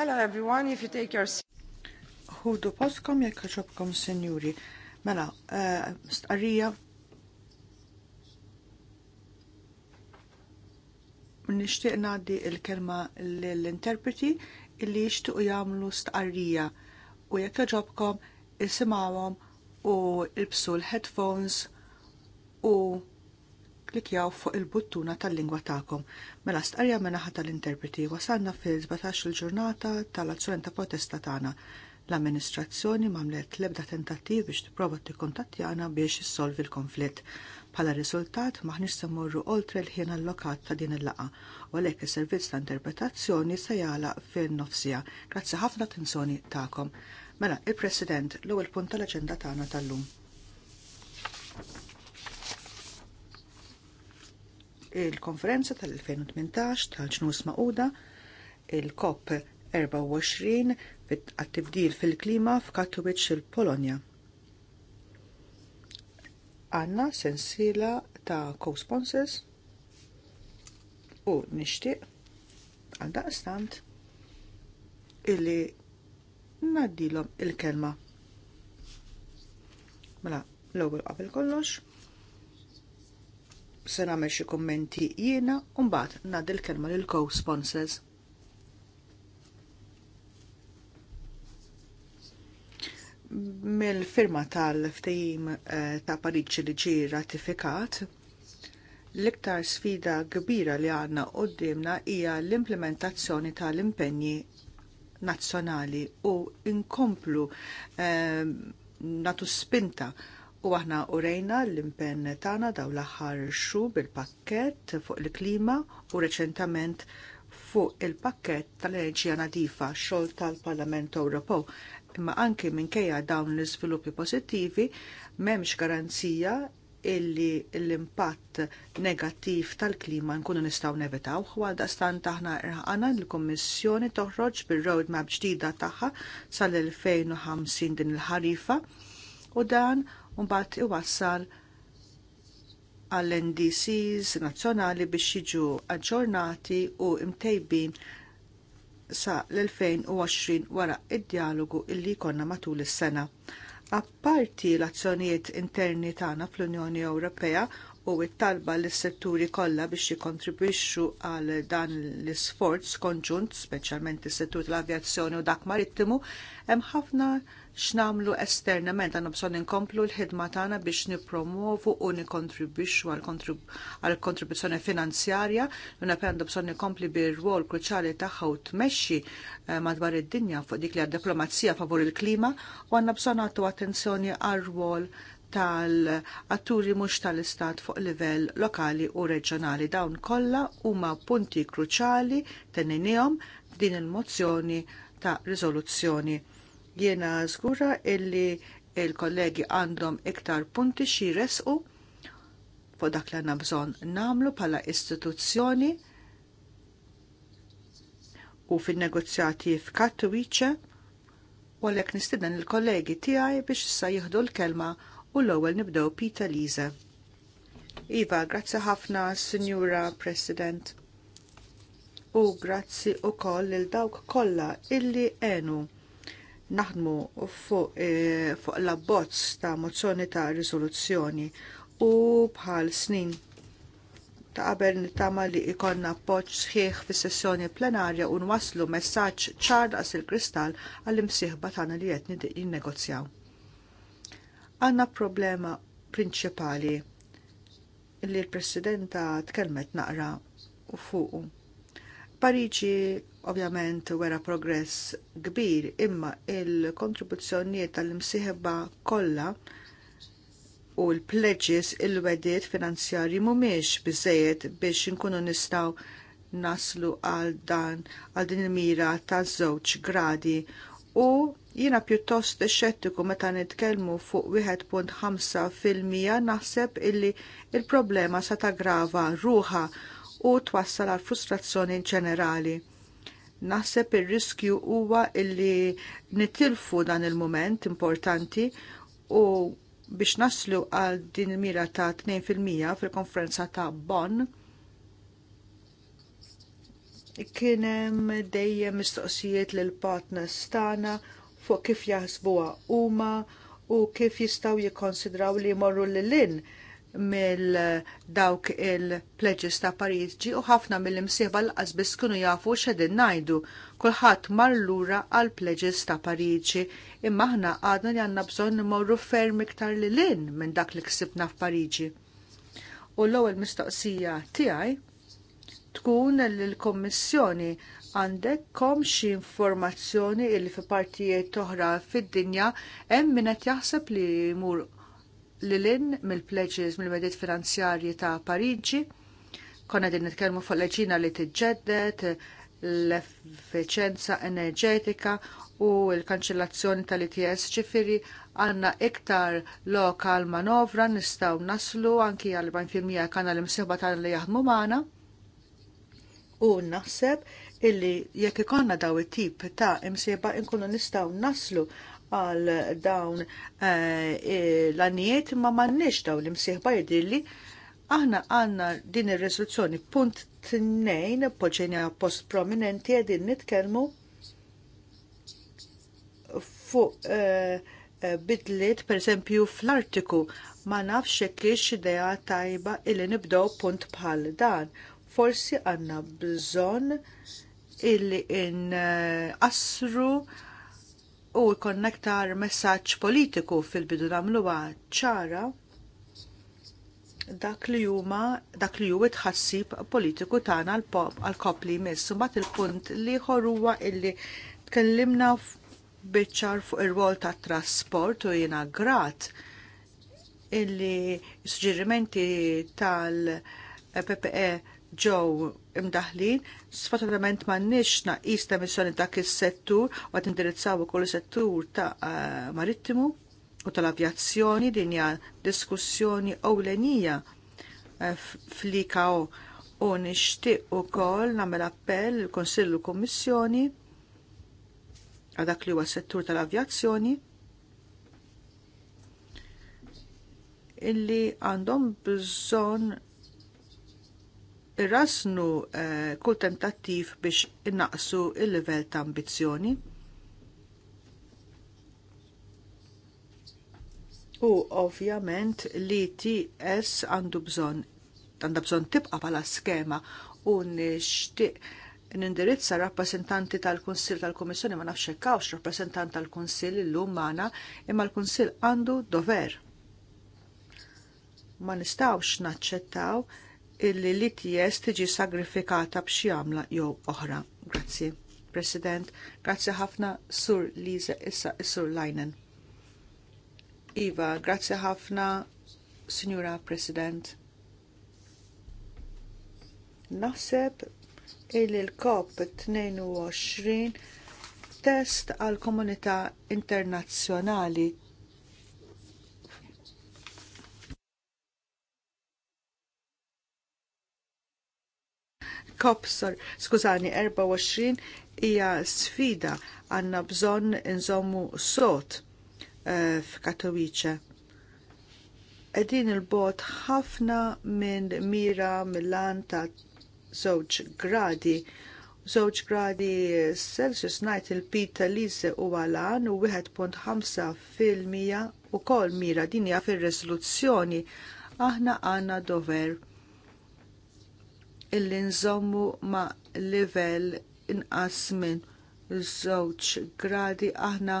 Hello everyone, if you take your... Hudu poskom jekk ġobkom senjuri. Mela, uh, eh, starija nishtiq naddi il-kelma l-interpreti illi u jamlu starija u jekk ġobkom isimawom u il-bsu l-headphones u klikjaw fuq il-buttuna tal-lingwa tagħkom. Mela stqarja minaħa tal-interpreti wasalna fil-17 il-ġurnata tal-azzjoni ta' protesta tagħna. L-amministrazzjoni mamlet lebda tentattiv biex tipprova tikkontattjana biex issolvi l-konflitt. Bħala riżultat maħniex se oltre l-ħin allokat ta' din il-laqa, u għalhekk is-servizz ta' interpretazzjoni se jagħlaq fin-nofsija. Grazzi ħafna tinsoni tagħkom. Mela, il-President, l-ewwel punt tal-aġenda tagħna tal-lum il-konferenza tal-2018 tal-ġnus Mauda, il-COP 24 għat-tibdil fil-klima f'Katowice il-Polonja. Għanna sensila ta' co-sponsors u nishtiq għal daqstant illi naddilom il-kelma. Mela, l-ewwel qabel kollox, se nagħmel xi kummenti jiena u mbagħad ngħaddi l-kelma lil co-sponsors. Mill-firma tal-ftehim eh, ta' Pariġi li ġie ratifikat, l-iktar sfida kbira li għandna qudiemna hija l-implementazzjoni tal-impenji nazzjonali u inkomplu eh, natu spinta U aħna urejna l-impenn tagħna daw l-aħħar xu bil-pakkett fuq il-klima u reċentament fuq il-pakkett tal-enerġija nadifa xogħol tal-Parlament Ewropew. Imma anki minkejja dawn l-iżviluppi pożittivi m'hemmx garanzija illi l-impatt negattiv tal-klima nkunu nistgħu nevitaw għal daqstant aħna irħana l-Kummissjoni toħroġ bir-roadmap ġdida tagħha sal-2050 din il-ħarifa u dan mbagħad iwassal għall-NDCs nazzjonali biex jiġu aġġornati u imtejbin sa l-2020 wara id-dialogu illi jkollna matul is-sena. Apparti l-azzjonijiet interni tagħna fl-Unjoni Ewropea u t-talba lis setturi kollha biex jikkontribwixxu għal dan l-isforz konġunt, speċjalment is-settur tal-avjazzjoni u dak marittimu, hemm ħafna x'namlu esternament għandna bżonn inkomplu l-ħidma tagħna biex nippromovu u nikkontribwixxu għall kontribuzzjoni finanzjarja u napja għandu bżonn inkompli bir-rwol kruċjali tagħha u tmexxi eh, madwar id-dinja fuq dik li għad-diplomazija favur il-klima u għandna bżonn għattu attenzjoni għar-rwol tal-atturi mhux tal-istat fuq livell lokali u reġjonali. Dawn kollha huma punti kruċali tenninihom f'din il-mozzjoni ta' riżoluzzjoni. Jiena żgura illi il-kollegi għandhom iktar punti xi fuq dak li għandna bżonn nagħmlu bħala istituzzjoni u fin-negozjati f'Katowice u għalhekk nistieden il-kollegi tiegħi biex issa jieħdu l-kelma u l-ewwel nibdew Pita Lize. Iva, grazzi ħafna, Sinjura President. U grazzi u koll il-dawk kollha illi għenu naħdmu fuq e, fu l-abbozz ta' mozzjoni ta' risoluzzjoni u bħal snin ta' qabel nittama li ikonna appoġġ sħiħ fis sessjoni plenarja u nwaslu messaġġ ċar daqs il-kristall għall-imsieħba tagħna li qed jinnegozjaw. Għandna problema prinċipali li l-Presidenta tkellmet naqra u fuqu Pariġi ovvjament wera progress kbir imma il-kontribuzzjonijiet tal-imsieħba kollha u l-pledges il-wedid finanzjarji mhumiex biżejjed biex inkunu nistgħu naslu għal dan għal din il-mira ta' żewġ gradi u jiena pjuttost xettiku meta nitkellmu fuq 1.5 fil-mija naħseb illi il-problema sa tagrava ruha u twassal għal frustrazzjoni ġenerali. Naħseb ir-riskju huwa illi nitilfu dan il-moment importanti u biex naslu għal din il-mira ta' 2% fil-konferenza ta' Bonn kienem dejjem mistoqsijiet lil partners tagħna fuq kif jaħsbuha huma u kif jistgħu jikkonsidraw li jmorru lil-in mill dawk il-pledges ta' Pariġi u ħafna mill-imsieba l-qasbis kunu jafu xedin najdu kulħadd mar lura għal pledges ta' Pariġi imma aħna għadna li għandna bżonn nimorru ferm iktar li lin minn dak li ksibna f'Pariġi. U l-ewwel mistoqsija tiegħi tkun l-Kommissjoni għandek kom xi informazzjoni il fi partijiet oħra fid-dinja hemm min qed jaħseb li jmur lilin mill-pledges mill-medit finanzjarji ta' Pariġi. Konna din nitkelmu fuq leġina li tiġġedded, l-effiċenza enerġetika u l-kanċellazzjoni tal-ITS ċifiri għanna iktar lokal manovra nistaw naslu anki għal 40% kanna l-imsiħba tal li jaħdmu maħna u naħseb illi jekk ikonna daw it-tip ta' imsieba inkunu nistaw naslu għal dawn eh, l-għanijiet ma mannix dawn l-imsieħba jidilli aħna għanna din ir-resoluzzjoni punt tnejn poċenja post prominenti għedin nitkelmu fuq eh, eh, bidliet per esempio fl-artiku ma nafx kiex idea tajba illi nibdow punt bħal dan. Forsi għanna bżon illi in asru uh, u jkollna aktar messaġġ politiku fil-bidu nagħmluha ċara dak li juma, dak li huwa tħassib politiku tagħna għall kopli miss. Mbagħad il-punt li huwa illi tkellimna bieċar fuq ir-rol tat trasport u jiena grat illi suġġerimenti tal-PPE ġow imdaħlin, sfortunatament m'għandniex naqis ta' missjoni dak is-settur u għat indirizzawu kol settur ta' eh, marittimu u tal-avjazzjoni din hija diskussjoni ewlenija eh, flika u u nixtieq ukoll nagħmel appell il-Konsill u Kummissjoni għal dak li huwa settur tal-avjazzjoni illi għandhom bżonn irrasnu eh, kull tentattiv biex innaqsu il-livell ta' ambizzjoni. U ovvjament li TS għandu bżon għandu bżon tibqa' bħala skema u nixtieq nindirizza rappresentanti tal-Kunsill tal-Kummissjoni ma nafx hekk rappresentant tal-Kunsill illum magħna imma l-Kunsill għandu dover. Ma nistgħux naċċettaw illi li tijes tiġi sagrifikata b'xi għamla jew oħra. Grazzi, President. Grazzi ħafna Sur Liza issa Sur Lajnen. Iva, grazzi ħafna Signora President. Naħseb illi l-COP 22 test għal komunità internazzjonali Kopsor, skużani, 24 hija sfida għandna bżonn nżommu sot eh, f'Katowice. Edin il-bot ħafna minn mira mill-lan ta' żewġ gradi żewġ gradi Celsius ngħid il-pita lise u għalan u 1.5 fil-mija u kol mira dinja fil-resoluzzjoni aħna għanna dover illi nżommu ma' livell inqas minn żewġ gradi aħna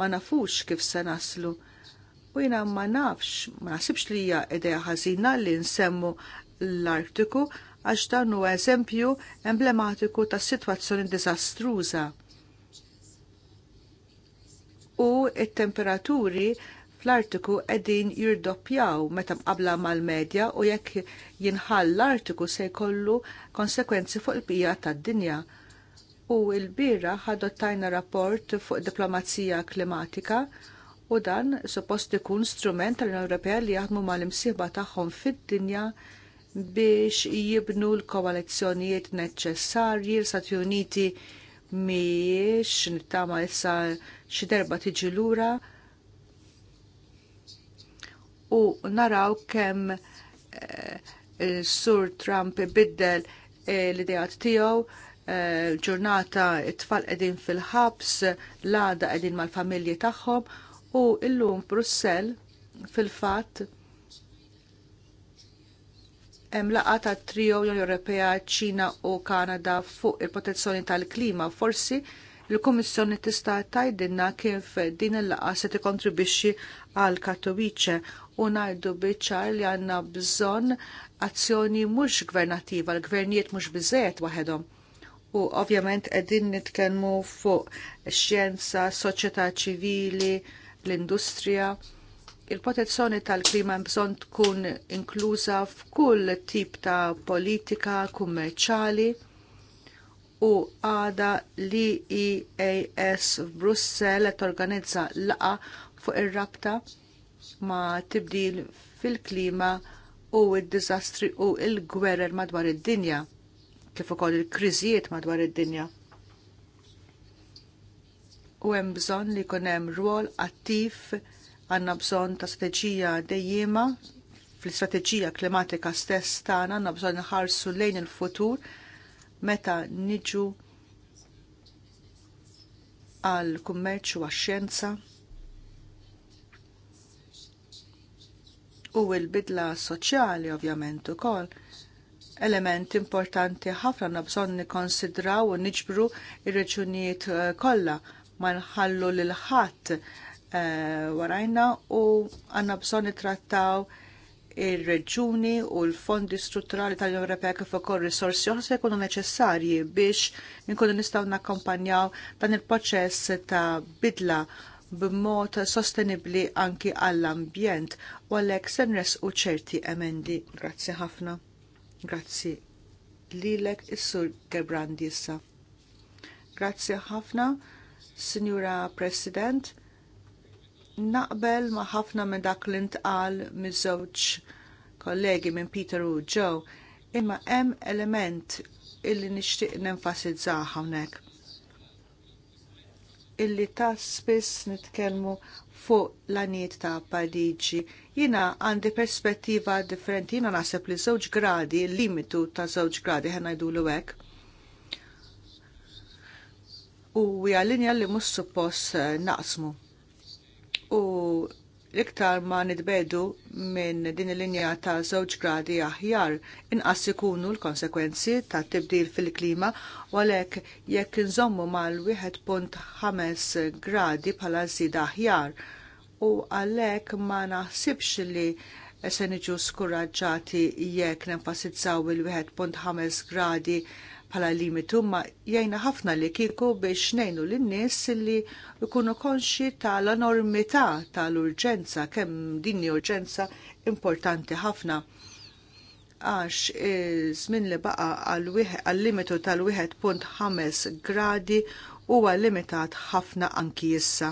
ma nafux kif se naslu. U jina ma nafx, ma nasibx li hija idea ħażina li nsemmu l-Artiku għax dan huwa eżempju emblematiku ta' sitwazzjoni diżastruża. U it-temperaturi l artiku qegħdin jirdoppjaw meta mqabla mal-medja u jekk jinħall l-artiku se jkollu konsekwenzi fuq il-bija tad-dinja. U il bira ħadottajna rapport fuq diplomazija klimatika u dan suppost ikun strument tal-Unjoni Ewropea li jaħdmu mal imsieħba tagħhom fid-dinja biex jibnu l-koalizzjonijiet neċessarji l-Stati Uniti miex nittama issa xi darba tiġi lura u naraw kemm eh, sur Trump biddel eh, l-idejat tiegħu eh, ġurnata t tfal qegħdin fil-ħabs, l-għada qegħdin mal-familji tagħhom u illum Brussell fil-fatt hemm laqata trio Unjoni Ewropea, Ċina u Kanada fuq il-protezzjoni tal-klima. Forsi l-Kummissjoni tista' tgħidilna kif din il-laqgħa se tikkontribwixxi għal Katowice u ngħidu biċċar li għandna bżonn azzjoni mhux gvernativa, l-gvernijiet mhux biżejjed waħedhom. U ovvjament qegħdin nitkellmu fuq xjenza, soċjetà ċivili, l-industrija. Il-protezzjoni tal-klima bżonn tkun inkluża f'kull tip ta' politika kummerċali u għada li EAS f'Brussel qed torganizza laqa fuq ir-rabta ma' tibdil fil-klima u il diżastri u il-gwerer madwar id-dinja, kif ukoll il-kriżijiet madwar id-dinja. U hemm bżonn li jkun hemm rwol attiv għandna bżonn ta' strateġija dejjema fl-istrateġija klimatika stess tagħna għandna bżonn nħarsu lejn il-futur meta niġu għal kummerċ u għax-xjenza u l-bidla soċjali ovvjament ukoll. Element importanti ħafna na bżonn nikkonsidraw u niġbru ir-reġunijiet eh, kollha ma nħallu lil ħadd eh, warajna u għandna bżonn nittrattaw ir-reġuni u l-fondi strutturali tal-Unjoni Ewropea kif ukoll risorsi oħra se jkunu neċessarji biex inkunu nistgħu nakkompanjaw dan il-proċess ta' bidla b'mod sostenibbli anki għall-ambjent u għalhekk se nresqu ċerti emendi. Grazzi ħafna. Grazzi lilek is-sur Gebrandi issa. Grazzi ħafna, Sinjura President. Naqbel ma ħafna minn dak li ntqal miż-żewġ kollegi minn Peter u Joe, imma hemm element illi nixtieq nenfasizzaha hawnhekk illi ta' spiss nitkellmu fuq l-għaniet ta' Parigi. Jina għandi perspettiva differenti, jina naħseb li żewġ gradi, limitu ta' żewġ gradi ħena jdu l hekk. U hija linja li mhux suppost eh, naqsmu. U iktar ma nitbedu minn din il-linja ta' żewġ gradi aħjar inqas ikunu l-konsekwenzi ta' tibdil fil-klima u għalhekk jekk inżommu mal-1.5 gradi bħala żida aħjar u għalhekk ma naħsibx li se niġu skuraġġati jekk nenfasizzaw il-1.5 gradi bħala limitu ma jajna ħafna li kieku biex nejnu l-nies li jkunu konxi tal-enormità tal-urġenza kemm din urġenza importanti ħafna għax e, zmin li baqa għal-limitu tal-1.5 gradi huwa limitat ħafna anki issa.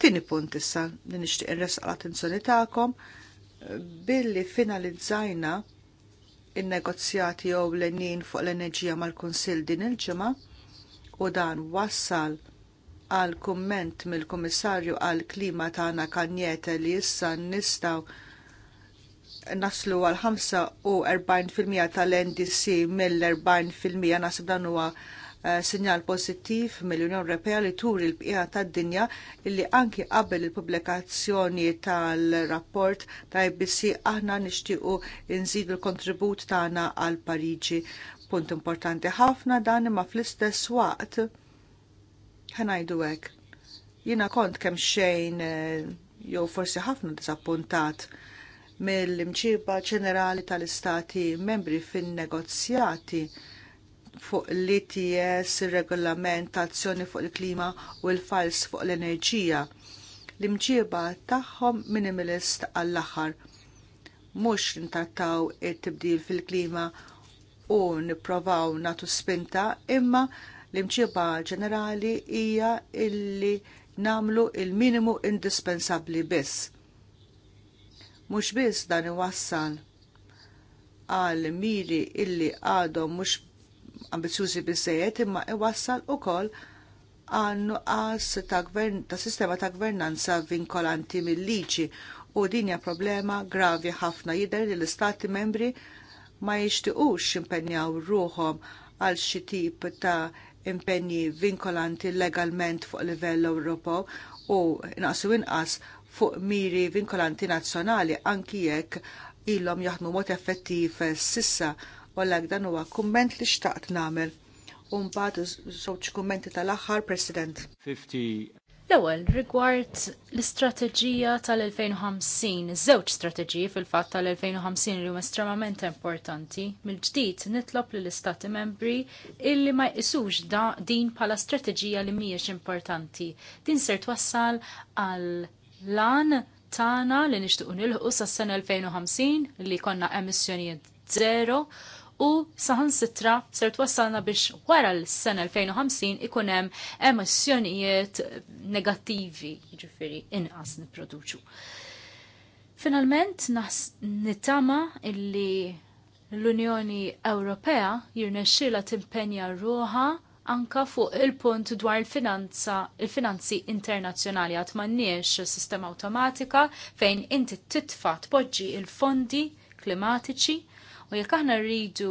Tini punt issa li nixtieq nresqa l-attenzjoni tagħkom billi finalizzajna il negozjati jew l-enin fuq l-enerġija mal-Kunsill din il-ġimgħa u dan wassal għal kumment mill-Kummissarju għal Klima tagħna Kanjete li issa nistgħu naslu għal 45% tal-NDC mill-40% nasib dan huwa Eh, sinjal pozittiv mill-Unjoni Ewropea li turi l-bqija tad-dinja illi anki qabel il-pubblikazzjoni tal-rapport ta' IBC aħna nixtiequ nżidu l-kontribut tagħna għal Pariġi. Punt importanti ħafna dan imma fl-istess waqt ħanajdu hekk. Jiena kont kemm xejn eh, jew forsi ħafna disappuntat mill-imċiba ġenerali tal-istati membri fin-negozjati fuq l-ITS, il-regolament azzjoni fuq il-klima u l-fals fuq l-enerġija. L-imġieba tagħhom minimalist għall-aħħar. Mhux ntattaw it-tibdil fil-klima u nipprovaw natu spinta, imma l-imġieba ġenerali hija illi namlu il-minimu indispensabli biss. Mhux biss dan iwassal għal miri illi għadhom mhux ambizjużi bizzejet imma iwassal ukoll għannu għas ta', gvern, ta sistema ta' gvernanza vinkolanti mill liċi u din hija problema gravi ħafna jidher li l-istati membri ma jishtiqux impenjaw ruhom għal xi tip ta' impenji vinkolanti legalment fuq livell Ewropew u inqasu inqas fuq miri vinkolanti nazzjonali anki jekk ilhom jaħdmu mod effettiv sissa Wallak dan huwa kumment li xtaqt nagħmel. U mbagħad żewġ kummenti tal-aħħar President. 50... L-ewwel rigward l-istrateġija tal-2050, żewġ strateġiji fil-fatt tal-2050 li huma estremament importanti, mill-ġdid nitlob lill istati membri illi ma jqisux din bħala strateġija li mhijiex importanti. Din ser twassal għal lan tagħna li nixtiequ nilħu sas-sena 2050 li konna emissjonijiet zero u saħan sitra ser twassalna biex wara l-sena 2050 ikun hemm emissjonijiet negattivi, jiġifieri inqas nipproduċu. Finalment nittama illi l-Unjoni Ewropea jirnexxila timpenja ruha anka fuq il-punt dwar il-finanza, il-finanzi internazzjonali għat manniex sistema automatika fejn inti titfa tpoġġi il-fondi klimatiċi U jekk aħna rridu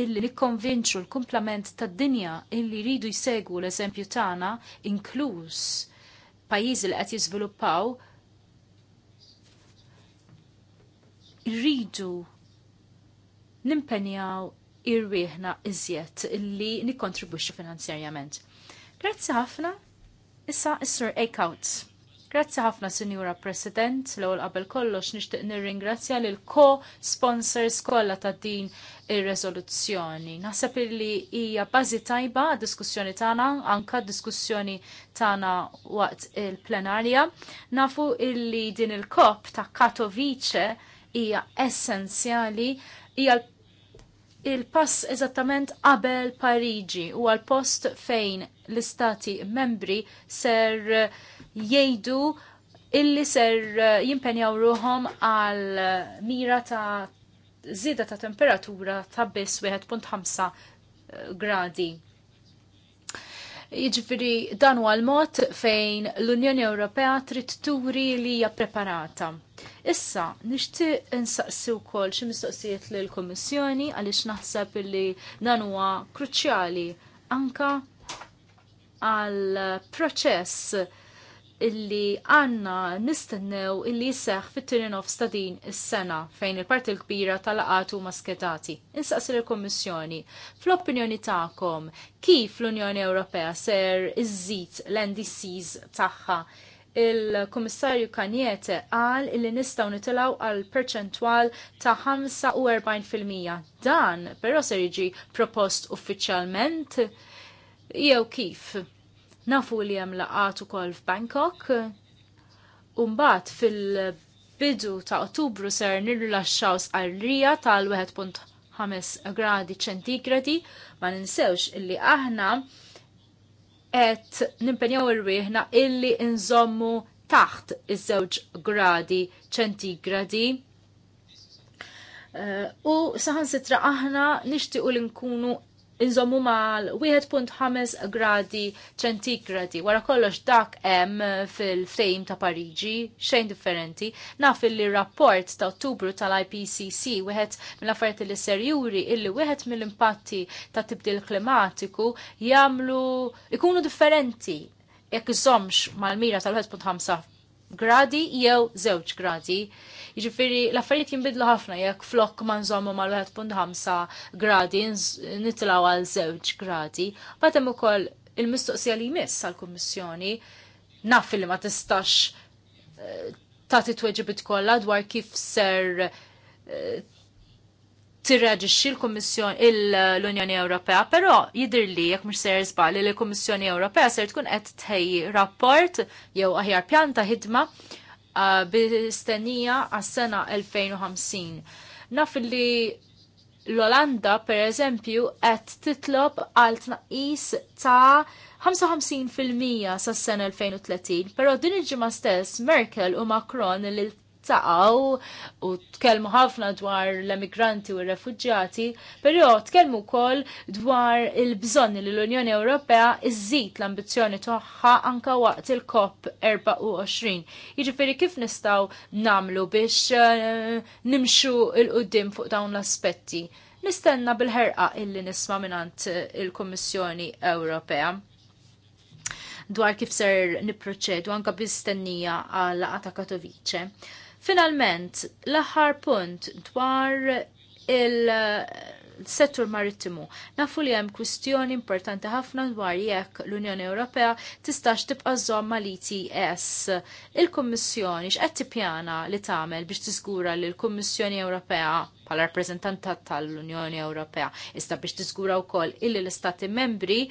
illi nikkonvinċu l-kumplament tad-dinja illi rridu jsegwu l-eżempju tagħna inkluż pajjiżi li qed jiżviluppaw rridu nimpenjaw irwieħna iżjed illi nikkontribwixxu finanzjarjament. Grazzi ħafna issa is-Sur Eckouts. Grazzi ħafna, Sinjura President, l-ewwel qabel kollox nixtieq nirringrazzja lil co-sponsors kollha ta' din ir-reżoluzzjoni. Naħseb li hija bażi tajba diskussjoni tagħna, anka diskussjoni tagħna waqt il-plenarja. Nafu illi din il-kop ta' Katowice hija essenzjali hija il-pass eżattament qabel Pariġi u għal-post fejn l-istati membri ser eh, jgħidu illi ser eh, jimpenjaw ruħom għal eh, mira ta' zida ta' temperatura ta' biss 1.5 gradi. Jiġifieri dan huwa l-mod fejn l-Unjoni Ewropea trid turi li hija preparata. Issa, nixtieq insaqsi wkoll xi mistoqsijiet lill-Kummissjoni għaliex naħseb li dan huwa kruċjali anka għal proċess illi għanna nistennew illi jisseħ fit-tini nofs ta' din is-sena fejn il-parti l-kbira tal-qat huma sketati. Insaqsir il-Kommissjoni, fl-opinjoni tagħkom kif l-Unjoni Ewropea ser iżżid l-NDCs tagħha il-Kummissarju Kanjete qal illi nistgħu nitilgħu għal perċentwal ta' 45%. Dan però ser jiġi propost uffiċjalment jew kif. Nafu li hemm laqat ukoll f'Bangkok. mbagħad fil-bidu ta' Ottubru ser nirrilaxxaw sqarrija tal-1.5 gradi ċentigradi ma ninsewx illi aħna qed nimpenjaw irwieħna illi nżommu taħt iż-żewġ gradi ċentigradi. Uh, u saħan sitra aħna nixtiequ li nkunu inżommu mal 1.5 gradi centigradi, Wara kollox dak hemm fil-fejm ta' Pariġi, xejn differenti. Naf li rapport ta' Ottubru tal-IPCC wieħed mill-affarijiet li serjuri illi wieħed mill-impatti ta' tibdil klimatiku jagħmlu ikunu differenti jekk iżommx mal-mira tal-1.5 gradi jew żewġ gradi. Jiġifieri l-affarijiet jinbidlu ħafna jekk flok ma nżommu mal-1.5 gradi nitlaw għal żewġ gradi. Bagħad hemm ukoll il-mistoqsija li jmiss għall-Kummissjoni naf li ma tistax eh, tagħti tweġibit kollha dwar kif ser eh, tirraġixxi l-Kummissjoni l-Unjoni Ewropea, però jidher li jekk mhux ser żbali li l-Kummissjoni Ewropea ser tkun qed tħejji rapport jew aħjar pjan ta' ħidma uh, bistennija għas-sena 2050. Naf li l-Olanda, per eżempju, qed titlob għal tnaqqis ta' 55% sas-sena 2030, però din il-ġimgħa stess Merkel u Macron li taqaw u tkellmu ħafna dwar l-emigranti u r refugġati però tkellmu wkoll dwar il bżonni li l-Unjoni Ewropea iżżid l-ambizzjoni tagħha anka waqt il-COP 24. Jiġifieri kif nistgħu namlu biex eh, nimxu il-qudiem fuq dawn l-aspetti. Nistenna bil-ħerqa illi nisma' minant il-Kummissjoni Ewropea dwar kif ser niproċedu anka bistennija għal ta' Katowice. Finalment, l-aħħar punt dwar il-settur marittimu. Nafu li hemm kwistjoni importanti ħafna dwar jekk l-Unjoni Ewropea tistax tibqa' żomm l-ITS. E Il-Kummissjoni x'qed tippjana li tagħmel biex tiżgura li l-Kummissjoni Ewropea bħala rappreżentanta tal-Unjoni Ewropea iżda biex tiżgura wkoll illi l-Istati membri eh,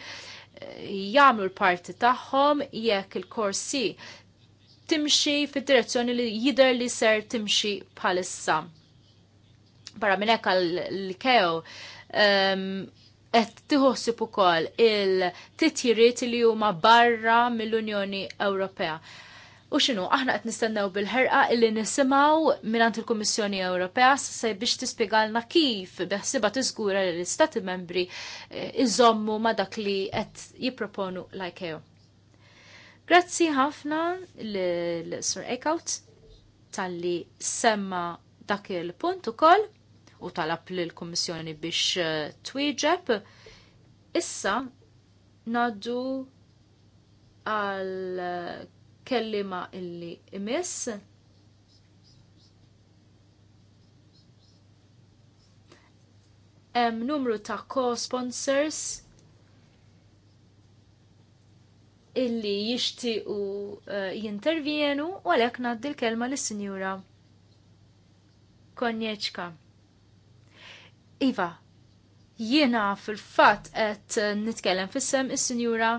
jagħmlu l-parti tagħhom jekk il-korsi timxi fid-direzzjoni li jider li ser timxi bħalissa. Barra minn hekk l kew ehm, qed tiħossib ukoll il-titjiriet li huma barra mill-Unjoni Ewropea. U xinu, aħna qed nistennew bil-ħerqa illi nisimgħu mingħand il-Kummissjoni Ewropea se biex tispjegalna kif beħsiba tiżgura l istati membri eh, iżommu ma dak li qed jipproponu l-IKEO. Grazzi ħafna l-Sir Eckhout tal-li semma dak il-punt ukoll u talab l-Kommissjoni biex eh, twieġeb. Issa naddu għal eh, kellima illi imiss. Em numru ta' co-sponsors illi jixtiequ eh, jintervjenu u għalhekk ngħaddi l-kelma lis-Sinjura Konjeċka. Iva, jiena fil-fatt qed nitkellem fissem sem is-Sinjura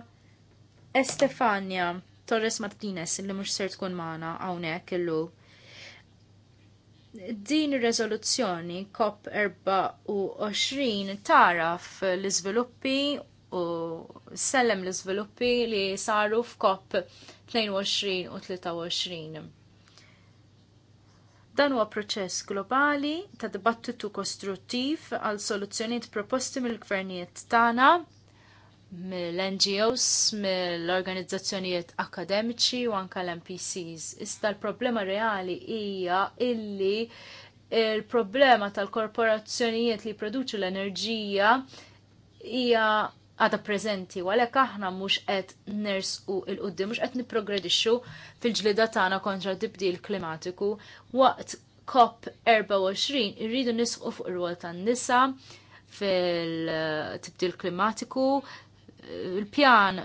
Estefania Torres Martinez li mhux ser tkun magħna hawnhekk illum din ir-reżoluzzjoni COP24 taraf l-iżviluppi u sellem l-iżviluppi li saru f'COP 22 u 23. Dan huwa proċess globali ta' dibattitu kostruttiv għal soluzzjonijiet proposti mill-gvernijiet tagħna mill-NGOs, mill-organizzazzjonijiet akademiċi u anka l-MPCs. Iżda l-problema reali hija illi il-problema tal-korporazzjonijiet li produċu l-enerġija hija għada prezenti, u għalek aħna mux qed ners u il-qoddim, mux qed niprogredixxu fil-ġlida tagħna kontra tibdil klimatiku waqt COP24 irridu nisqu fuq ir-rwol tan-nisa fil-tibdil klimatiku. Il-pjan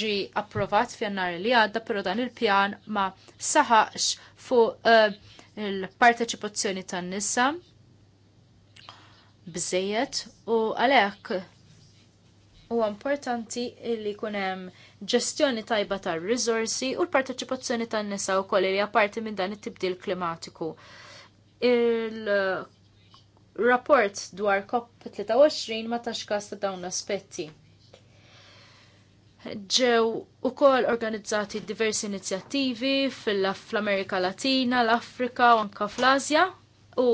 ġi approvat f'jannar li għadda, però dan il-pjan ma saħax fuq uh, il-parteċipazzjoni tan-nisa bżejjed u għalhekk Huwa importanti li jkun hemm ġestjoni tajba tar risorsi u l-parteċipazzjoni tan nisa wkoll li apparti minn dan it-tibdil klimatiku. Il-rapport dwar COP23 ma taxkas ta' dawn aspetti. Ġew u organizzati diversi inizjattivi fl-Amerika Latina, l-Afrika u anka fl-Azja u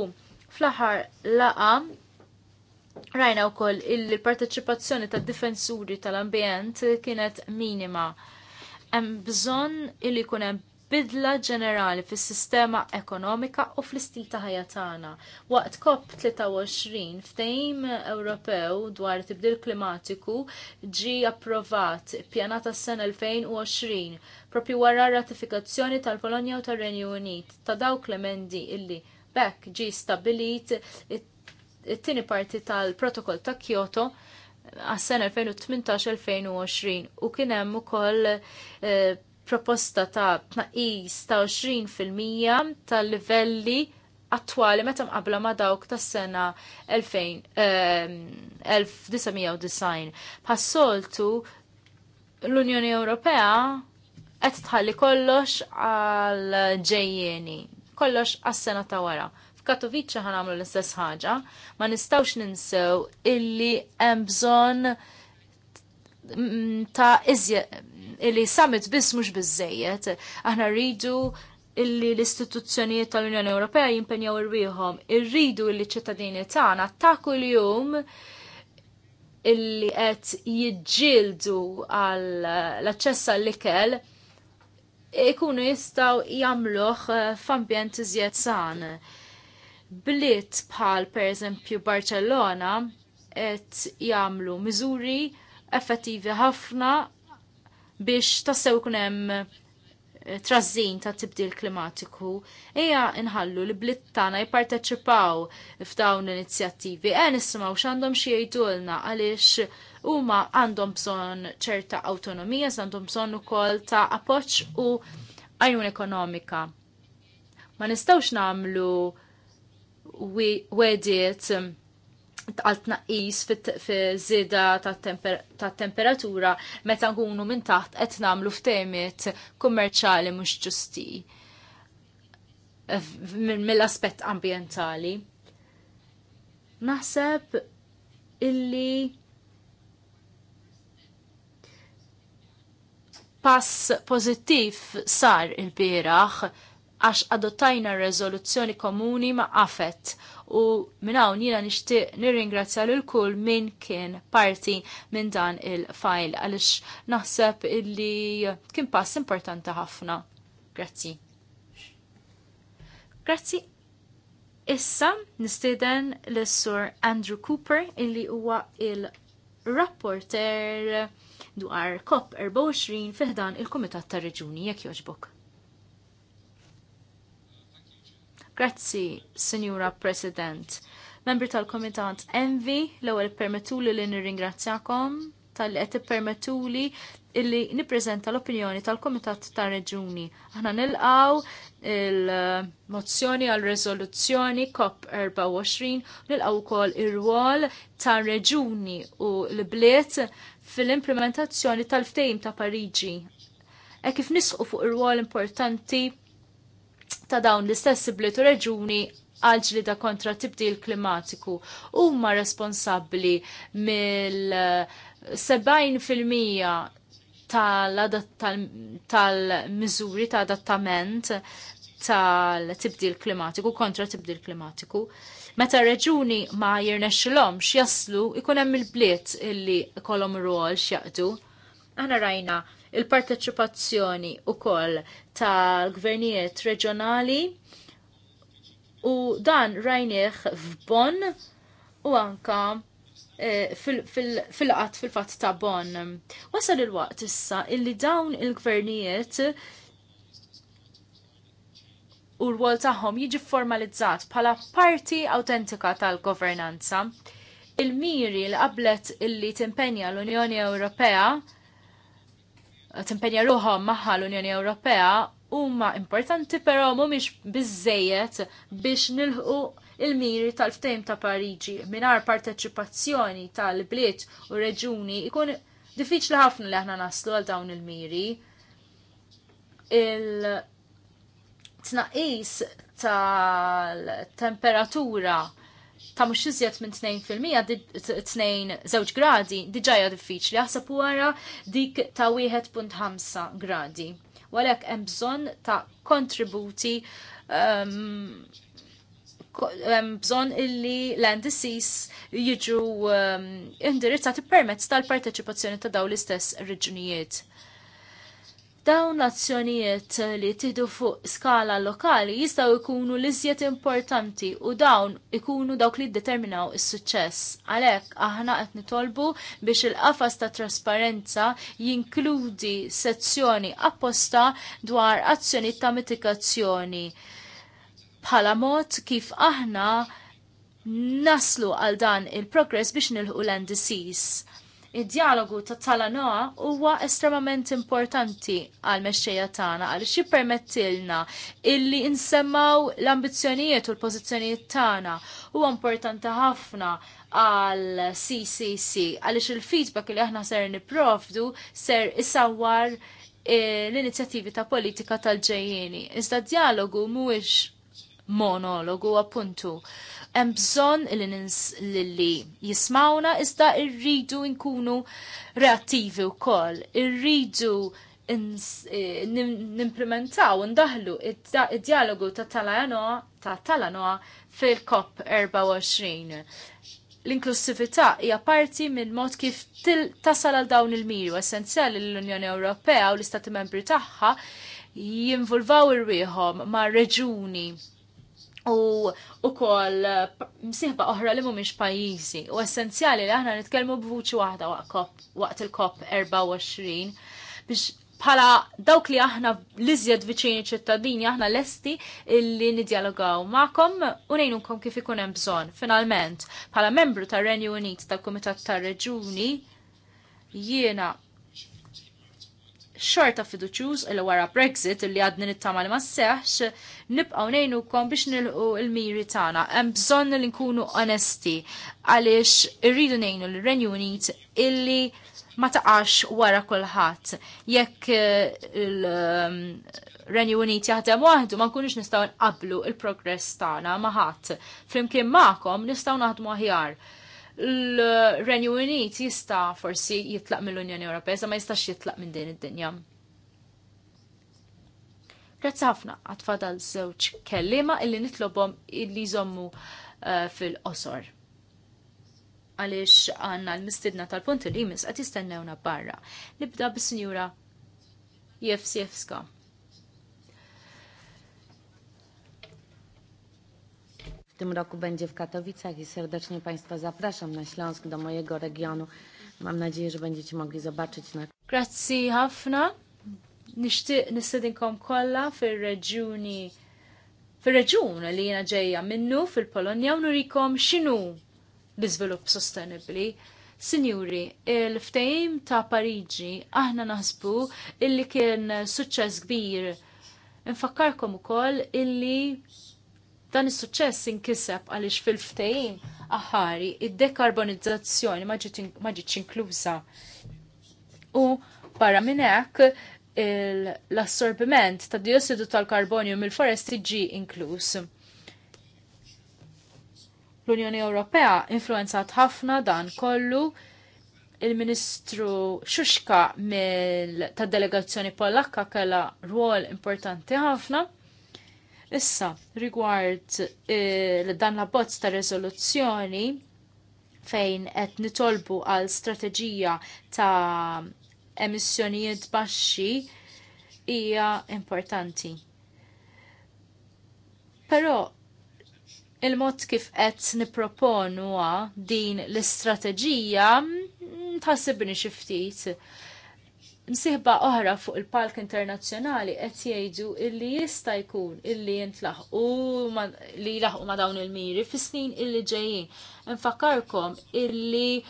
fl-aħħar laqa Rajna wkoll il-parteċipazzjoni tad-difensuri tal-ambjent kienet minima. Hemm bżonn li jkun hemm bidla ġenerali fis-sistema ekonomika u fl-istil ta' ħajja tagħna. Waqt COP23 ftehim Ewropew dwar tibdil klimatiku ġi approvat pjanata s-sena 2020 propju wara ratifikazzjoni tal-Polonja u tar-Renju Unit ta' dawk l-emendi illi bekk ġi stabilit it-tieni parti tal-protokoll ta' Kyoto għas-sena 2018-2020 u kien hemm ukoll eh, proposta ta' tnaqqis ta' 20% tal-livelli attwali meta mqabla ma' dawk tas-sena 1990. Passoltu eh, l-Unjoni Ewropea qed tħalli kollox għal ġejjeni, kollox għas-sena ta' wara. F'Katowice ħan għamlu l-istess ħaġa, ma nistawx ninsew illi hemm bżonn mm, ta' iżje illi summit biss mhux biżejjed. Aħna rridu illi l-istituzzjonijiet tal-Unjoni Ewropea jimpenjaw irwieħhom. Irridu illi ċittadini tagħna ta' kuljum illi qed jiġġieldu għal l-aċċess għall-ikel ikunu jistaw jagħmluh f'ambjent iżjed sane bliet bħal pereżempju Barcellona et jagħmlu miżuri effettivi ħafna biex tassew kunem hemm eh, trażin ta' tibdil klimatiku, eja inħallu li blitt tagħna jipparteċipaw f'dawn l-inizjattivi. E nisimgħu x'għandhom xi jgħidulna għaliex huma għandhom bżonn ċerta awtonomija, għandhom bżonn ukoll ta' appoġġ u għajun ekonomika. Ma nistgħux nagħmlu wediet um, għal tnaqqis fiż-żieda tat-temperatura meta nkunu minn taħt qed nagħmlu f'temiet kummerċali mhux ġusti mill-aspett ambjentali. Naħseb illi pass pożittiv sar il-bieraħ għax adottajna rezoluzzjoni komuni ma' AFET u minn hawn jiena nixtieq nirringrazzja lil kull minn kien parti minn dan il-fajl għaliex naħseb illi kien pass importanti ħafna. Grazzi. Grazzi. Issa nistieden l-sur Andrew Cooper illi huwa il-rapporter dwar COP24 fiħdan il-Kumitat tar-Reġuni jekk jogħġbok. Grazzi, Sinjura President. Membri tal-Komitat Envi, l-ewwel permetuli li nirringrazzjakom tal-li qed ippermetuli illi nippreżenta l-opinjoni tal-Komitat ta' Reġuni. Aħna nilqaw il-mozzjoni għal rezoluzzjoni COP24, nilqaw ukoll ir-rwol ta' Reġuni u l-bliet fil-implementazzjoni tal-ftejm ta' Pariġi. E kif nisqu fuq ir-rwol importanti ta' dawn l-istess bliet reġuni għalġli għalġlida kontra tibdil klimatiku huma responsabbli mill-70% tal mizuri ta' adattament tal-tibdil klimatiku kontra tibdil klimatiku. Meta reġuni ma jirnexxilhomx jaslu ikun hemm il-bliet illi kolom rol x'jaqdu. Aħna rajna il-parteċipazzjoni ukoll tal-gvernijiet reġjonali u dan rajnieħ f'Bonn u anka fil-qatt e, fil fatt ta' Bonn. Wasal il-waqt issa illi dawn il-gvernijiet u l-wol tagħhom jiġi formalizzat bħala parti autentika tal-governanza. Il-miri li qablet illi timpenja l-Unjoni Ewropea timpenja ruħom maħħa l-Unjoni Ewropea huma importanti però mhumiex biżejjed biex nilħu il-miri tal-ftejm ta' Pariġi mingħajr parteċipazzjoni tal-bliet u reġuni ikun diffiċli ħafna li aħna naslu għal dawn il-miri. Il-tnaqis tal-temperatura ta' mhux iżjed minn 2% tnejn żewġ gradi diġaja diffiċli aħseb wara dik ta' 1.5 gradi. Walek hemm bżonn ta' kontributi ehm, hemm bżonn illi l endisis jiġu ehm, indirizzati permezz tal-parteċipazzjoni ta' daw l-istess reġunijiet. Dawn l-azzjonijiet li tidu fuq skala lokali jistaw ikunu l-iżjed importanti u dawn ikunu dawk li determinaw is-suċċess. Għalhekk aħna qed nitolbu biex il-qafas ta' trasparenza jinkludi sezzjoni apposta dwar azzjoni ta' mitigazzjoni bħala mod kif aħna naslu għal dan il-progress biex nilħu l-NDCs. Id-dialogu ta' Talanoa huwa estremament importanti għal mexxejja tagħna għaliex jippermettilna illi insemmaw l-ambizzjonijiet u l-pożizzjonijiet tagħna. Huwa importanti ħafna għal CCC għaliex il-feedback li aħna ser nipprovdu ser isawwar eh, l-inizjattivi ta' politika tal-ġejjeni. Iżda dialogu mhuwiex monologu appuntu. Hemm bżonn li li jismawna iżda rridu nkunu reattivi wkoll. Irridu e, nimplementaw, ndaħlu id-dialogu ta' Talanoa ta' Talanoa fil-COP 24. L-inklusività hija parti minn mod kif tasal għal dawn il-miru essenzjali l-Unjoni Ewropea u l-Istati Membri tagħha jinvolvaw irwieħhom ma' reġuni u u kol eh, msiħba oħra li mumiex pajizi u essenzjali li aħna nitkellmu b'vuċi waħda waqt il kop 24 biex bħala dawk li aħna l-iżjed viċini ċittadini aħna lesti illi nidjalogaw ma'kom u nejnunkom kif ikun hemm bżonn. Finalment, bħala membru tar-Renju Unit tal-Kumitat tar-Reġuni jiena xorta fiduċjuż il wara Brexit li għadni nittamal ma seħx, nibqaw nejnu kom biex nilqu il-miri tana. Hemm bżonn li nkunu onesti għaliex irridu nejnu l-Renju Unit illi ma taqax wara kulħadd. Jekk eh, il- ehm, Renju Unit jaħdem waħdu ma nkunux nistgħu nqablu il-progress tagħna ma' ħadd. Flimkien magħkom nistgħu naħdmu aħjar l-Renju Unit jista forsi jitlaq mill-Unjoni Ewropea, sa ma jistax jitlaq minn din id-dinja. Grazzi ħafna għatfadal żewġ kellima illi nitlobhom illi jżommu uh, fil-qosor. Għaliex għanna l-mistidna tal-punt li jmiss qed jistennewna barra. Nibda bis-Sinjura Jefsiefska. W tym roku będzie w Katowicach i serdecznie Państwa zapraszam na Śląsk, do mojego regionu. Mam nadzieję, że będziecie mogli zobaczyć na... Grazzi ħafna. Nishtiq nistedinkom kolla fil-reġuni fil-reġun li jena ġeja minnu fil-Polonja u nurikom xinu l-izvilupp sostenibli. Sinjuri, il ftejm ta' Parigi aħna naħsbu illi kien suċċess kbir. Infakkarkom ukoll illi Dan is-suċċess inkiseb għaliex fil-ftehim aħari id-dekarbonizzazzjoni ma ġietx inkluża. U barra minn hekk l-assorbiment ta' diossidu tal-karbonju mill-foresti ġi inkluż. L-Unjoni Ewropea influenzat ħafna dan kollu il-Ministru Xuxka mill tad delegazzjoni Polakka kella rwol importanti ħafna Issa, rigward e, dan la bozz ta' rezoluzzjoni fejn qed nitolbu għal strateġija ta' emissjonijiet baxxi hija importanti. Però il-mod kif qed nipproponuha din l-istrateġija mm, tħassibni xi ftit Msiħba oħra fuq il-Palk Internazzjonali qed jgħidu illi jista' jkun illi u li jlaħqu ma' dawn il-miri fis-snin illi ġejjin. Infakarkom illi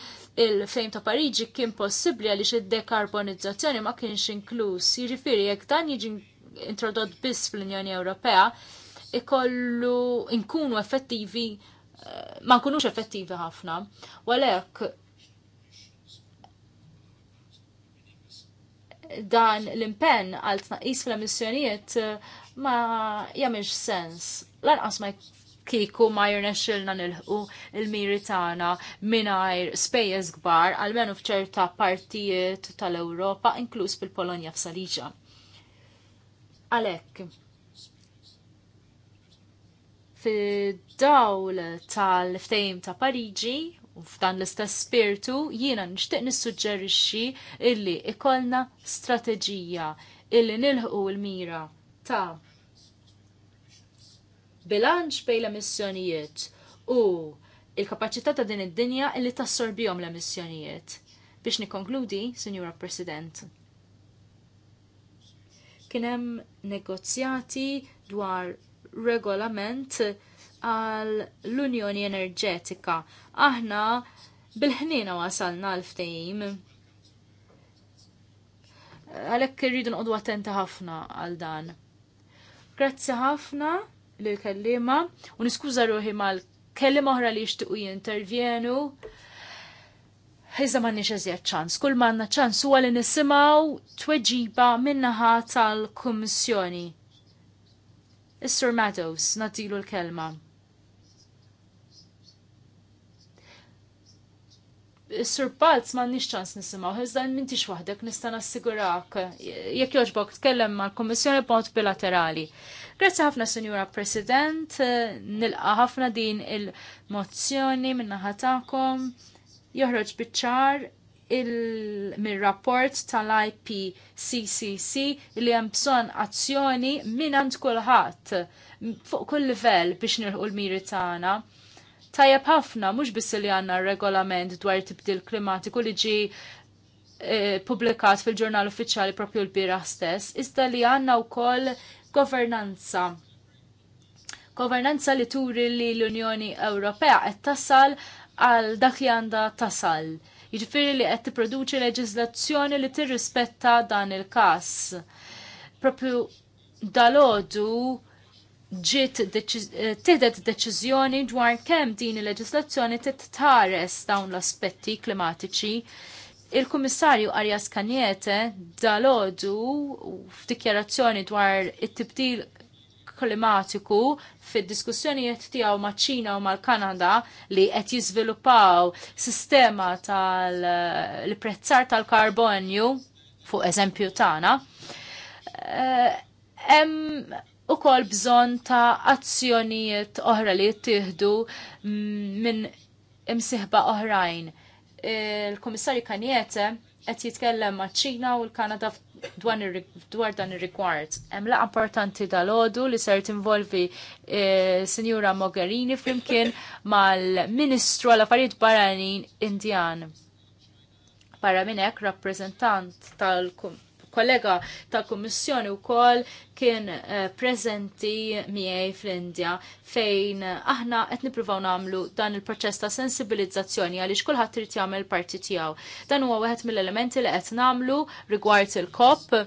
il-fejm ta' Pariġi kien possibbli għaliex id-dekarbonizzazzjoni ma kienx inkluż. Jiġifieri jekk dan jiġi introdott biss fl-Unjoni Ewropea, ikollu inkunu effettivi eh, ma nkunux effettivi ħafna. Walek dan l-impenn għal tnaqqis fl-emissjonijiet eh, ma jagħmilx sens. Lanqas ma kiku ma jirnexxilna nilħu il-miri tagħna mingħajr spejjeż kbar għalmenu f'ċerta partijiet tal-Ewropa inkluż fil-Polonja f'Saliġa. Għalhekk fid-dawl tal-ftejm ta' Pariġi U f'dan l-istess spiritu jiena nixtieq nissuġġerixxi illi ikollna strateġija illi nilħqu l-mira ta' bilanċ bejn l-emissjonijiet u il-kapaċità ta' din id-dinja illi tassorbihom l-emissjonijiet. Biex nikkonkludi, Sinjura President, kien hemm negozjati dwar regolament għal l-Unjoni Enerġetika. Aħna bil-ħnina wasalna l ftejm Għalhekk irridu nqodu attenti ħafna għal dan. Grazzi ħafna lil kellima u niskuża ruħi mal kellima oħra li jixtiequ jintervjenu. Iżda m'għandniex eżjed ċans, kull m'għandna ċans huwa li nisimgħu tweġiba min-naħa tal-Kummissjoni. Is-Sur Meadows, natilu l-kelma. Sur ma nix ċans nisimaw, iżda mintix wahdek nista nassigurak, jek joġbok tkellem ma l-Kommissjoni Pont Bilaterali. Grazzi ħafna, Signora President, nilqa ħafna din il-mozzjoni minna ħatakom, joħroġ bitċar il-rapport tal-IPCCC li hemm bżonn azzjoni minn għand kulħadd fuq kull livell biex nilħu l-miri tagħna tajab ħafna, mux biss li għanna regolament dwar tibdil klimatiku li ġi eh, publikat fil-ġurnal uffiċjali propju l-bira stess, iżda li għanna u koll governanza. Governanza li turi li l-Unjoni Ewropea qed tasal għal dak li għanda tasal. Jiġifieri li qed tipproduċi leġiżlazzjoni li tirrispetta dan il-każ. Propju dalodu ġiet eh, tidet deċiżjoni dwar kemm din il-leġislazzjoni titħares dawn l-aspetti klimatiċi. Il-Kummissarju Arias Kanjete dalodu f'dikjarazzjoni dwar it-tibdil klimatiku fid-diskussjonijiet tiegħu maċ-Ċina u mal-Kanada li qed jiżviluppaw sistema tal-prezzar eh, tal-karbonju fuq eżempju tagħna. Eh, hemm u kol bżon ta' azzjonijiet oħra li jittihdu mm, minn imsiħba oħrajn. Il-Komissarju Kanjete qed jitkellem ma' ċina u l-Kanada dwar dan ir-rigward. Hemm laqgħa importanti dal-għodu li ser tinvolvi eh, Sinjura Mogherini flimkien mal-Ministru għal affarijiet barranin Indjan. Barra minn hekk rappreżentant tal kum kollega tal-Kummissjoni wkoll kien eh, prezenti miej fl-Indja fejn aħna qed nippruvaw nagħmlu dan il-proċess ta' sensibilizzazzjoni għaliex kulħadd trid jagħmel parti tiegħu. Dan huwa wieħed mill-elementi li qed nagħmlu rigward il-kop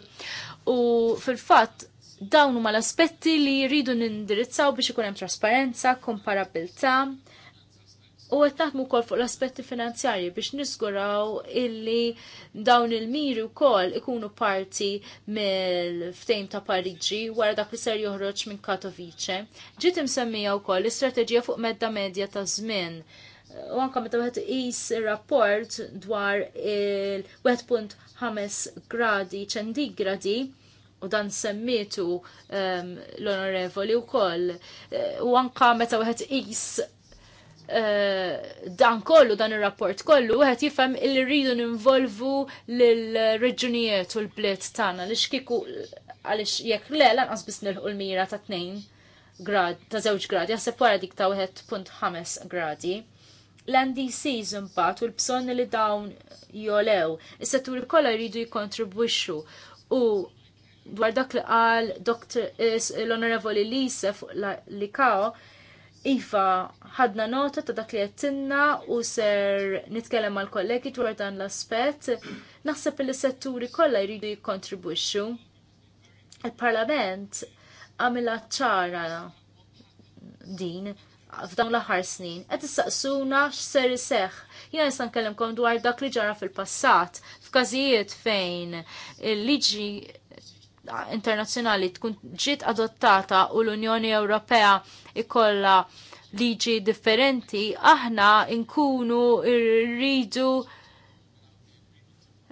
u fil-fatt dawn huma l-aspetti li jridu nindirizzaw biex ikun hemm trasparenza, komparabilità, U qed naħdmu wkoll fuq l-aspetti finanzjarji biex nisguraw illi dawn il-miri wkoll ikunu parti mill-ftejm ta' Pariġi wara dak li ser joħroġ minn Katowice. Ġiet imsemmija wkoll l-istrateġija fuq medda medja ta' żmien. U anka meta wieħed qis rapport dwar il-1.5 gradi ċendigradi, u dan semmitu um, ehm, l-onorevoli u koll. E, u anka meta wieħed qis Eh, dan kollu, dan il-rapport kollu, għet jifem il-ridu ninvolvu l-reġunijiet u l-bliet tana, li xkiku għalix jek le lan bis nil l-mira ta' 2 grad, ta' 0 gradi, għasib wara dik ta' 1.5 gradi. L-NDCs imbagħad u l-bżonn li dawn jolew, is-setturi kollha jridu jikkontribwixxu u dwar dak li qal eh, l-Onorevoli Lisa fuq li kaw, Iva, ħadna nota ta' dak li għettinna u ser nitkellem mal kollegi dwar dan l-aspet, naħseb li setturi kollha jridu jikkontribwixxu. Il-Parlament għamilha ċara din f'dawn l-aħħar snin. Qed issaqsuna x'ser iseħħ. Jiena nista' nkellimkom dwar dak li ġara fil-passat, f'każijiet fejn il-liġi internazzjonali tkun ġiet adottata u l-Unjoni Ewropea ikolla liġi differenti, aħna nkunu rridu uh,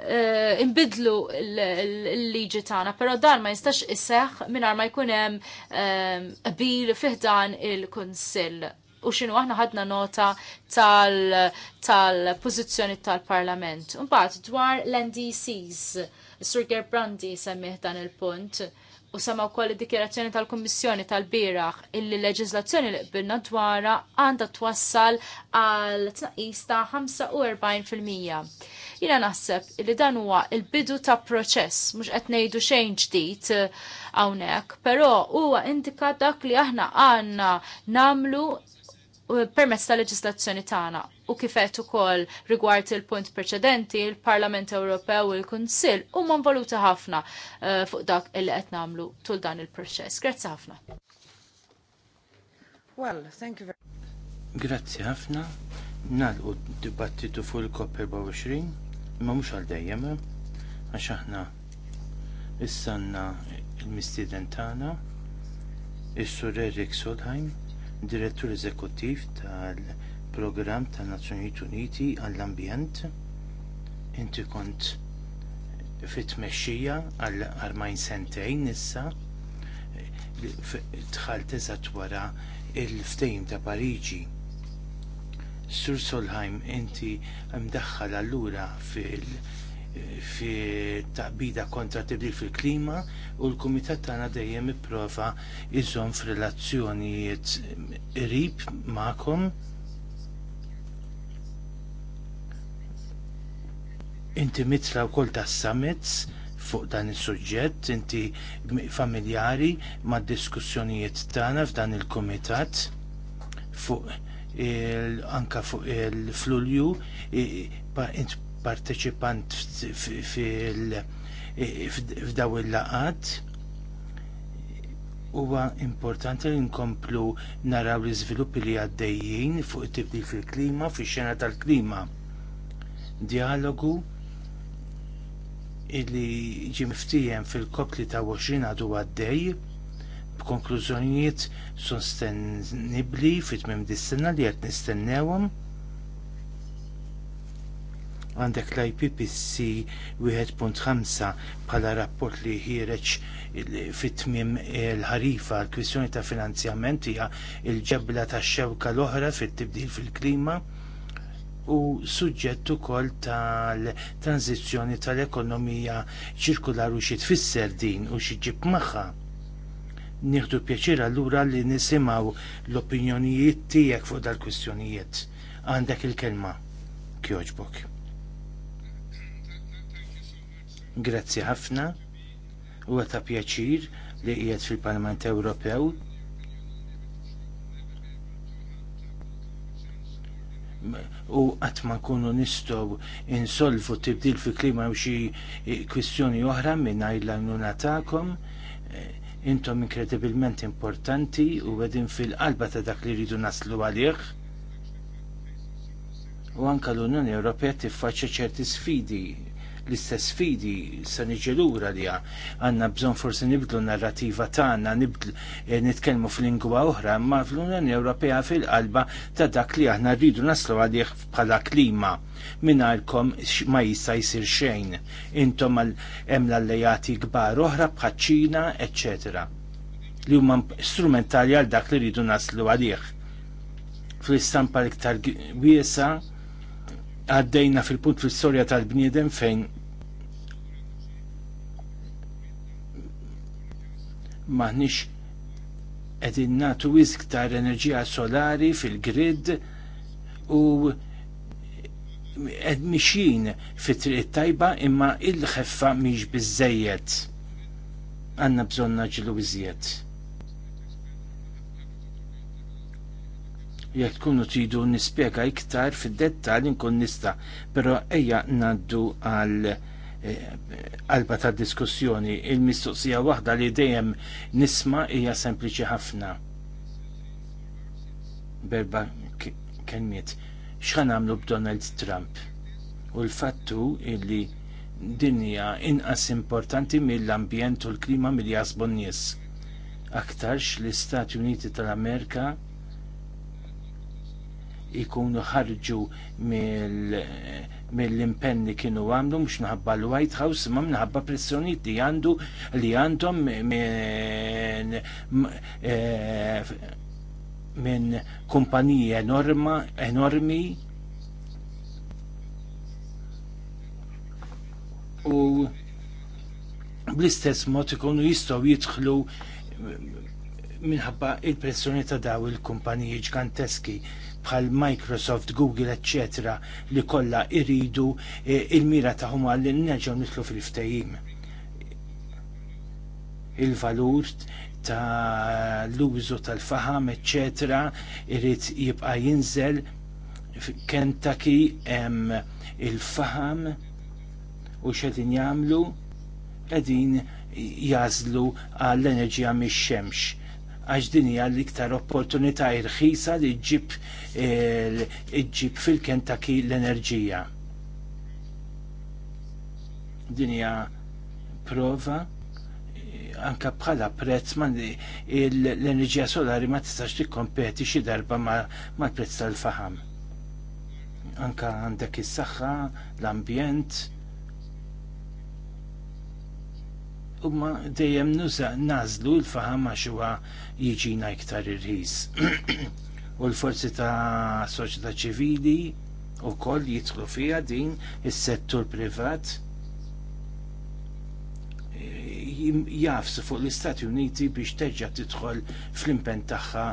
eh, imbidlu l-liġi tagħna, però dan ma jistax isseħ mingħajr ma jkun hemm um, qbil fiħdan il-Kunsill u xinu aħna ħadna nota tal-pozizjoni tal pozizjoni tal parlament Imbagħad dwar l-NDCs Sir Gerbrandi semmih dan il-punt u sama wkoll id-dikjerazzjoni tal-Kummissjoni tal-bieraħ illi leġizlazzjoni li qbilna dwarha għandha twassal għal tnaqqis ta' 45%. Jiena naħseb li dan huwa il-bidu ta' proċess mhux qed ngħidu xejn ġdid hawnhekk, però huwa indika dak li aħna għandna namlu permezz tal leġislazzjoni tagħna u kifet ukoll rigward il-punt preċedenti il-Parlament Ewropew u l-Kunsill huma involuti ħafna eh, fuq dak li qed nagħmlu tul dan il-proċess. Grazzi ħafna. Well, thank you very Grazzi ħafna. Nalqu dibattitu fuq il-COP 24 imma mhux għal dejjem għax aħna issanna il-mistieden tagħna is-Sur Erik Solheim direttur eżekuttiv tal-programm tan-Nazzjonijiet Uniti għall-Ambjent. Inti kont fit-tmexxija għal 40 sentejn issa dħalt eżatt wara il-ftejn ta' Pariġi. Sur Solheim inti mdaħħal allura fil- fi taqbida kontra tibdil fil-klima u l-Kumitat tagħna dejjem ipprova iżom f'relazzjonijiet qrib magħkom inti mitla wkoll tas-summits fuq dan is-suġġett, inti familjari mad diskussjonijiet tagħna f'dan il-kumitat fuq il anka fuq il-flulju parteċipant f'daw il-laqat huwa importanti li nkomplu naraw l iżviluppi li għaddejjin fuq it-tibdil fil-klima fix-xena tal-klima. Dialogu illi ġimftijem fil-kop li ta' 20 għadu għaddej b'konklużjonijiet sostenibbli fit-tmim dis-sena li qed nistennewhom għandek l-IPPC 1.5 bħala rapport li ħireċ fit-tmim l-ħarifa l-kwissjoni ta' finanzjament hija il-ġebla ta' xewka l-oħra fit-tibdil fil-klima u suġġett ukoll tal-tranzizzjoni tal-ekonomija ċirkular u xi tfisser din u xi ġib magħha. Nieħdu pjaċir allura li nisimgħu l-opinjonijiet tiegħek fuq dal-kwistjonijiet. Għandek il-kelma. Kjoġbok. Grazzi ħafna u ta' pjaċir li qiegħed fil-Parlament Ewropew. u qatt ma nkunu nistgħu insolvu tibdil fi klima u xi kwistjoni oħra minn għajla għajnuna tagħkom eh, intom inkredibilment importanti u għedin fil-qalba ta' dak li rridu naslu għalih. U anka l-Unjoni Ewropea tiffaċċja ċerti sfidi l-istess fidi se niġi lura li għandna bżonn forsi nibdlu narrativa tagħna eh, nitkellmu f'lingwa oħra, ma fl-Unjoni Ewropea fil-qalba ta' dak li aħna rridu naslu għalih bħala klima minnarkom ma jista' jsir xejn intom hemm l-allejati kbar oħra bħacċina, ċina li huma strumentali għal dak li rridu naslu għalih. Fl-istampa l-iktar wiesa' għaddejna fil-punt fil-storja tal-bniedem fejn maħnix edin natu iktar enerġija solari fil-grid u ed mixin fit-triq tajba imma il-ħeffa miex bizzejiet. Għanna bżonna ġilu iżjed. jekk tkunu tridu nispjega iktar fid-dettall nkun nista, però ejja ngħaddu għal eh, qalba ta' diskussjoni. Il-mistoqsija waħda li dejjem nisma hija sempliċi ħafna. Berba kelmiet, x'ħan għamlu b'Donald Trump? U l-fattu illi dinja inqas importanti mill-ambjent u l-klima mill jasbu nies. Aktarx l-Istati Uniti tal-Amerika ikunu ħarġu mill-impenni mil kienu għamlu mux naħabba l-White House ma naħabba pressjoniet li għandu li għandhom minn eh, min kumpaniji enorma, enormi u bl-istess mod ikunu jistgħu jidħlu minħabba il-pressjoni ta' daw il-kumpaniji ġganteski bħal Microsoft, Google, etc. li kollha iridu e, il-mira tagħhom għal nerġgħu nitlu fil ftajim Il-valur ta' l-użu tal-faham, etc. irid jibqa' jinżel Kentucky hemm il-faham u xedin jagħmlu qegħdin jażlu għall-enerġija mix-xemx għax din hija l-iktar opportunità irħisa li ġib eh, ġib fil-Kentucky l-enerġija. Din hija prova eh, anka bħala prezz ma l-enerġija solari ma tistax tikkompeti xi darba mal-prezz tal-faham. Anka għandek is-saħħa, l-ambjent, u ma dejjem nuża nażlu l-faham huwa jiġina iktar irħis. u l-forzi ta' soċjetà ċivili wkoll jidħlu fiha din is-settur privat e, jafsu fuq l-Istati Uniti biex terġa' tidħol fl-impen tagħha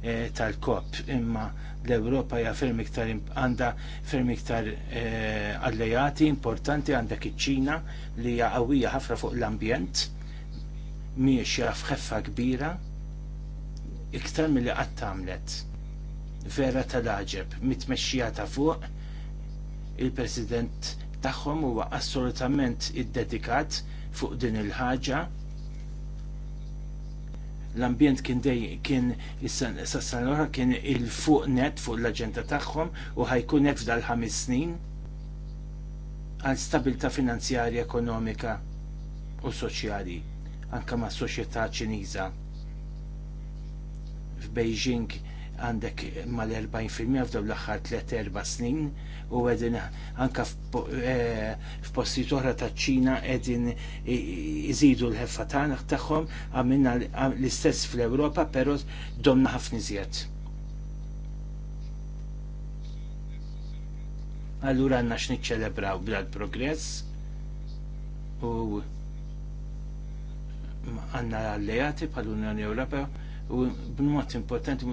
Eh, tal-kop imma l-Ewropa hija ferm iktar għandha ferm iktar eh, allejati importanti għandek iċ-Ċina li hija qawwija ħafna fuq l-ambjent miex jaf ħeffa kbira iktar mill-li qatt tagħmlet vera tal-aġeb mitmexxija ta' fuq il-President tagħhom huwa assolutament iddedikat fuq din il-ħaġa l-ambjent kien dej kien sassanora kien il-fuq net fuq l-agenda tagħhom u ħajkun hekk f'dal ħames snin għal stabilta finanzjarja ekonomika u soċjali anka ma' soċjetà ċiniża f'Beijing għandek mal-40% f'daw l-axħar 3-4 snin u għedin anka eh, f'posti toħra ta' ċina għedin iżidu l-ħeffa ta' tagħhom għamilna l-istess fl-Ewropa pero domna ħafna iżjed. Allura għanna x'niċċelebraw bla l-progress u għanna l-alleati pal unjoni Ewropea u b'mod importanti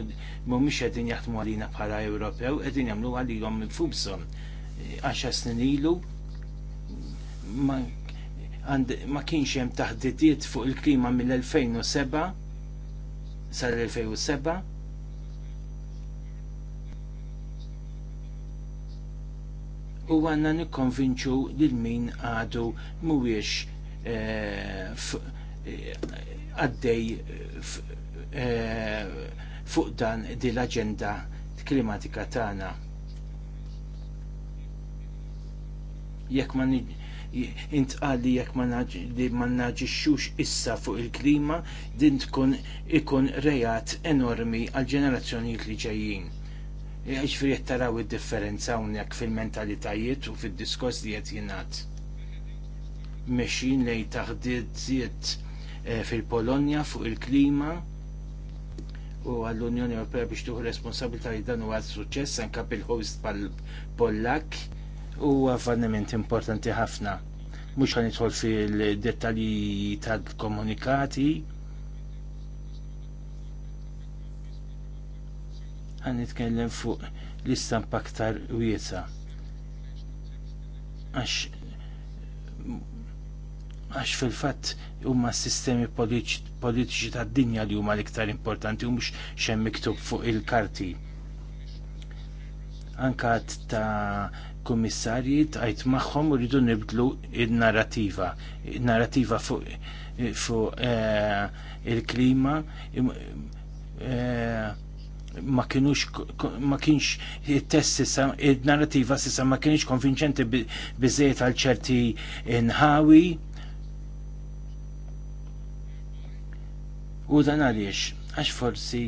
mhumiex qegħdin jaħdmu għalina bħala Ewropew, qegħdin jagħmlu għalihom infushom. Eh, għaxa snin ilu ma, kienx hemm taħdidiet fuq il-klima mill-2007 sal-2007 u għanna nikkonvinċu lil min għadu mhuwiex eh, eh, għaddej Eh, fuq dan di l-agenda klimatika tagħna. Jekk ma intqalli jekk ma naġixxux issa fuq il-klima din tkun ikun rejat enormi għal ġenerazzjonijiet li ġejjin. Eh, ġifieri qed taraw id-differenza hawnhekk fil-mentalitajiet u fil diskors li qed jingħad. Mexin lejn taħdiet eh, fil-Polonja fuq il-klima, u għall-Unjoni Ewropea biex tuħu responsabilità li dan huwa suċċess anke bil-host pal-Pollak huwa avveniment importanti ħafna. Mhux ħanidħol fil-dettalji tal-komunikati. Għan nitkellem fuq l-istampa aktar wiesa. Għax għax fil-fatt huma s-sistemi politiċi tad-dinja li huma l-iktar importanti u mhux xem miktub fuq il-karti. Anka ta' kummissarji għajt magħhom u rridu nibdlu il-narrativa, il-narrativa fuq fu, eh, il-klima eh, ma kienux ma kienx it-test sisa il-narrativa sisa ma kienx konvinċenti bizzejt għal ċerti nħawi U dan għaliex, għax forsi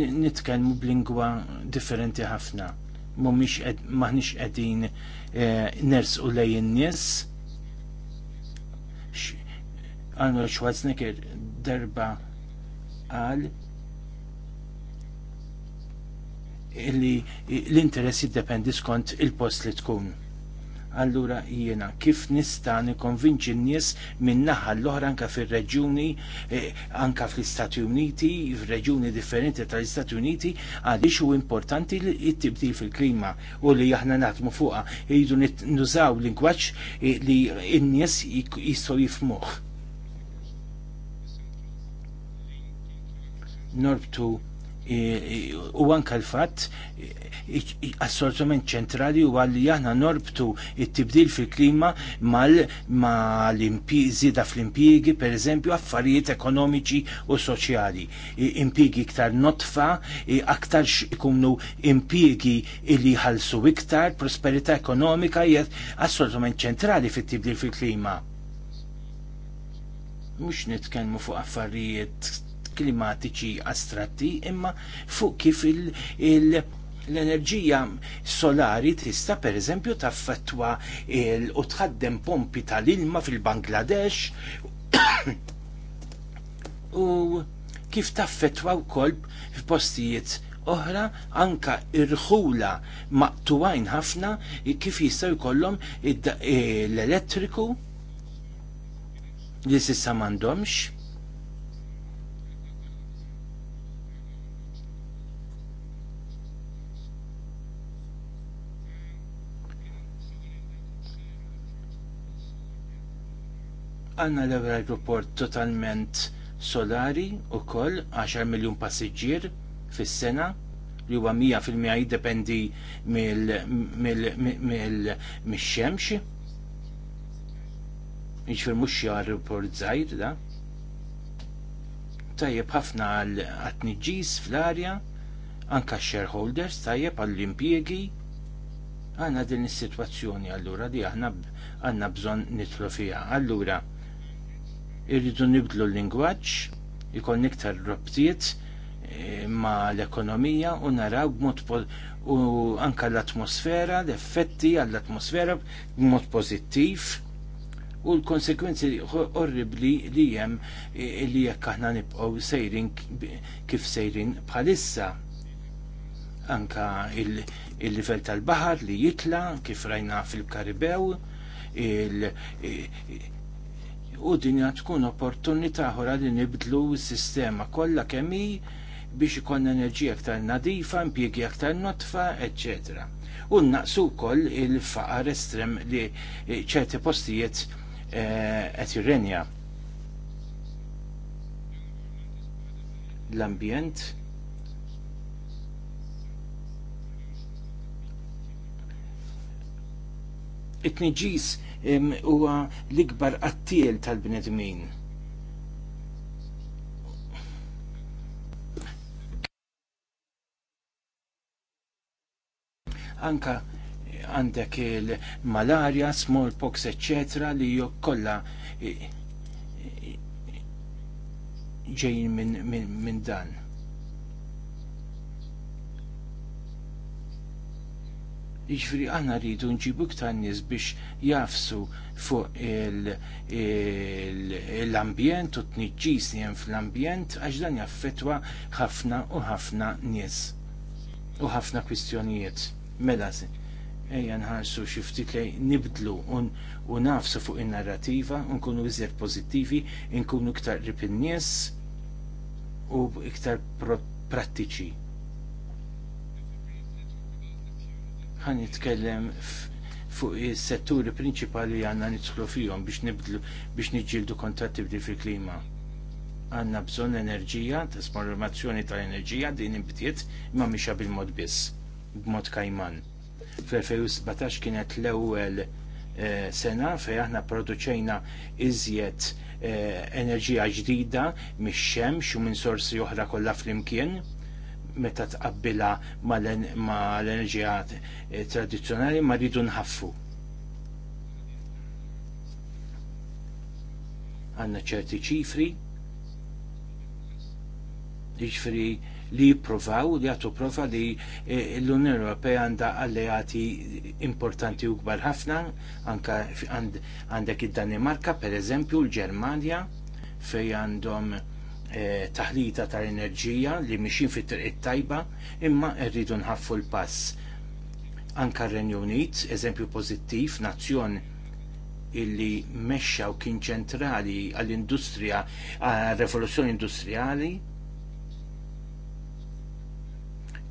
nitkellmu b'lingwa differenti ħafna. Mhumiex maħniex qegħdin eh, ners u lej in-nies. Arnold Schwarzenegger darba qal li l-interess jiddependi skont il-post li tkun allura jiena kif nista' nikkonvinċi n-nies minn naħa l-oħra anka fir-reġjuni eh, anka fl-Istati Uniti, f'reġuni differenti tal-Istati Uniti għaliex hu importanti it-tibdil fil-klima u li aħna naħdmu fuqha jridu nużaw lingwaġġ eh, li n-nies jistgħu jifmuh. Norbtu u anka l-fatt assortiment ċentrali u għalli jahna norbtu it-tibdil fil-klima mal-impiegi da fl-impiegi per eżempju affarijiet ekonomiċi u soċjali impiegi iktar notfa aktar ikunu impiegi li ħalsu iktar prosperità ekonomika assortiment ċentrali fit-tibdil fil-klima mux nitkenmu fuq affarijiet klimatiċi astratti imma fuq kif l-enerġija solari tista per eżempju taffettwa u tħaddem pompi tal-ilma fil-Bangladesh u kif taffettwa wkoll f'postijiet oħra anka irħula maqtuwajn ħafna kif jistaw jkollhom l-elettriku li s'issa m'għandhomx Għanna l-aeroport totalment solari u koll 10 miljon passiġġier fis-sena li huwa 100% jiddependi mill-xemx. Iġfir mhux xi aeroport żgħir da. Tajjeb ħafna għal għatniġġis fl-arja, anka shareholders tajjeb għall-impjiegi, għanna din is-sitwazzjoni għallura li għanna bżon nitlu fija. Allura, irridu nibdlu l-lingwaġġ, ikon iktar robtiet eh, ma l-ekonomija u naraw b'mod u anka l-atmosfera, l-effetti għall-atmosfera b'mod pożittiv u l-konsekwenzi orribli li jem eh, li jekk aħna nibqgħu sejrin kif sejrin bħalissa anka il-livell il livell tal baħar li jitla kif rajna fil-Karibew il, il eh, u din tkun opportunità ħora li nibdlu s-sistema kollha kemm biex ikun enerġija aktar nadifa, impjiegi aktar notfa, eċetera. U naqsu wkoll il-faqar estrem li ċerti postijiet eh, qed jirrenja. L-ambjent it-tniġis huwa l-ikbar qattiel tal-bnedmin. Anka għandek il-malaria, smallpox, etc. li kolla eh, eh, ġejn minn min, min dan. iġfri għanna rridu nġibu ktar nies biex jafsu fuq l-ambjent u t-nġis li hemm fl-ambjent għax dan jaffetwa ħafna u ħafna nies u ħafna kwistjonijiet. Mela ejja nħarsu xi ftit li nibdlu u nafsu fuq in-narrativa, nkunu iżjed pożittivi, nkunu iktar rib in-nies u iktar prattiċi. għan nitkellem fuq is-setturi prinċipali għandna nidħlu fihom biex nibdlu biex nġildu kontra fil-klima. Għandna bżonn enerġija, trasformazzjoni tal-enerġija din inbtiet imma miexa bil-mod biss, b'mod kajman. Fl-2017 kienet l-ewwel eh, sena fejn aħna produċejna iżjed eh, enerġija ġdida mix-xemx u minn sorsi oħra kollha flimkien meta tqabbilha mal-enerġija tradizzjonali ma rridu nħaffu. Għanna ċerti ċifri, ċifri li jipprovaw, li għatu prova li eh, l-Unjoni Ewropea għandha alleati importanti u kbar ħafna, anka għandek id-Danimarka, per eżempju, l-Ġermanja, fej għandhom Eh, taħlita ta' enerġija li mixin fit triq tajba imma rridu nħaffu l-pass. Anka r-Renju Unit, eżempju pożittiv, nazzjon illi mexxa u kien ċentrali għall-industrija, għall-revoluzzjoni industrijali,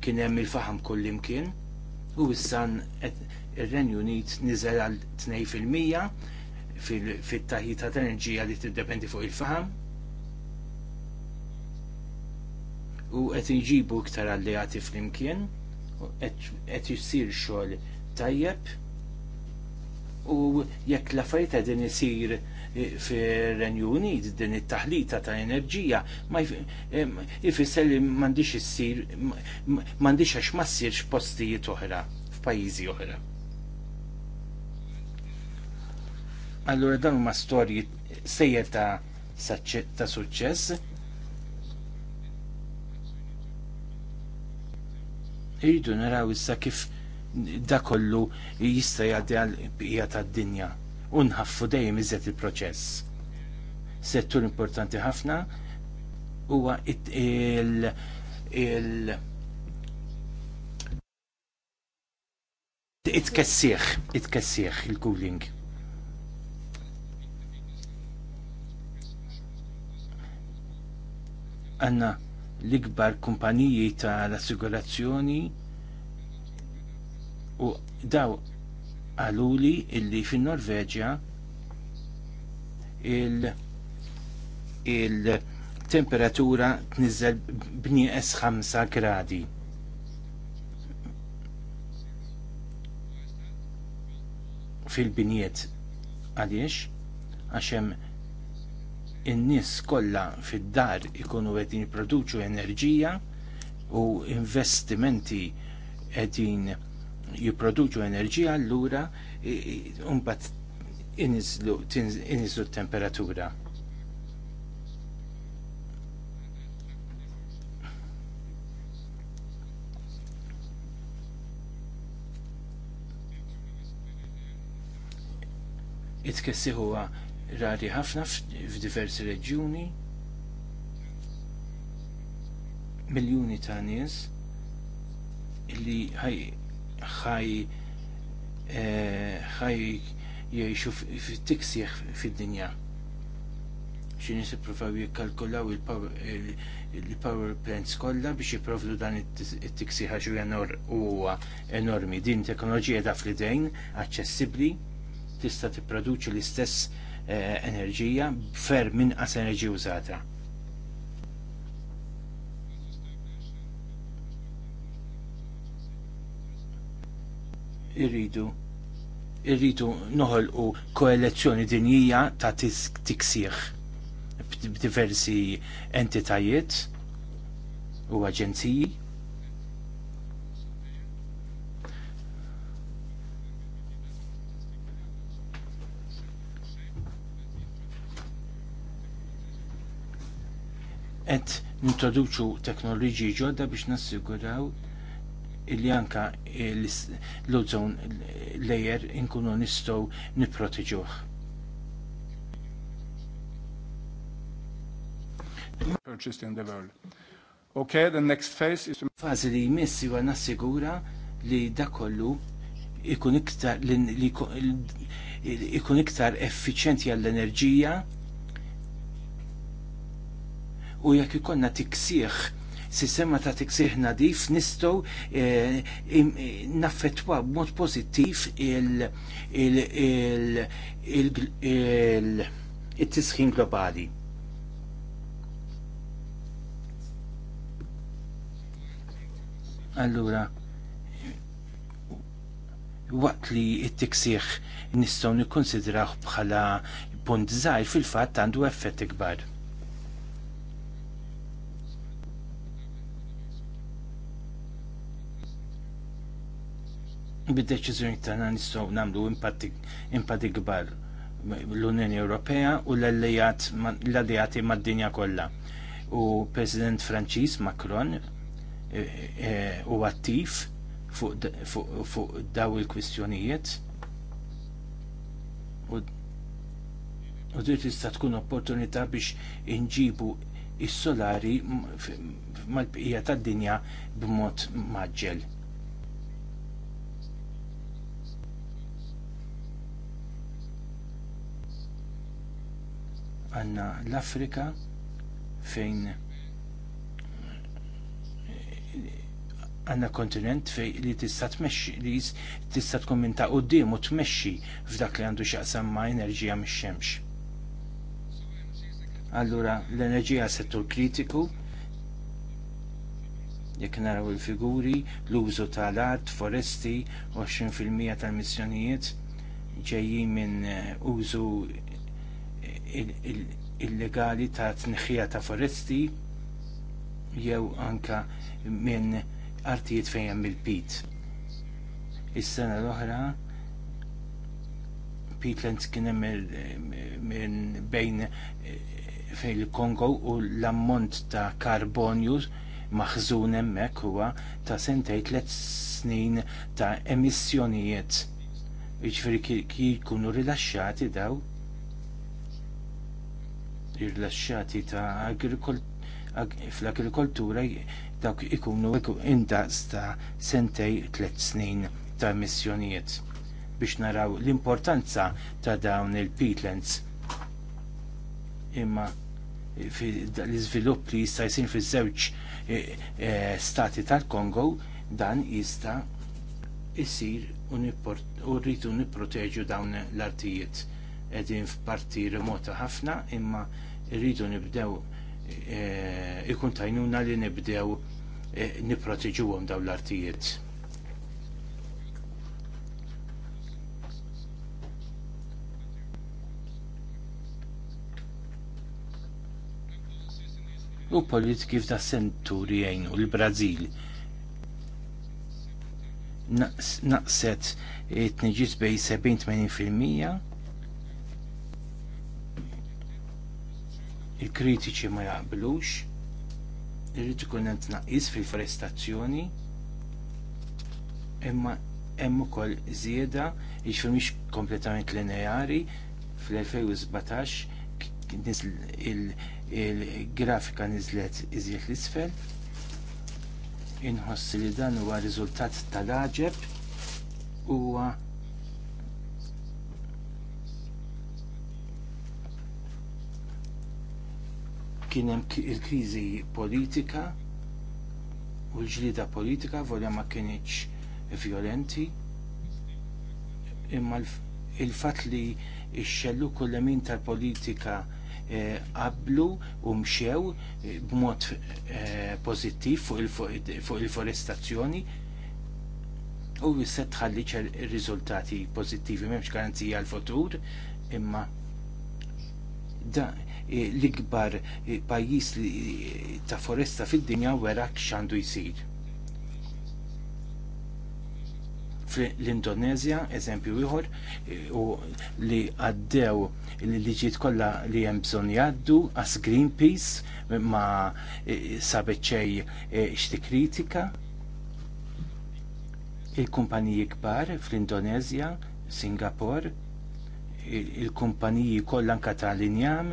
kien hemm il-faħam kullimkien u issa ir-Renju Unit niżel għal 2% fil-taħita tal enerġija li tiddependi fuq il-faħam u qed iġibu iktar alleati flimkien, qed jissir xogħol tajjeb u jekk la fajta din isir eh, fir-Renju Unit din it-taħlita ta' enerġija ma jfisser eh, li m'għandix issir m'għandix għax ma ssirx postijiet oħra f'pajjiżi oħra. Allura dan huma storji sejjer ta' ta' suċċess Irridu naraw issa kif da kollu jista' jgħaddi għal bqija tad-dinja u nħaffu dejjem iżjed il-proċess. Settur importanti ħafna huwa il, il it-kessieħ il-cooling. Għanna, l-ikbar kumpaniji tal-assigurazzjoni u daw għaluli illi fin norveġja il- il-temperatura tnizzel b'nieqes 5 gradi. fil-biniet għaliex għaxem in-nies kollha fid-dar ikunu qed jipproduċu enerġija u investimenti qegħdin jipproduċu enerġija allura mbagħad inizlu t-temperatura. it-kessi huwa rari ħafna f'diversi reġjuni miljuni ta' nies illi ħaj ħaj eh, jiexu f'tiksieħ fid-dinja. Xini se profaw jikkalkulaw il-power plants kollha biex jiprovdu dan il-tiksieħa tiksieħ għaxu huwa enormi. Din teknoloġija daf li dejn, aċċessibbli, tista' tipproduċi l-istess Eh, enerġija fer minqas enerġija użata. Irridu irridu u koelezzjoni dinjija ta' tiksieħ b'diversi entitajiet u aġenziji qed nintroduċu teknoloġiji ġodda biex nassiguraw illi anka l-ozone layer inkunu nistgħu nipproteġuh. Ok, the next phase is... Fazi li jmessi għan nassigura li dakollu ikun iktar, ikun iktar effiċenti għall-enerġija u jekk ikonna tiksieħ sistema ta' tiksieħ nadif nistgħu eh, naffettwa b'mod pożittiv il-tisħin globali. Allura, waqt li t-tiksieħ nistgħu nikkonsidrah bħala punt żgħir fil-fatt għandu effett ikbar. bid-deċiżjoni tagħna nistgħu nagħmlu impatti kbar l-Unjoni Ewropea u l-allijati mad-dinja kollha. U President Franċis Macron eh, eh, u attiv fuq daw il-kwistjonijiet u dir tista' tkun opportunità biex inġibu is-solari mal-bqija tad-dinja b'mod maġġel għanna l-Afrika fejn għanna kontinent fej li tista' tmexxi li tista' tkun minn ta' qudiem u tmexxi f'dak li għandu x'aqsam ma' enerġija mix-xemx. Allura l-enerġija settur kritiku jekk naraw il-figuri, l-użu tal-art, foresti, 20% tal-missjonijiet ġejjin minn eh, użu illegali ta' tnħija ta' foresti jew anka minn artijiet fejn hemm il-pit. Is-sena l-oħra Peatlands kien hemm minn bejn fejn il-Kongo u l-ammont ta' karbonju maħżun hemmhekk huwa ta' sentej tliet snin ta' emissjonijiet. Jiġifieri kien rilaxxati daw rilasċati ta' fl-agrikoltura dak ikunu indaqs ta' sentej tliet snin ta' missjonijiet biex naraw l-importanza ta' dawn il-peatlands imma l-iżvilupp li jista' jsir fiż-żewġ eh, eh, stati tal-Kongo dan jista' jsir u rridu nipproteġu dawn l-artijiet edin f'parti remota ħafna imma rridu nibdew e, ikun tajnuna li nibdew e, niprotiġuhom daw l-artijiet. U politiki f'da senturi jgħinu l-Brazil naqset it-tniġis e, bej 70-80% il-kritiċi ma jaqblux, irrid ikun hemm tnaqqis fil-forestazzjoni, imma hemm ukoll żieda jixfir mhix kompletament lineari fl-2017 il-grafika niżlet iżjed l-isfel inħoss li dan huwa riżultat tal-aġeb huwa kien hemm il-kriżi politika u l-ġlida politika volja ma kienx violenti imma il-fatt li ix-xellu kullemin tal-politika eh, qablu u mxew eh, b'mod eh, pożittiv fuq il-forestazzjoni u se tħalliċ riżultati pozittivi m'hemmx garanzija għal futur imma da Eh, l-ikbar eh, pajjiż eh, ta' foresta fid-dinja wera x'għandu jsir. l indonezja eżempju ieħor, u li għaddew l liġiet kollha li hemm bżonn jgħaddu għas Greenpeace ma sabet xej xti kritika il-kumpaniji kbar fl-Indonezja, Singapore, il-kumpaniji kollha anka tal-injam,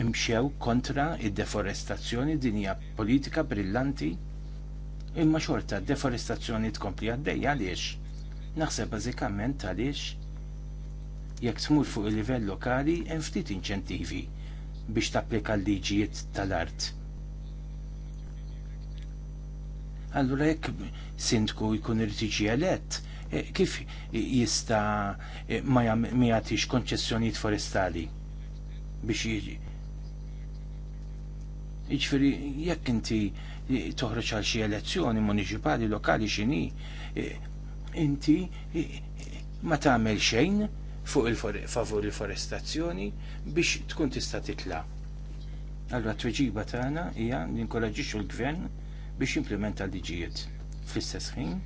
imxew kontra id-deforestazzjoni din hija politika brillanti imma xorta deforestazzjoni tkompli għaddejja għaliex naħseb bażikament għaliex jekk tmur fuq il-livell lokali hemm ftit inċentivi biex tapplika l-liġijiet tal-art. Allura jekk sindku jkun irtiġi elett, e, kif jista e, ma jagħtix konċessjonijiet forestali biex Iġifieri jekk inti toħroġ għal xi elezzjoni municipali lokali x'inhi, eh, inti eh, ma tagħmel xejn fuq il-favur il-forestazzjoni biex tkun tista' titla. Allura t-tweġiba tagħna hija ninkoraġġixxu l-gvern biex implementa l-liġijiet. Fl-istess ħin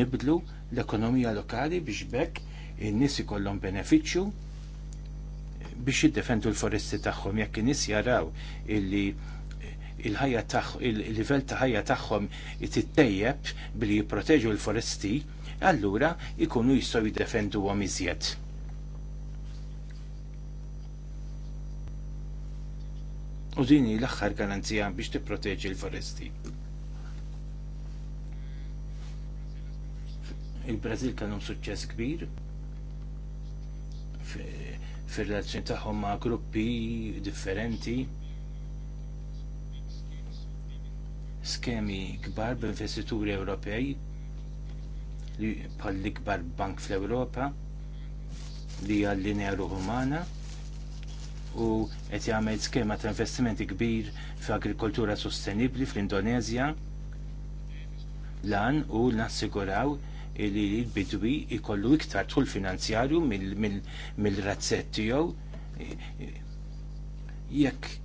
nibdlu l-ekonomija lokali biex bekk in-nies ikollhom benefiċċju eh, biex jiddefendu l-foresti tagħhom jekk in-nies jaraw illi il-ħajja il-livell ta' ħajja tagħhom tittejjeb billi jipproteġu l-foresti, allura ikunu jistgħu jiddefenduhom iżjed. U din hi l-aħħar garanzija biex tipproteġi l-foresti. Il-Brażil kellhom suċċess kbir fir-relazzjoni tagħhom ma' gruppi differenti skemi kbar b'investituri Ewropej li palli kbar ikbar bank fl-Ewropa li għall-linja umana u qed jagħmel skema ta' investimenti kbir f'agrikoltura sostenibbli fl-Indonezja lan u nassiguraw li l-bidwi jkollu iktar tul finanzjarju mill-razzett tiegħu jekk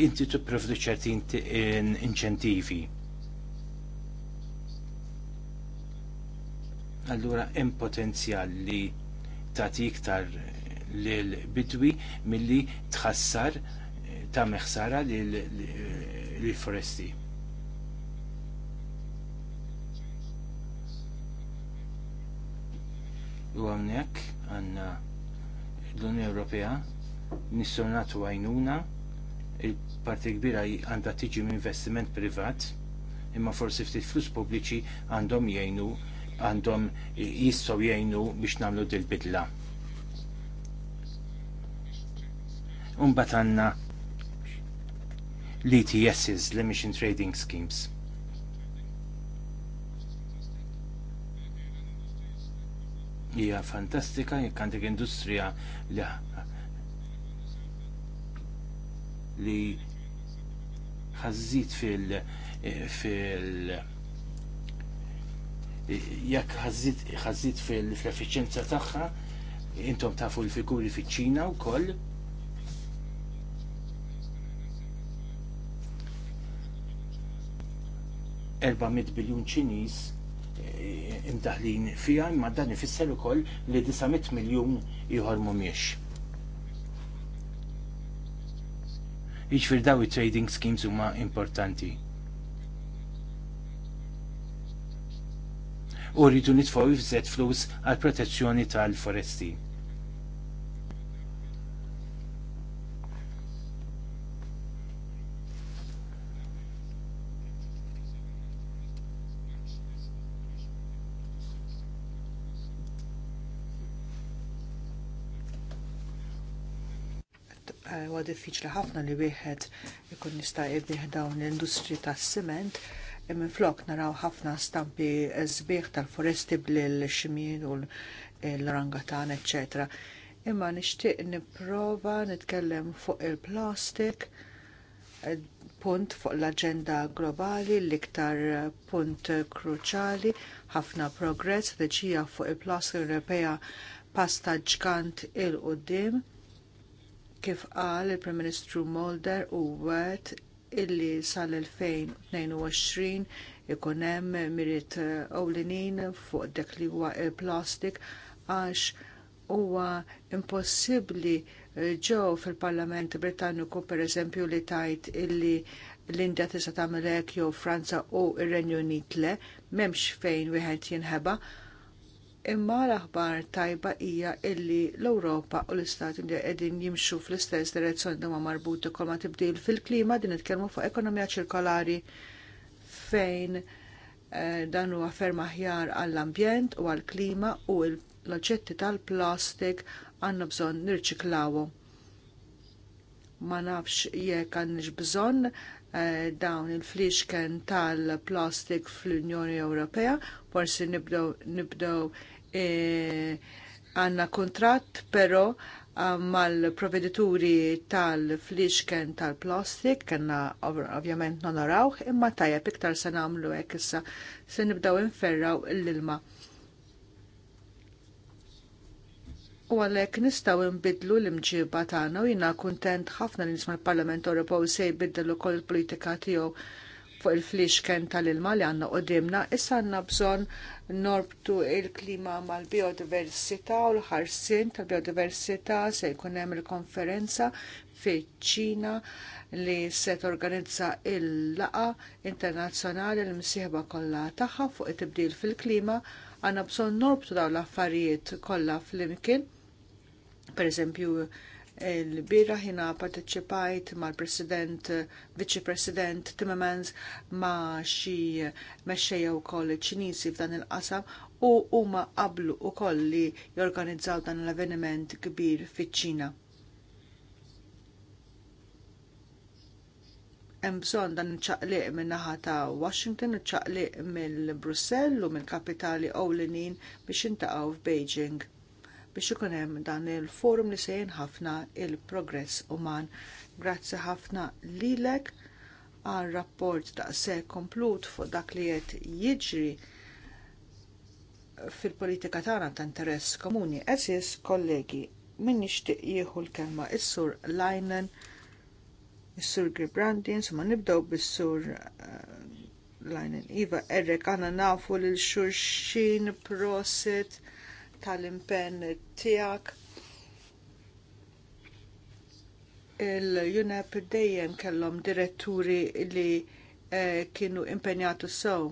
inti tipprovdu ċerti inċentivi. Allura hemm li tagħti iktar lil bidwi milli tħassar ta' meħsara l foresti. U għamnek għanna l-Unjoni Ewropea nissonatu għajnuna il-parti kbira għandha tiġi minn investiment privat, imma forsi ftit flus pubbliċi għandhom jgħinu għandhom jistgħu jgħinu biex nagħmlu dil bidla. Umbat għandna l-ETSs, l-Emission Trading Schemes. hija fantastika jekk għandek industrija li li ħazzit fil eh, fil eh, jekk ħazzit fil-effiċenza fl tagħha intom tafu l-figuri fiċ-Ċina wkoll erba' biljun Ċiniż eh, imdaħlin fija, imma dan ifisser ukoll li 900 miljun ieħor miex. Iġfir daw trading schemes huma importanti. U rridu nitfgħu f'żed flus għal protezzjoni tal-foresti. huwa diffiċli ħafna li wieħed ikun jista' jbih dawn l-industri tas-siment e imma flok naraw ħafna stampi sbieħ tal-foresti bl ximin u l-rangatan, eccetera imma nixtieq nipprova nitkellem fuq il-plastik punt fuq l aġenda globali l-iktar punt kruċali ħafna progress li fuq il-plastik Ewropea pasta ġkant il-qoddim kif qal il-Prim Ministru Mulder u wet illi sal-2022 ikun hemm mirit ewlenin fuq dak li huwa il-plastik għax huwa impossibbli eh, ġew fil-Parlament Britanniku pereżempju li tajt illi l-Indja tista' tagħmel hekk jew Franza u r-Renju Unit le m'hemmx fejn wieħed jinħeba Imma l-aħbar tajba hija illi l-Ewropa u l-Istati Uniti qegħdin jimxu fl-istess direzzjoni huma marbuti kol ma tibdil fil-klima din nitkellmu fuq ekonomija ċirkolari fejn eh, dan huwa ferm aħjar għall-ambjent u għall-klima u l-oġġetti tal-plastik għandna bżonn nirċiklawhom. Ma nafx jekk għandniex bżonn eh, dawn il-fliexken tal-plastik fl-Unjoni Ewropea, forsi nibdew nibdew E, għanna kontrat, pero mal-provedituri tal-fliexken tal-plastik, kanna ovvjament non nonorawh, imma tajab iktar se namlu hekk issa se nibdaw inferraw l-ilma. U għalek nistaw imbidlu l-imġiba tagħna u jina kuntent ħafna li nisma' l-Parlament Ewropew se jbiddel ukoll il-politika tiegħu fuq il-fliexken tal-ilma li għanna qoddimna, issa għanna bżon norbtu il-klima mal-biodiversità u l-ħarsin tal-biodiversità se jkun hemm il-konferenza fiċ-Ċina li se torganizza il-laqa internazzjonali l-msieħba kollha tagħha fuq it-tibdil fil-klima għanna bżon norbtu dawn l-affarijiet kollha flimkien. Per eżempju, Il-bira ħina parteċipajt mal-President, Viċi President Timmermans ma xi mexxejja wkoll Ċiniżi f'dan il-qasam u huma qablu wkoll li jorganizzaw dan l-avveniment kbir fiċ-Ċina. hemm bżonn dan iċċaqliq min-naħa ta' Washington, iċċaqliq mill-Brussell u mill-kapitali ewlenin biex intaqgħu f'Beijing biex ikun hemm dan il-forum li se ħafna il-progress uman. Grazzi ħafna lilek għal rapport ta' se komplut fuq dak li qed jiġri fil-politika tagħna ta' interess komuni. Eżis kollegi, min nixtieq jieħu l-kelma is-sur Lajnen, is-sur Gribrandi, insomma nibdew bis-sur eh, Lajnen Iva, Erek għandna nafu l xurxin prosit tal-impenn tiegħek. Il-UNEP dejjem kellhom diretturi li eh, kienu impenjatu sew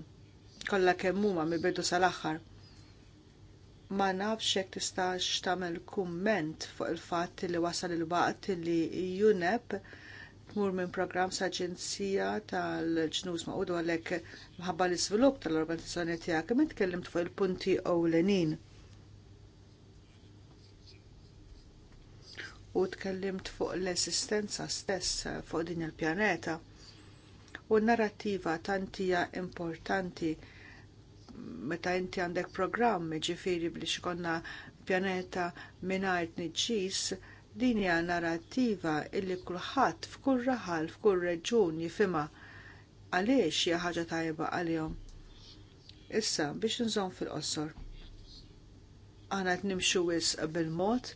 kollha kemm huma mibidu bidu sal-aħħar. Ma nafx hekk tistax tagħmel kumment fuq il-fatt li wasal il-waqt li UNEP tmur minn programm sa' tal-ġnus ma' għalhekk għalek mħabba l-izvilup tal-organizzazzjoni tijak, minn tkellimt fuq il-punti ewlenin u tkellimt fuq l-esistenza stess fuq din il-pjaneta. U n narrattiva tantija importanti meta inti għandek programmi ġifiri bli xkonna pjaneta mingħajr nġis, din hija narrattiva illi kulħadd f'kull raħal f'kull reġun jifhimha għaliex hija ħaġa tajba għalihom. Issa biex nżomm fil-qosor. Aħna qed nimxu wisq bil-mod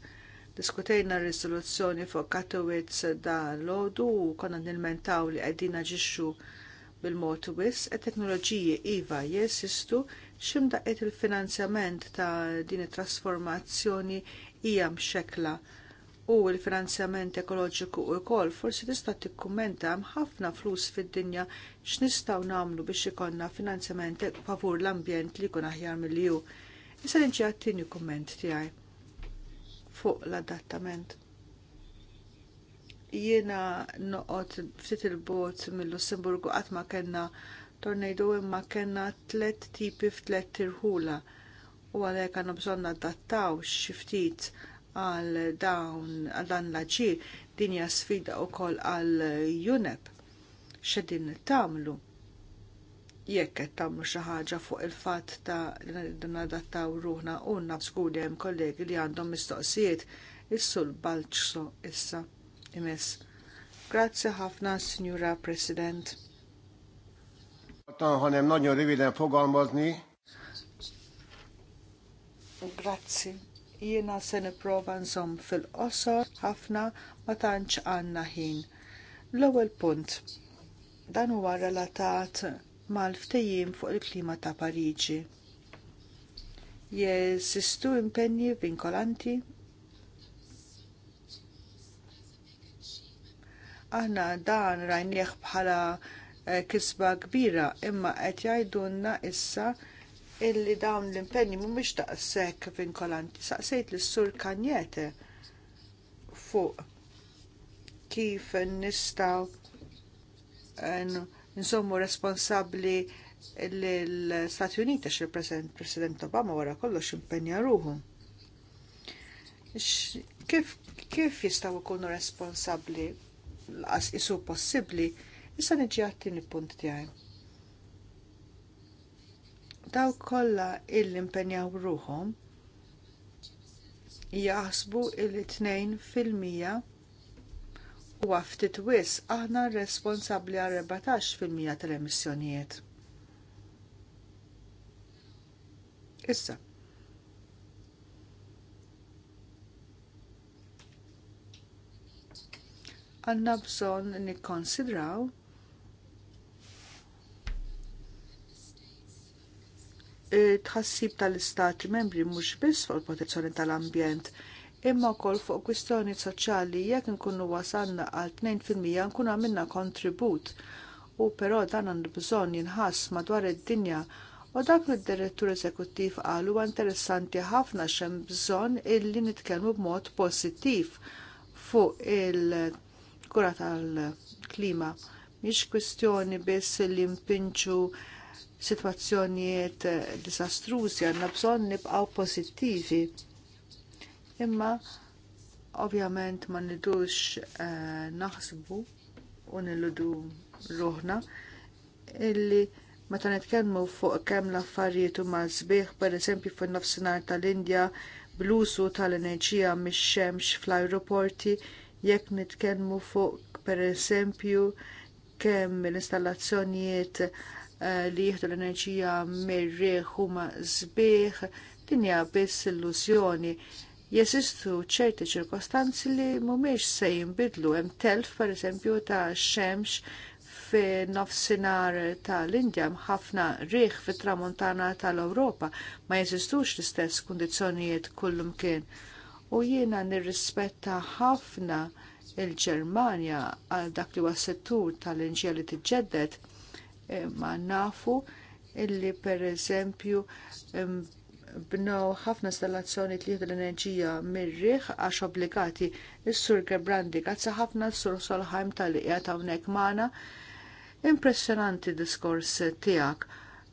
Diskutejna r-risoluzzjoni fuq Katowice da l u konna nilmentaw li għedina ġiċu bil-mod wis e teknoloġiji IVA jesistu ximda qed il-finanzjament ta' din it-trasformazzjoni hija mxekla u l-finanzjament ekoloġiku u kol forsi tista' tikkummenta hemm ħafna flus fid-dinja x'nistgħu nagħmlu biex ikonna finanzjament favur l-ambjent li jkun aħjar mill-ju. Issa nġi għattini kumment tiegħi fuq l-adattament. Jiena noqgħod ftit il-bot mill-Lussemburgu qatt ma kellna tornejdu imma kellna tliet tipi f'tliet tirħula u għalhekk għandna bżonn adattaw xi ftit għal dawn għal dan l-aġir din hija sfida wkoll għal UNEP x'edin tagħmlu jekk qed tagħmlu xi ħaġa fuq il-fatt ta' li nadattaw ruħna u nafsguli hemm kollegi li għandhom mistoqsijiet is-sul balċso issa imess. Grazzi ħafna, Signora President. fogalmazni. Grazzi. Jiena se nipprova nżomm fil-qosor ħafna ma tantx għandna ħin. L-ewwel punt. Dan huwa relatat mal-ftejjim fuq il-klima ta' Pariġi. Sistu impenni vinkolanti aħna dan rajnieħ bħala eh, kisba kbira imma qed jgħidulna issa illi dawn l-impenni mhumiex daqshekk vinkolanti. Saqsejt lis sur Kanjete fuq kif nistgħu eh, Insommu responsabbli l-Stati Uniti x president Obama wara kollox impenja ruħu. Kif, kif jistaw ikunu responsabbli l-qas isu possibbli, issa niġi il punt tiegħi. Daw kollha il-impenjaw ruħhom jaħsbu il-2 fil-mija huwa ftit wis aħna responsabbli għal 14% tal-emissjonijiet. Issa. Għanna bżon nikkonsidraw tħassib tal-istati membri mhux biss fuq il-protezzjoni tal-ambjent imma wkoll fuq kwistjoni soċjali jekk inkunu wasanna għal 2% nkunu għamilna kontribut u però dan għandu bżonn jinħass madwar id-dinja u dak li d-direttur eżekuttiv qal huwa interessanti ħafna xem bżonn illi nitkellmu b'mod pożittiv fuq il-kura tal-klima. Mhix kwistjoni biss li mpinċu situazzjonijiet disastrużi għandna bżonn nibqgħu pożittivi Imma ovvjament ma nidux eh, naħsbu u nilludu ruħna illi meta nitkellmu fuq kemm l-affarijiet huma sbieħ pereżempju fin-nofsinhar tal-Indja bl-użu tal-enerġija mix-xemx fl-ajruporti jekk nitkellmu fuq pereżempju kemm l-installazzjonijiet eh, li jieħdu l-enerġija mir-riħ huma sbieħ din hija biss illużjoni jesistu ċerti ċirkostanzi li mhumiex se jinbidlu hemm telf pereżempju ta' xemx fi nofsinhar tal-Indja ħafna riħ fit tramuntana tal-Ewropa ma jeżistux l-istess kundizzjonijiet kullumkien. U jiena nirrispetta ħafna il-Ġermanja għal dak li was tal-inġija li tiġġedded ma nafu illi per eżempju bnew ħafna installazzjoni li l-enerġija mir-riħ għax obbligati is-Sur Gebrandi grazzi ħafna s-Sur Solheim tal-qiegħed hawnhekk magħna. Impressjonanti diskors tiegħek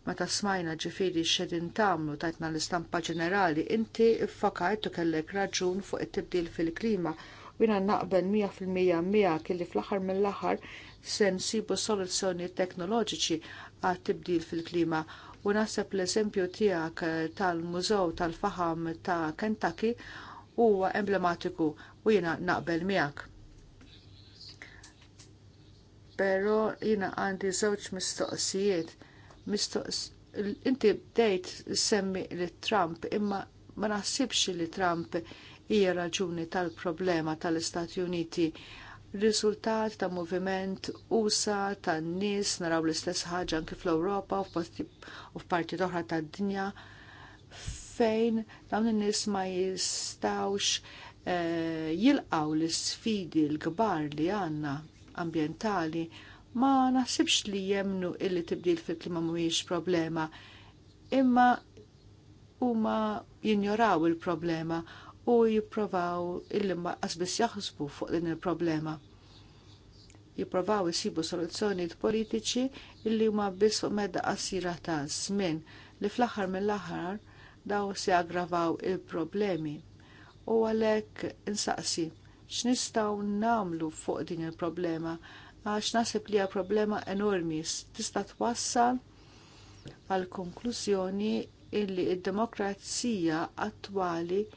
meta smajna ġifieri x'edin tagħmlu tajtna l-istampa ġenerali, inti ffakajt kellek raġun fuq it-tibdil fil-klima u jiena naqbel 100% mija kelli fl-aħħar mill-aħħar se nsibu soluzzjoni teknoloġiċi għat tibdil fil-klima u naħseb l-eżempju tiegħek tal-Mużew tal-Faħam ta' Kentucky huwa emblematiku u jiena naqbel miegħek. Però jiena għandi żewġ mistoqsijiet. Mistoqs inti bdejt semmi li Trump imma ma naħsibx li Trump hija raġuni tal-problema tal-Istati Uniti riżultat ta' moviment usa tan nies naraw l-istess ħaġa anki fl-Ewropa u f'parti oħra tad-dinja fejn dawn in-nies ma jistawx eh, jilqaw l-sfidi l-kbar li għandna ambjentali ma naħsibx li jemnu illi tibdil fil-klima mhuwiex problema imma huma jinjoraw il-problema u jipprovaw il-limma qasbis jaħsbu fuq din il-problema. Jipprovaw jisibu soluzzjonijiet politiċi illi huma biss fuq medda qasira ta' żmien li fl-aħħar mill-aħħar daw se aggravaw il-problemi. U għalhekk insaqsi x'nistgħu nagħmlu fuq din il-problema għax naħseb li hija problema enormi tista' twassal għal konklużjoni illi id-demokrazija attwali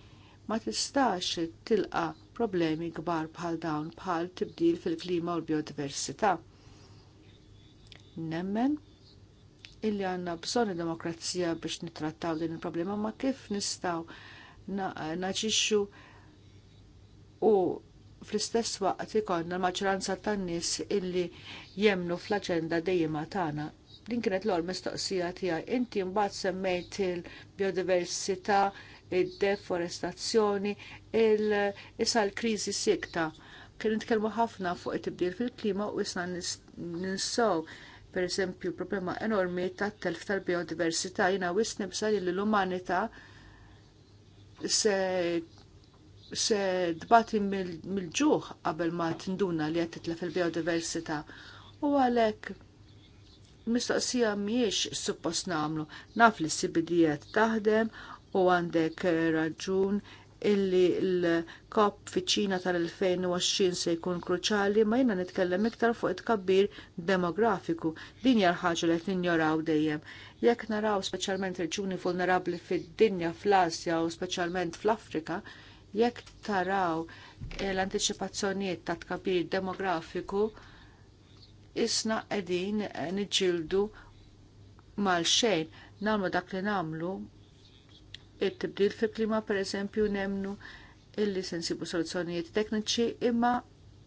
ma tistax tilqa problemi kbar bħal dawn bħal tibdil fil-klima u l-biodiversità. Nemmen illi għanna bżonn demokrazija biex nitrattaw din il-problema ma kif nistaw naġixxu u fl-istess waqt ikonna l-maġġoranza tan-nies illi jemnu fl-aġenda dejjem tagħna. Din kienet l-ol mistoqsija tiegħi. Inti mbagħad semmejt il-biodiversità, id-deforestazzjoni, il-issa l-kriżi sikta. Kien nitkellmu ħafna fuq it-tibdil fil-klima u issa ninsow per eżempju problema enormi ta' telf tal-biodiversità jina wis nibsa li l-umanità se se dbati mill-ġuħ qabel ma tinduna li qed titlef il-biodiversità. U għalhekk mistoqsija mhijiex suppost nagħmlu. Naf li s-CBD taħdem u għandek eh, raġun illi l-kop fiċina tal-2020 se jkun kruċali ma jina nitkellem iktar fuq it-kabbir demografiku. Din hija ħaġa li tinjoraw dejjem. Jekk naraw speċjalment reġuni vulnerabbli fid-dinja fl-Asja u speċjalment fl-Afrika, jekk taraw eh, l-antiċipazzjonijiet ta' tkabbir demografiku, isna qegħdin niġġieldu mal-xejn nagħmlu dak li nagħmlu it-tibdil fil-klima pereżempju nemnu illi sensibu soluzzjonijiet tekniċi imma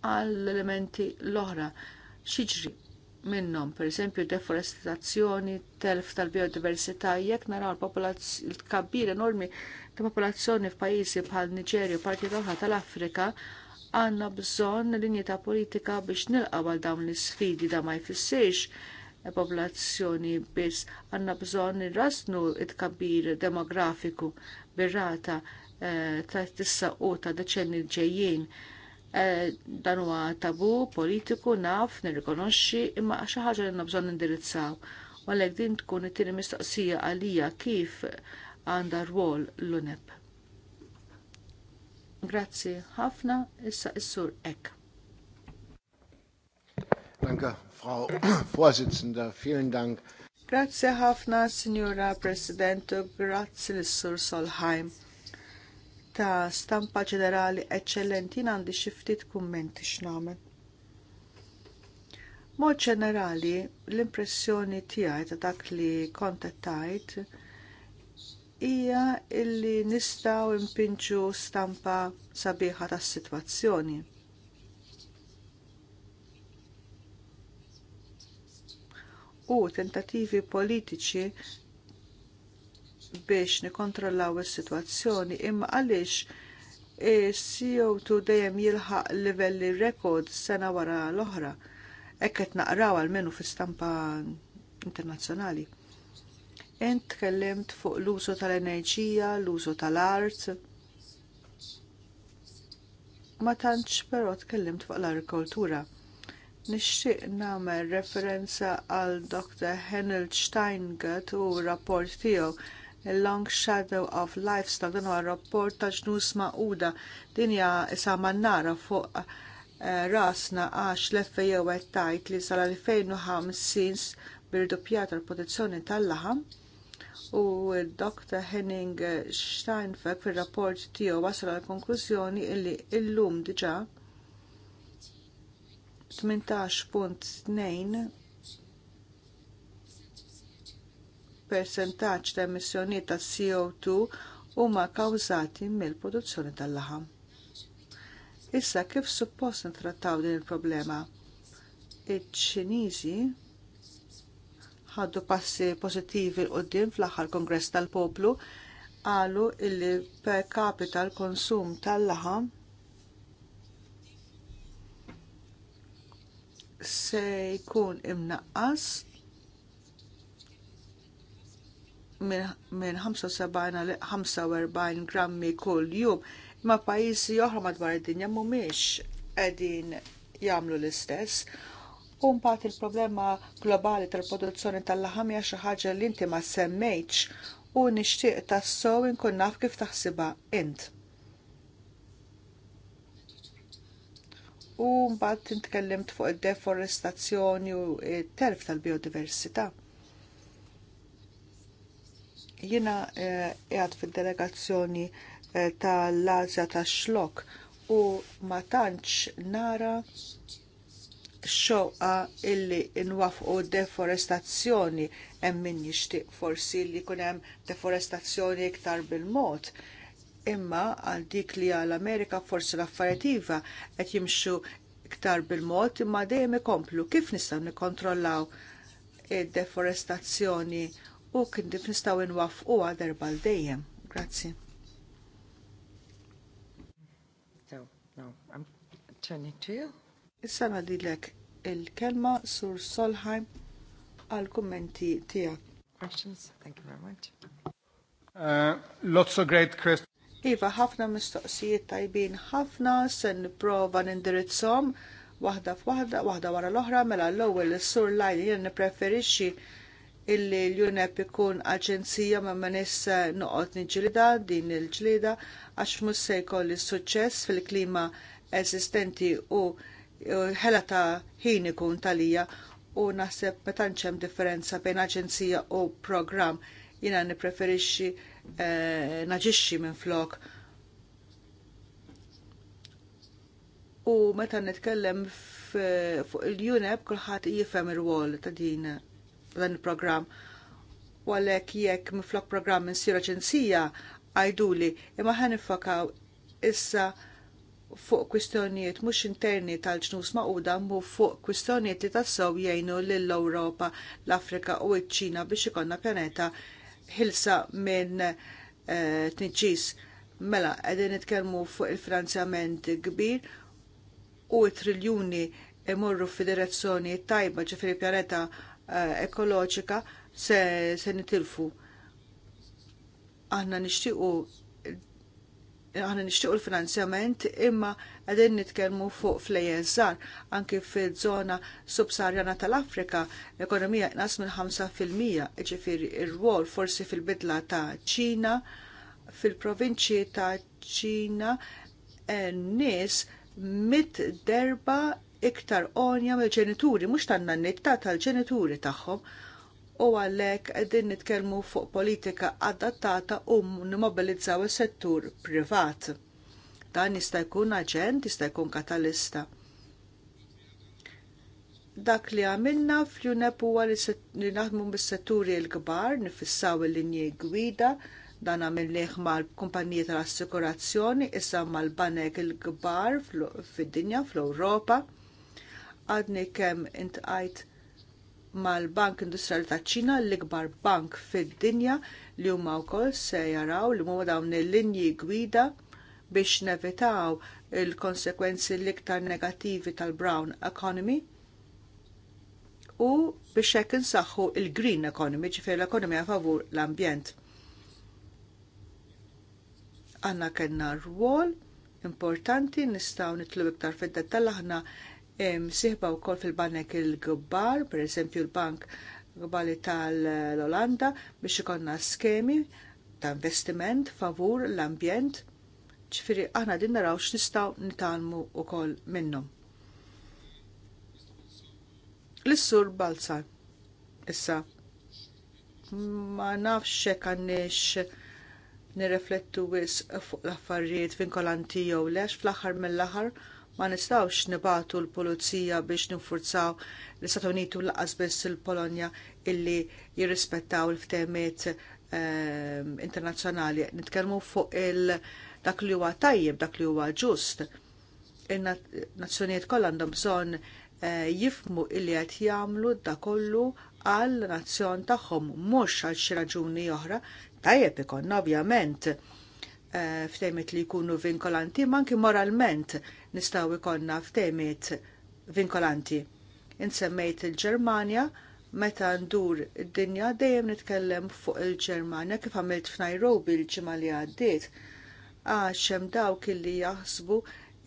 għall-elementi l-oħra xiġri minnhom, pereżempju deforestazzjoni, telf tal-biodiversità, jekk naraw l kabbir enormi ta' popolazzjoni f'pajjiżi bħal Niġerja u parti l-oħra tal-Afrika, għandna bżonn linji ta' politika biex nilqgħu għal dawn l isfidi da ma jfissirx popolazzjoni biss. Għandna bżonn nirrasnu it kabir demografiku birrata eh, ta' tissa u ta' deċenni ġejjin. Eh, dan huwa tabu politiku naf nirrikonoxxi imma xi ħaġa li għandna bżonn indirizzaw. Għalhekk din tkun it-tieni mistoqsija għalija kif għandha rwol l-UNEP. Grazzi ħafna issa is-sur Danke, Frau Vorsitzende. Vielen Dank. Grazie ħafna, Signora Presidente. grazie l Solheim. Ta' stampa ġenerali eccellenti għandi xiftit kummenti x'nagħmel. Mod ġenerali, l-impressjoni tiegħi ta' dak li kontattajt hija illi nistgħu impinġu stampa sabiħa tas-sitwazzjoni u tentativi politiċi biex nikontrollaw is-sitwazzjoni imma għaliex CO2 dejjem jilħaq livelli rekord sena wara l-oħra. Hekk qed naqraw għalmenu fi stampa internazzjonali. Ent tkellimt fuq l-użu tal-enerġija, l-użu tal-art. Ma tantx però tkellimt fuq l-agrikoltura. Nixtieq nagħmel referenza għal Dr. Henel Steingert u rapport tiegħu il-Long Shadow of Lifestyle. dan huwa rapport ta' ġnus maquda din hija isa mannara fuq eh, rasna għax l-FAO qed tgħid li sal-2050 bir-doppjata l-produzzjoni tal-laħam u Dr. Henning Steinfeld fir-rapport tiegħu wasal għall konklużjoni illi illum diġà 18.2 percentaġġ ta' emissjonijiet ta' CO2 huma kawżati mill-produzzjoni tal-laħam. Issa kif suppost nittrattaw din il-problema? Iċ-Ċiniżi ħaddu passi pożittivi u din fl-aħħar kongress tal-poplu qalu illi per capita l-konsum tal-laħam se jkun imnaqqas minn 75 l 45 grammi kull jum, imma pajjiżi oħra madwar id-dinja mhumiex qegħdin jagħmlu l-istess. U mbagħad il-problema globali tal-produzzjoni tal-laħam hija xi ħaġa li inti ma semmejtx u nixtieq tassew inkun naf kif taħsibha int. u mbagħad tintkellimt fuq id-deforestazzjoni u t-terf tal-biodiversità. Jiena eh, qiegħed fid-delegazzjoni eh, tal-Azja tax-xlok u ma tantx nara xoqa illi nwafqu deforestazzjoni hemm min jixtieq forsi li jkun hemm deforestazzjoni iktar bil-mod imma għal dik li għal Amerika forsi l iva qed jimxu iktar bil-mod imma dejjem ikomplu kif nistgħu nikkontrollaw id-deforestazzjoni u kien kif nistgħu nwaffquha darba l dejjem. Grazzi. So, no, I'm turning to you. Issa nadilek il-kelma sur Solheim għal kummenti tiegħek. Questions? Thank you very much. Uh, lots of great questions. Iva, ħafna mistoqsijiet tajbin ħafna, se nipprova nindirizzhom waħda f'wahda, waħda wara l-oħra, mela l-ewwel is-sur lajn jien nippreferixxi illi l-UNEP ikun aġenzija ma ma nissa noqgħod niġlida din il-ġlida għax mhux se jkolli suċċess fil-klima eżistenti u ħela ta' ħin ikun talija u naħseb meta hemm differenza bejn aġenzija u programm Jiena nippreferixxi eh, naġixxi minn flok. U meta nitkellem fuq il-UNEP kulħadd jifhem il-wall ta' din dan il-programm. U għalhekk jekk minflok programm minn sir aġenzija għajduli imma ħan nifokaw issa fuq kwistjonijiet mhux interni tal-ġnus maquda mu fuq kwistjonijiet li tassaw jgħinu lill-Ewropa, l-Afrika u ċ-Ċina biex ikollna pjaneta ħilsa minn eh, tniċis. Mela, għedin nitkellmu fuq il-finanzjament kbir u triljuni imorru federazzjoni tajba ġifri pjaneta eh, ekoloġika se, se nitilfu. Aħna nixtiequ aħna nixtiequ l-finanzjament imma qegħdin nitkellmu fuq flejjen żgħar anke zona żona subsarjana tal-Afrika l-ekonomija inqas minn 5% jiġifieri il rwol forsi fil-bidla ta' Ċina fil-provinċi ta' Ċina nies mit derba iktar onja mill ġenituri mhux tanna nitta tal-ġenituri tagħhom u għalhekk qegħdin nitkellmu fuq politika adattata u nimobilizzaw is-settur privat. Dan jista' jkun aġent, jista' jkun katalista. Dak li għamilna fl-UNEP huwa li naħdmu bis-setturi l-kbar, nifissaw il-linji gwida, dan għamilnieh mal-kumpaniji tal-assikurazzjoni, issa mal-banek il-kbar fid-dinja, fl-Ewropa. Għadni kemm intqajt mal-Bank Industrijali taċ ċina l-ikbar bank fid-dinja li huma wkoll se jaraw li huma dawn il-linji gwida biex nevitaw il-konsekwenzi l-iktar negattivi tal-brown economy u biex hekk insaħħu l green economy, ġifier l-ekonomija favur l-ambjent. Għanna kellna rwol importanti nistgħu nitlu iktar fid-dettall aħna msiħba wkoll fil-banek il-gbar, pereżempju l-Bank Gbali tal-Olanda biex ikollna skemi ta' investiment favur l-ambjent ċifiri aħna din naraw x'nistgħu nitalmu wkoll minnhom. L-sur Balzan issa ma nafx hekk għandniex nirreflettu wisq fuq l-affarijiet vinkolanti jew lex fl-aħħar mill-aħħar Ma nistawx nibatu l-Pulizija biex ninfurzaw l-Istat Unitu laqas biss il-Polonja illi jirrispettaw l-ftemiet ehm, internazzjonali. Nitkellmu fuq il- dak li huwa tajjeb, dak li huwa ġust. Il-nazzjonijiet kollha għandhom bżonn eh, jifmu illi qed jagħmlu da kollu għal nazzjon tagħhom mhux għal xi raġuni oħra, tajjeb ikonna ovvjament eh, ftejmet li jkunu vinkolanti ma anki moralment nistgħu jkollna f'temiet vinkolanti. Insemmejt il-Ġermanja meta ndur id-dinja dejjem nitkellem fuq il-Ġermanja kif għamilt f'Nairobi l-ġimgħa li għaddiet għax hemm dawk illi jaħsbu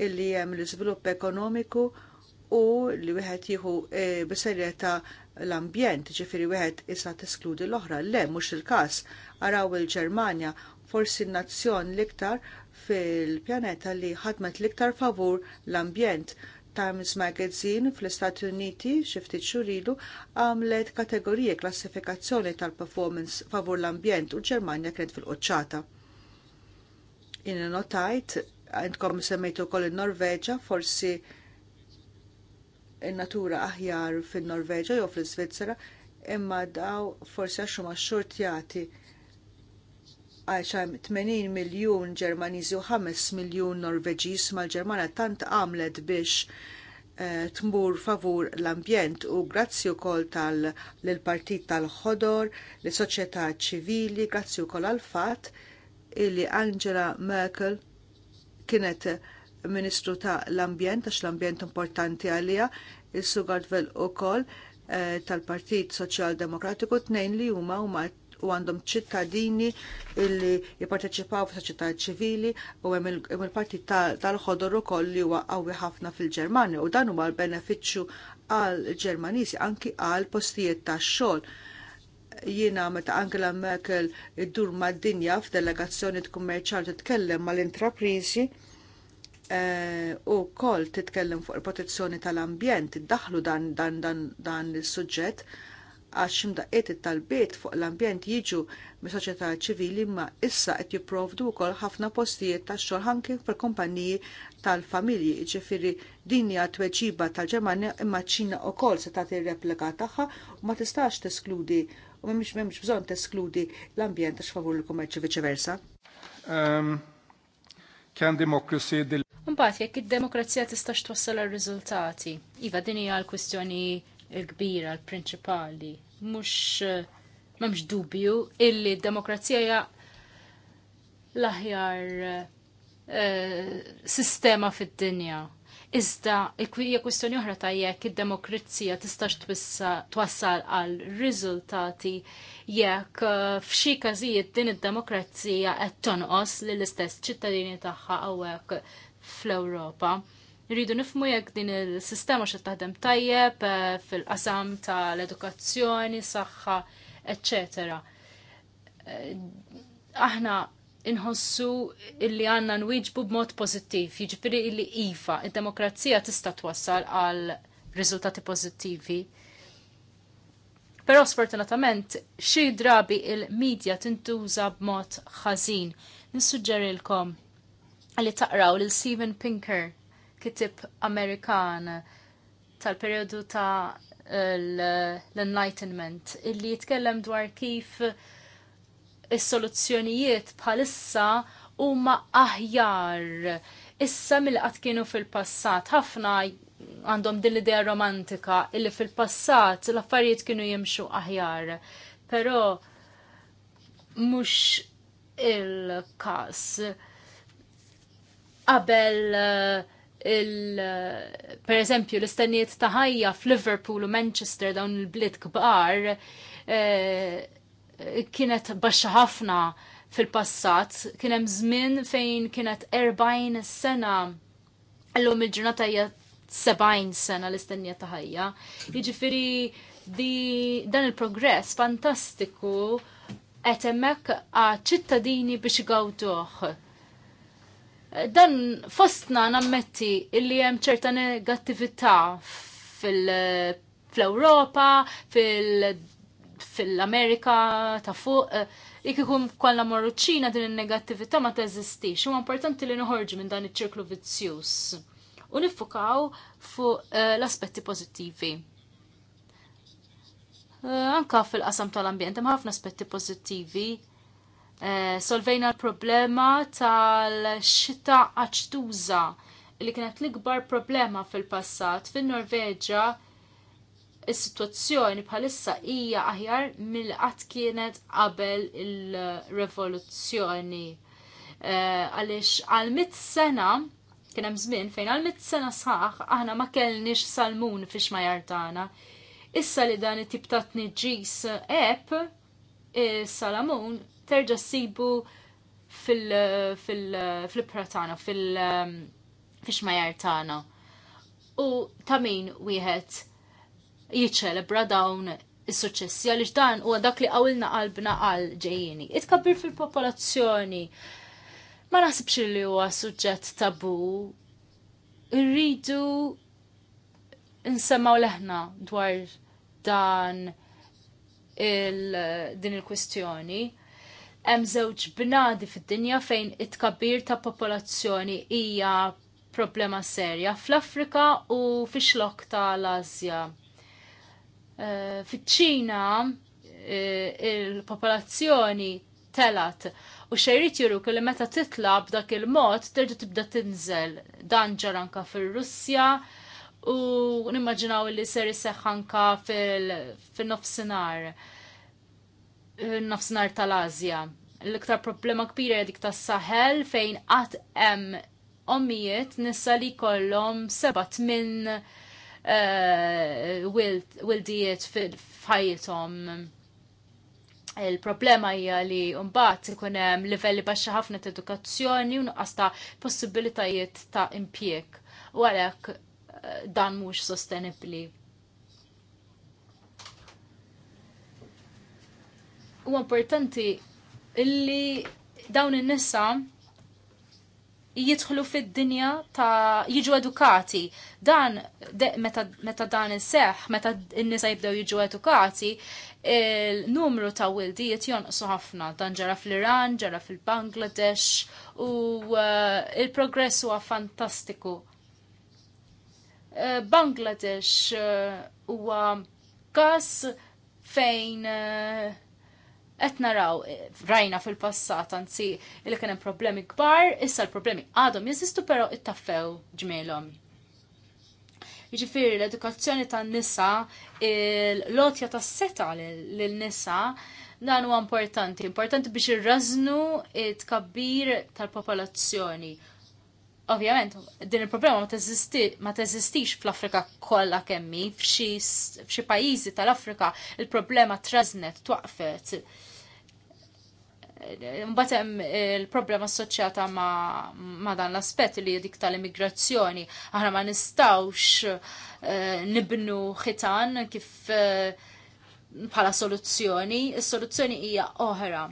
illi hemm l-iżvilupp ekonomiku u li wieħed jieħu e, b'serjetà l-ambjent, ġifiri wieħed issa teskludi l-oħra, le mhux il-każ. Araw il-Ġermanja forsi n-nazzjon l-iktar fil-pjaneta li ħadmet l-iktar favur l-ambjent. Times Magazine fl-Istati Uniti xi ftit xurilu għamlet kategoriji klassifikazzjoni tal-performance favur l-ambjent u l-Ġermanja kienet fil-qoċċata. Inni notajt, għandkom semmejtu kol il-Norveġa, forsi in-natura aħjar fin-Norveġa jew fil svizzera imma daw forsi għaxu ma xortjati għax hemm 80 miljun Ġermaniżi u 5 miljun Norveġiż mal-Ġermana tant għamlet biex eh, tmur favur l-ambjent u grazzi wkoll tal-partit tal-ħodor, lis soċjetà ċivili, grazzi wkoll għal fatt illi Angela Merkel kienet Ministru ta' l-Ambjent, għax l-Ambjent importanti għalija, il-Sugardvel u eh, tal-Partit Soċjal Demokratiku tnejn li huma mat u għandhom ċittadini illi jipparteċipaw f'soċjetà ċivili u hemm il parti tal-ħodor ukoll li huwa qawwi ħafna fil-Ġermanja u dan huwa l-benefiċċju għal Ġermaniżi anki għal postijiet tax-xogħol jiena meta Angela Merkel iddur mad-dinja f'delegazzjoni kummerċjali titkellem mal-intraprizi eh, u kol titkellem fuq il-protezzjoni tal-ambjent, iddaħlu dan dan dan dan is-suġġett għax ximdaqqiet it-talbiet fuq l-ambjent jiġu mis-soċjetà ċivili ma issa qed jipprovdu wkoll ħafna postijiet tax xogħol ħanki fil kumpaniji tal-familji. Ġifieri din hija tweġiba tal-Ġermanja imma ċina wkoll se tagħti replika tagħha u ma tistax teskludi u m'hemmx m'hemmx bżonn teskludi l-ambjent għax favur il-kummerċ e viċeversa. Kan um, democracy Mbagħad jekk id-demokrazija tistax twassal ar riżultati. Iva din hija l-kwistjoni il-kbira, l-prinċipali. Mux eh, memx dubju illi d-demokrazija hija l-aħjar eh, sistema fid-dinja. Iżda, hija kwistjoni oħra ta' jekk id-demokrazija tistax twassal għal riżultati jekk eh, f'xi każijiet din id-demokrazija qed tonqos lill istess ċittadini tagħha hawnhekk fl-Ewropa. Nridu nifmu jekk din il-sistema xa taħdem tajjeb eh, fil-qasam tal-edukazzjoni, saħħa, etc. Eh, aħna inħossu illi għanna nwiġbu b'mod pozittiv, jiġifieri illi iva, id-demokrazija tista' twassal għal riżultati pozittivi. Però sfortunatament xi drabi il-medja tintuża b'mod ħażin. Nissuġġerilkom li taqraw lil Steven Pinker kitib Amerikan tal-periodu ta' l-Enlightenment illi jitkellem dwar kif is-soluzzjonijiet bħalissa huma aħjar issa mill-qatt kienu fil-passat. Ħafna għandhom din l-idea romantika illi fil-passat l-affarijiet kienu jimxu aħjar. Però mhux il-każ qabel uh, per eżempju l-istenniet ta' ħajja f'Liverpool u Manchester dawn il blit kbar eh, kienet baxxa ħafna fil-passat, kien hemm żmien fejn kienet 40 sena llum il-ġurnata hija 70 sena l-istennija ta' ħajja. Jiġifieri dan il-progress fantastiku qed hemmhekk għaċ ċittadini biex igawduh dan fostna nammetti illi hemm ċerta negattività fil-Europa, fil-Amerika ta' fuq, jek ikun kollha morru ċina din in-negattività ma teżistix. Huwa importanti li noħorġu minn dan iċ-ċirklu vizzjuż u niffukaw fuq eh, l-aspetti pożittivi. Eh, anka fil-qasam tal-ambjent hemm ħafna aspetti pożittivi Eh, solvejna l-problema tal-xita aċtuża li kienet l-ikbar problema fil-passat fin-Norveġa is-sitwazzjoni bħalissa hija aħjar mill qatt kienet qabel il-revoluzzjoni. Eh, għaliex għal mit sena kien hemm żmien fejn għal mit sena sħaħ aħna ma kellniex salmun fix ma jartana. Issa li dan it-tip ta' tniġġis app salamun terġa sibu fil-prata tagħna, um, fil-xmajar tagħna. U ta' min wieħed jiċċelebra dawn is-suċċessi għaliex dan huwa dak li għawilna qalbna għal ġejjini. Itkabbir fil-popolazzjoni. Ma nasibx li huwa suġġett tabu. Irridu nsemmaw leħna dwar dan il din il kwestjoni Hemm żewġ bnadi fid-dinja fejn it-tkabbir ta' popolazzjoni hija problema serja fl-Afrika u fix-xlok tal-Asja. Eh, Fiċ-Ċina eh, il-popolazzjoni telat u xejrit juru li meta titla b'dak il-mod terġa tibda tinżel. Dan ġaranka fil-Russja, u nimmaġinaw li ser seħħanka fil-nofsinar, nofsinar tal-Azja. L-iktar problema kbira dik tas saħel fejn qatt hemm ommijiet nissa li kollhom seba' tmin eh, wildijiet f'ħajjithom. Il-problema hija li mbagħad ikun hemm livelli baxxa ħafna ta' edukazzjoni u nuqqas ta' possibilitajiet ta' impjek. U għalhekk dan mhux sostenibbli. U importanti illi dawn in-nisa jidħlu fid-dinja ta' jiġu edukati. Dan, meta, meta dan inseħ, meta n-nisa jibdew jiġu edukati, il-numru ta' wildijiet jonqsu ħafna. Dan ġara fl-Iran, ġara fil-Bangladesh u uh, il-progress huwa fantastiku. Eh, Bangladesh eh, huwa kas fejn eh, qed naraw rajna fil-passat anzi li kien hemm problemi kbar, issa l-problemi għadhom jeżistu però ittaffew ġmielhom. Jiġifieri l-edukazzjoni tan-nisa, l-lotja tas-seta lil-nisa dan huwa importanti, importanti biex irrażnu t tkabbir tal-popolazzjoni Ovvjament, din il-problema ma teżistix fl-Afrika kollha kemmi, f'xi pajjiżi tal-Afrika il-problema traznet, twaqfet. Mbagħad hemm il-problema assoċjata ma, dan l-aspett li dik tal-immigrazzjoni. Aħna ma nistgħux eh, nibnu ħitan kif eh, bħala soluzzjoni, is-soluzzjoni hija oħra.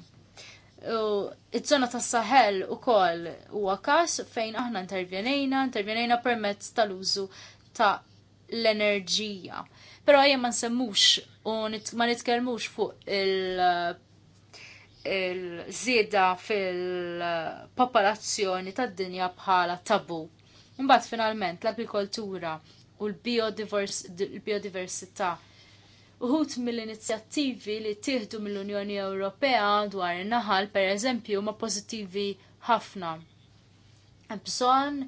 Iż-żona tas saħel ukoll huwa każ fejn aħna intervjenejna, intervjenejna permezz tal-użu ta' l-enerġija. Però ejja ma nsemmux u ma nitkellmux fuq il- il-żieda fil-popolazzjoni tad-dinja bħala tabu. Mbagħad finalment l-agrikoltura u l-biodiversità Uħut mill-inizjattivi li tieħdu mill-Unjoni Ewropea dwar in-naħal pereżempju ma pożittivi ħafna. Bżonn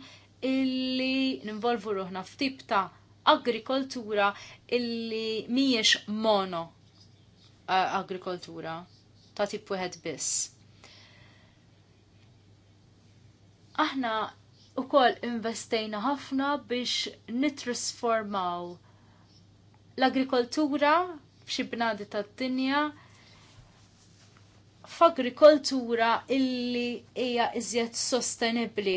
illi ninvolvu ruħna f'tip ta' agrikoltura illi mhijiex mono agrikoltura ta' tip wieħed biss. Aħna wkoll investejna ħafna biex nitrasformaw L-agrikoltura f'xi bnadi tad-dinja f'agrikoltura illi hija iżjed sostenibbli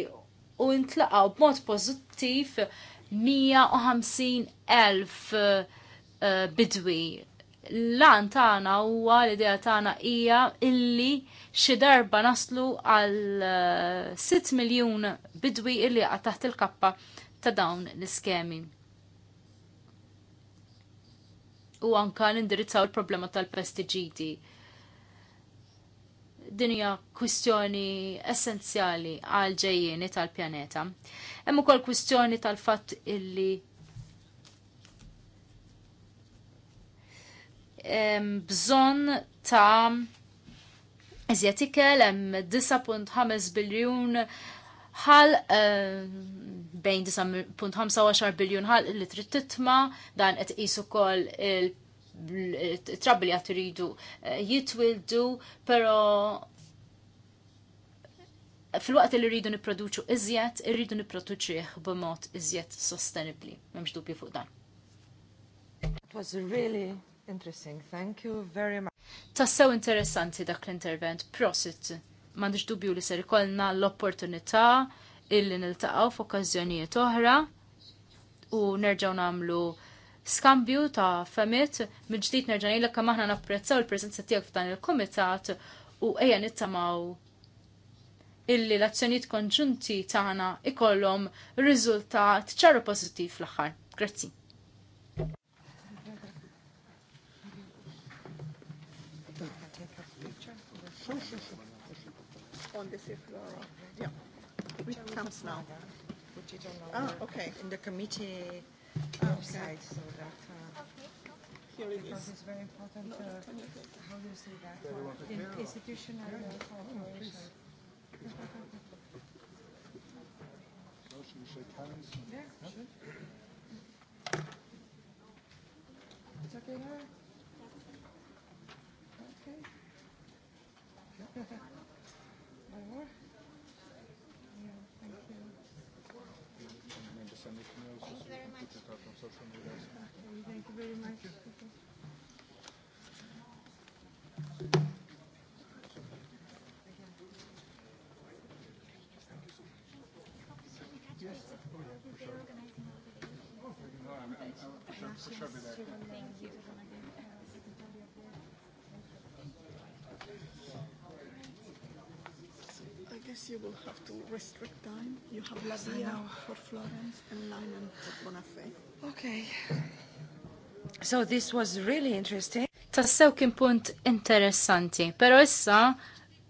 u ntlaqgħu b'mod pożittiv 150 elf eh, bidwi. Lan tagħna huwa l-idea tagħna hija illi xi darba naslu għal 6 eh, miljun bidwi illi għad taħt il-kappa ta' dawn l-iskemi u anka nindirizzaw il-problema tal-prestiġiti. Din hija kwistjoni essenzjali għal ġejjeni tal-pjaneta. Hemm ukoll kwistjoni tal-fatt illi bżonn ta' iżjed hemm 9.5 biljun ħal eh, bejn 9.25 biljun ħal li trid titma dan qed qisu ukoll il-trabbi li qed iridu eh, jitwildu, però fil-waqt li rridu nipproduċu iżjed, irridu nipproduċih b'mod iżjed sostenibbli. M'hemmx dubju fuq dan. It was really interesting. Thank you very much. Tassew interessanti dak l-intervent. Prosit. M'għandix dubju li ser ikollna l-opportunità illi niltaqgħu f'okkażjonijiet oħra u nerġgħu nagħmlu skambju ta' femit mill-ġdid nerġa' ngħidlek kemm aħna napprezzaw il-preżenza tiegħek f'dan il-kumitat u ejja nittamaw illi l-azzjonijiet konġunti tagħna ikollhom riżultat ċaru pożittiv fl-aħħar. Grazzi. On yeah which comes now? Which you don't know. Ah, okay. In the committee ah, website, okay. so that. Uh, Here it because it's very important uh, how you see that in institutional cooperation. yeah. Oh, sure. It's okay now? Okay. Okay, thank you very much. Thank you. you will have to restrict time. You have Lavia for Florence and Lyman for Bonafé. Okay. So this was really interesting. Tassew kien punt interessanti, pero issa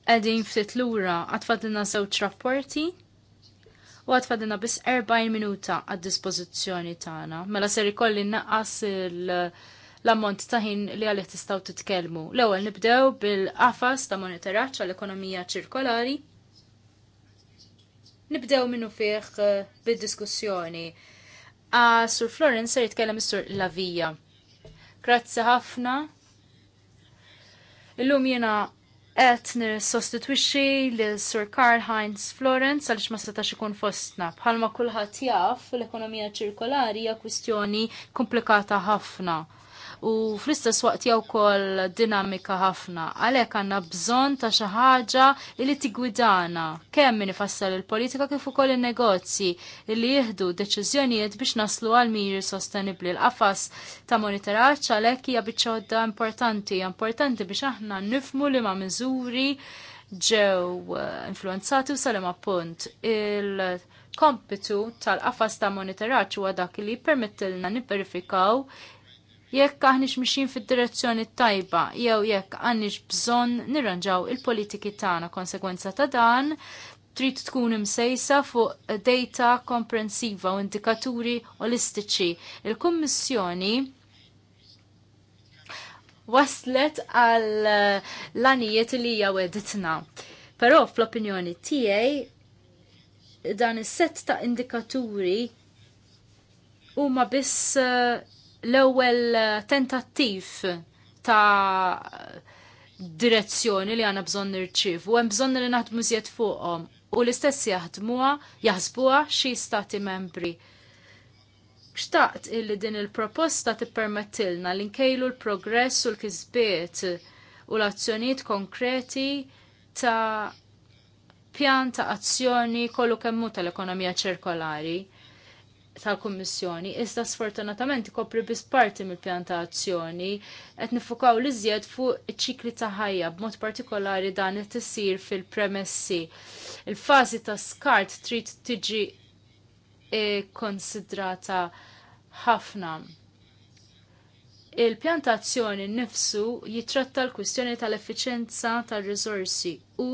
għedin ftit lura għatfadlina żewġ rapporti u għatfadlina bis 40 minuta għad dispożizzjoni tagħna. Mela ser ikolli naqas l-ammont ta' ħin li għalih tistgħu titkellmu. L-ewwel nibdew bil-qafas ta' monitoraġġ għall-ekonomija ċirkolari. Nibdew minnu fih eh, bid-diskussjoni. Uh, sur Florence ser jitkellem sur Lavija. Grazzi ħafna. Illum jena qed nissostitwixxi lil Sur Karl Heinz Florence għaliex ma setax ikun fostna. Bħalma kulħadd jaf l-ekonomija ċirkolari hija kwistjoni komplikata ħafna u fl-istess waqt jew ukoll dinamika ħafna. Għalhekk għandna bżonn ta' xi ħaġa li tigwidana kemm min ifassal il-politika kif ukoll in-negozji li jieħdu deċiżjonijiet biex naslu għal miri sostenibbli. L-qafas ta' monitoraġġ għalhekk hija biċċodda importanti, importanti biex aħna nifmu li ma' miżuri ġew eh, influenzati u salim appunt il- kompitu tal-qafas ta' monitoraġġ huwa dak li jippermettilna nipperifikaw jekk aħniex mixin fid-direzzjoni tajba jew jekk għandniex bżonn nirranġaw il-politiki tagħna konsegwenza ta' dan trid tkun imsejsa fuq data komprensiva u indikaturi olistiċi. Il-Kummissjoni waslet għal eh, l-anijiet li hija weditna. Però fl-opinjoni tiegħi dan is-set ta' indikaturi huma biss eh, l-ewwel eh, tentattiv ta' direzzjoni li għandna bżonn nirċievu, hemm bżonn li naħdmu żjed fuqhom u l-istess jaħdmuha jaħsbuha xi stati membri. Xtaqt illi din il-proposta tippermettilna li nkejlu l-progress u l-kisbiet u l-azzjonijiet konkreti ta' pjan ta' azzjoni kollu kemmu tal-ekonomija ċirkolari tal-Kummissjoni, iżda sfortunatament ikopri biss parti mill-pjantazzjoni qed nifukaw li zjed fuq iċ-ċikli ta' ħajja b'mod partikolari dan qed tisir fil-premessi. Il-fażi ta' skart trid tiġi e, konsidrata ħafna. Il-pjantazzjoni nnifsu jitratta l-kwistjoni tal-effiċenza tar rizorsi u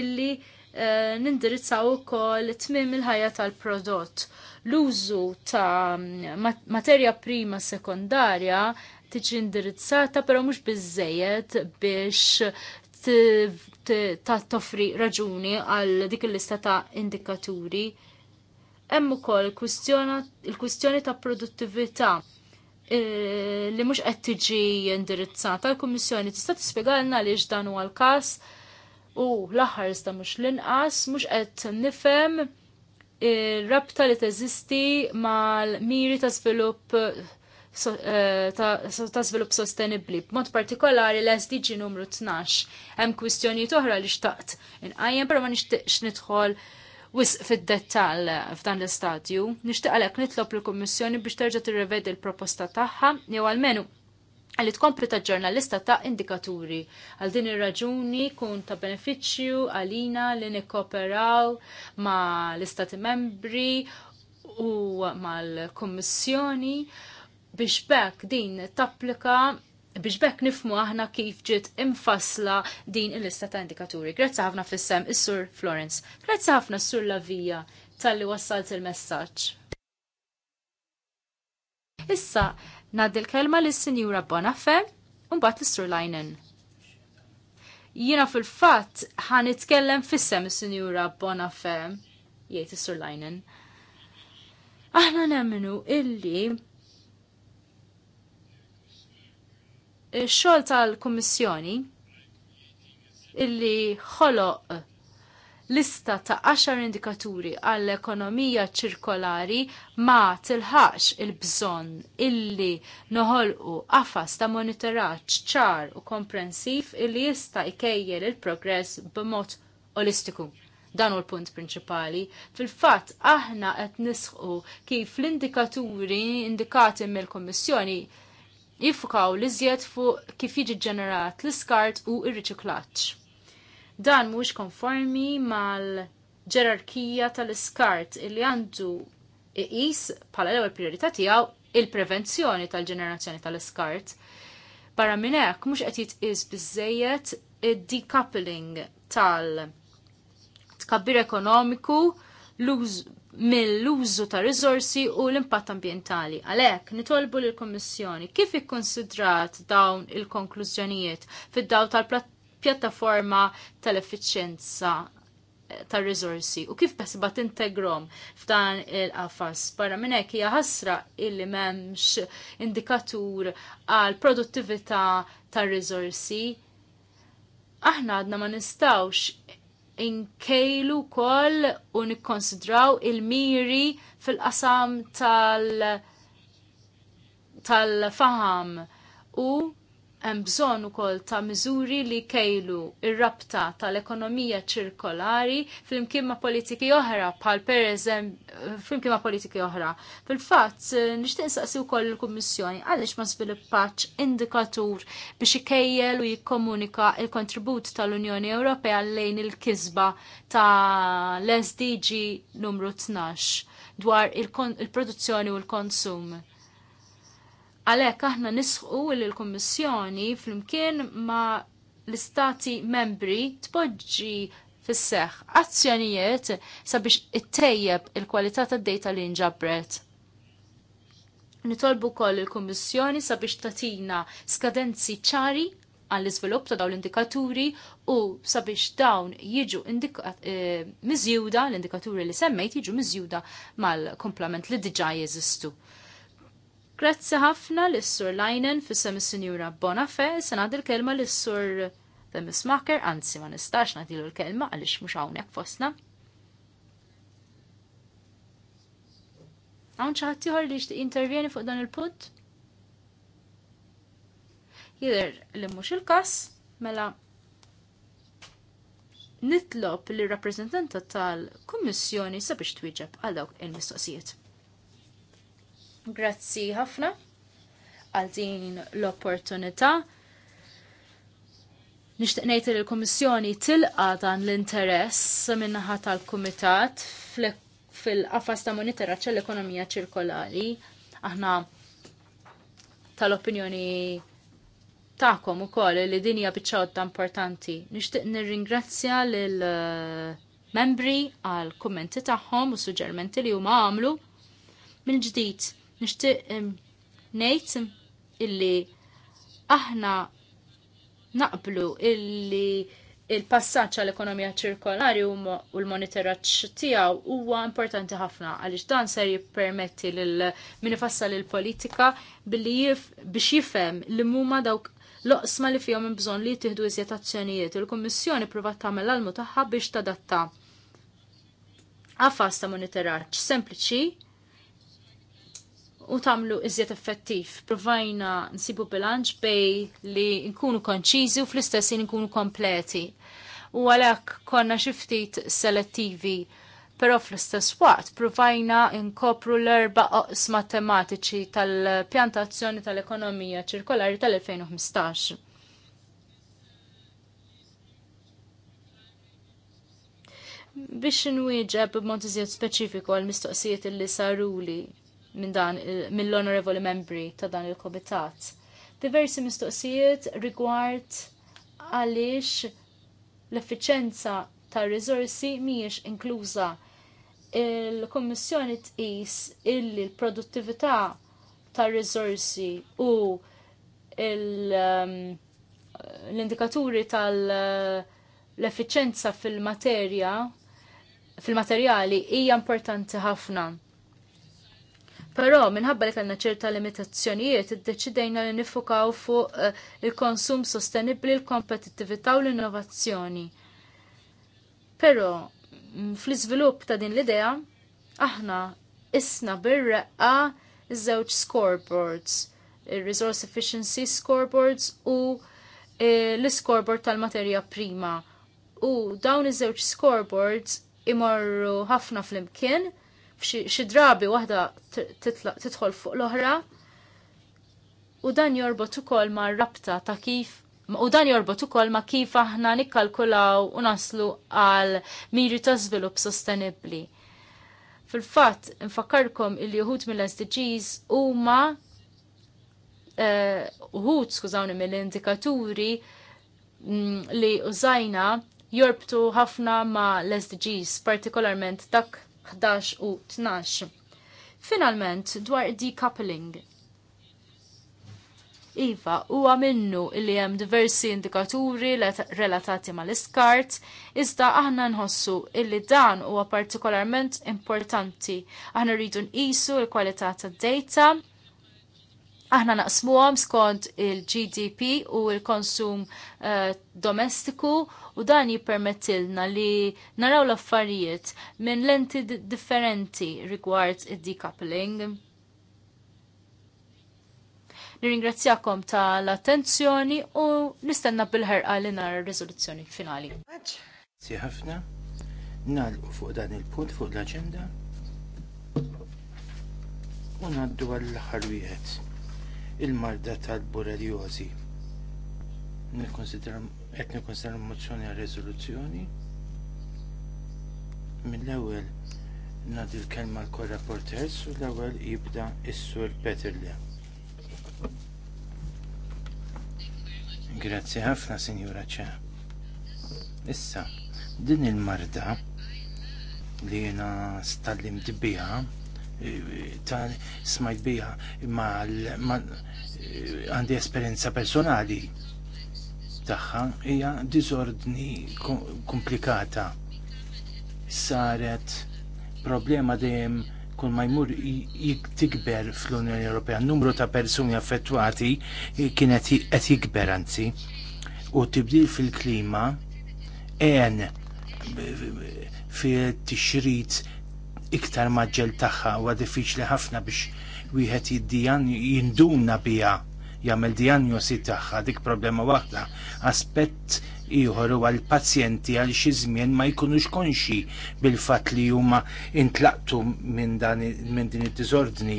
illi Eh, nindirizzaw ukoll tmim il-ħajja tal-prodott. L-użu ta' materja prima sekondarja tiġi indirizzata però mhux biżejjed biex ta' toffri raġuni għal dik il-lista ta' indikaturi. Hemm ukoll il-kwistjoni ta' produttività eh, li mhux qed tiġi indirizzata l-Kummissjoni tista' tispjegalna għaliex dan huwa l-każ U l-aħħar iżda mhux l-inqas mhux qed nifhem il rabta li teżisti mal-miri ta' żvilupp So, uh, ta' svilup sostenibli. B'mod partikolari l-SDG numru 12. Hemm kwistjonijiet oħra li xtaqt inqajjem, però ma nixtieqx nidħol wisq fid-dettall f'dan l-istadju. Nixtieq għalhekk nitlob lill kummissjoni biex terġa' tirrevedi l-proposta tagħha jew għalmenu għalli tkompri ta' ġurnalista ta' indikaturi. Għal din ir-raġuni kun ta' beneficju għalina li nikkoperaw ma' l-istati membri u mal-kommissjoni biex bekk din tapplika biex bekk nifmu aħna kif ġiet imfasla din il-lista ta' indikaturi. Grazzi ħafna fissem is-Sur Florence. Grazzi ħafna s-Sur Lavija tal-li wassalt il-messaġġ. Issa, Naddi l-kelma l-Sinjura Bonafè, un-bat l-Sur Lajnen. Jina fil-fat ħan itkellem fissem il-Sinjura Bonafè, jgħid is sur Lajnen. Aħna nemmenu illi il-xol tal-Kommissjoni illi ħoloq lista ta' 10 indikaturi għall-ekonomija ċirkolari ma tilħax il-bżonn illi noħolqu qafas ta' monitoraġġ ċar u komprensiv illi jista' jkejjel il-progress b'mod olistiku. Dan u l-punt prinċipali. Fil-fatt aħna qed nisħu kif l-indikaturi indikati mill-Kommissjoni jiffukaw l-iżjed fuq kif jiġi ġenerat l-iskart u r-riċiklaġġ Dan mhux konformi mal-ġerarkija tal-iskart illi għandu iqis bħala l-ewwel priorità tiegħu il-prevenzjoni tal-ġenerazzjoni tal-iskart. Barra minn hekk mhux qed jitqies biżejjed id-decoupling tal- tkabbir ekonomiku mill-użu ta' rizorsi u l-impatt ambientali. Għalhekk nitolbu lill kummissjoni kif ikkonsidrat dawn il-konklużjonijiet fid-daw tal-platt pjattaforma tal effiċenza eh, tar rizorsi u kif bat integrom f'dan il-qafas. Barra minn hekk hija ħasra illi m'hemmx indikatur għal produttività tar rizorsi Aħna għadna ma nistawx inkejlu kol u nikkonsidraw il-miri fil-qasam tal- tal-faham u hemm bżonn ukoll ta' miżuri li kejlu ir-rabta tal-ekonomija ċirkolari flimkien ma' politiki oħra bħal pereżem flimkien ma' politiki oħra. Fil-fatt nixtieq nsaqsi wkoll il-Kummissjoni għaliex ma sviluppax indikatur biex ikejjel u jikkomunika il-kontribut tal-Unjoni Ewropea lejn il-kisba tal-SDG numru 12 dwar il-produzzjoni u l-konsum Għalhekk aħna nisħu li l-Kummissjoni flimkien ma' l-istati membri tpoġġi fis seħħ azzjonijiet sabiex ittejjeb il-kwalità tad-dejta li nġabret. Nitolbu koll il-Kummissjoni sabiex tatina skadenzi ċari għall iżvilupp ta' dawn l-indikaturi u sabiex dawn jiġu eh, miżjuda, l-indikaturi li semmejt jiġu miżjuda mal-komplement li diġa jeżistu. Grazzi ħafna l-Sur Lajnen fissem is-Sinjura Bonafè, se ngħaddi l-kelma l-Sur Femis Maker, anzi ma nistax nadilu l-kelma għaliex mhux hawnhekk fostna. Hawn xi ħadd ieħor li intervjeni fuq dan il-punt? Jidher li mhux il-każ, mela nitlob li rappresentanta tal-Kummissjoni sabiex twieġeb għal dawk il-mistoqsijiet. Grazzi ħafna għal din l-opportunità. Nixtieq ngħid li l-Kummissjoni tilqa dan l-interess min-naħa tal-Kumitat fil-qafas ta' monitoraġġ l-ekonomija ċirkolari. Aħna tal-opinjoni ta'kom ukoll li din hija biċċa importanti. Nixtieq nirringrazzja lil eh, membri għal kummenti tagħhom u suġġermenti li huma għamlu. Mill-ġdid, nixtieq ngħid illi aħna naqblu illi il-passaċ għall ekonomija ċirkolari u l-monitoraċ tiegħu huwa importanti ħafna għaliex dan ser jippermetti lil min ifassal il-politika billi biex jifhem li huma dawk loqsma li fihom bżonn li jittieħdu iżjed azzjonijiet. Il-Kummissjoni provat tagħmel l-almu tagħha biex tadatta għafas ta' monitoraċ sempliċi u tamlu iżjed effettiv. Provajna nsibu bilanċ bej li nkunu konċizi u fl jien nkunu kompleti. U għalek konna xiftit selettivi pero fl-istess waqt provajna inkopru l-erba oqs matematiċi tal-pjantazzjoni tal-ekonomija ċirkolari tal-2015. Biex nwieġeb b'mod iżjed speċifiku għal mistoqsijiet li saruli minn dan eh, mill-onorevoli membri ta' dan il-komitat. Diversi mistoqsijiet rigward għaliex l-effiċenza tar rizorsi mhijiex inkluża. Il-Kommissjoni tqis illi l-produttività tar rizorsi u ehm, l-indikaturi tal-effiċenza eh, fil-materja fil-materjali hija importanti ħafna Però minħabba li kellna ċerta limitazzjonijiet, iddeċidejna li nifukaw fuq eh, il-konsum sostenibli, l-kompetittività u l-innovazzjoni. Però mm, fl-iżvilupp ta' din l-idea, aħna isna bir-reqqa iż-żewġ scoreboards, il-Resource Efficiency Scoreboards u eh, l-scoreboard tal-materja prima. U dawn iż-żewġ scoreboards imorru ħafna fl-imkien, xi drabi waħda tidħol fuq l-oħra u dan jorbot ukoll ma' rabta ta' kif u dan jorbot ukoll ma' kif aħna nikkalkulaw u naslu għal miri ta' żvilupp sostenibbli. Fil-fatt, infakkarkom il uħud mill-SDGs huma eh, uħud, skużawni, mill-indikaturi mm, li użajna jorbtu ħafna ma l-SDGs, partikolarment dak 11 u 12. Finalment, dwar decoupling. Iva, huwa minnu li hemm diversi indikaturi relatati mal-iskart, iżda aħna nħossu illi dan huwa partikolarment importanti. Aħna rridu nqisu l-kwalità tad-data, aħna naqsmuhom skont il-GDP u il-konsum uh, eh, domestiku u dan jippermettilna li naraw l-affarijiet minn lenti differenti rigward id-decoupling. Nirringrazzjakom tal-attenzjoni u nistenna bil-ħerqa li nar r-riżoluzzjoni finali. Si ħafna, nalqu fuq dan il-punt fuq l-agenda u naddu għall-ħar il-marda tal-borreliosi. Għet nikkonsidra mozzjoni għal rezoluzzjoni. mill-ewwel nadil l-kelma l korrapporters u l-ewwel jibda s sur Peterle. Grazzi ħafna, Signora Ċe. Issa, din il-marda li jena stallim dibbiħa Ta' smajt biħa ma għandi esperienza personali tagħha hija disordni komplikata. Saret problema dejjem kull ma jmur tikber fl-Unjoni Ewropea. Numru ta' persuni affettwati kienet qed jikber anzi. U tibdil fil-klima en fi tixrid iktar maġġel tagħha huwa diffiċli ħafna biex wieħed jiddijan jinduna biha jagħmel dijanjosi tagħha dik problema waħda. Aspett ieħor huwa l-pazjenti għal xi żmien ma jkunux konxi bil-fatt li huma intlaqtu minn din id-diżordni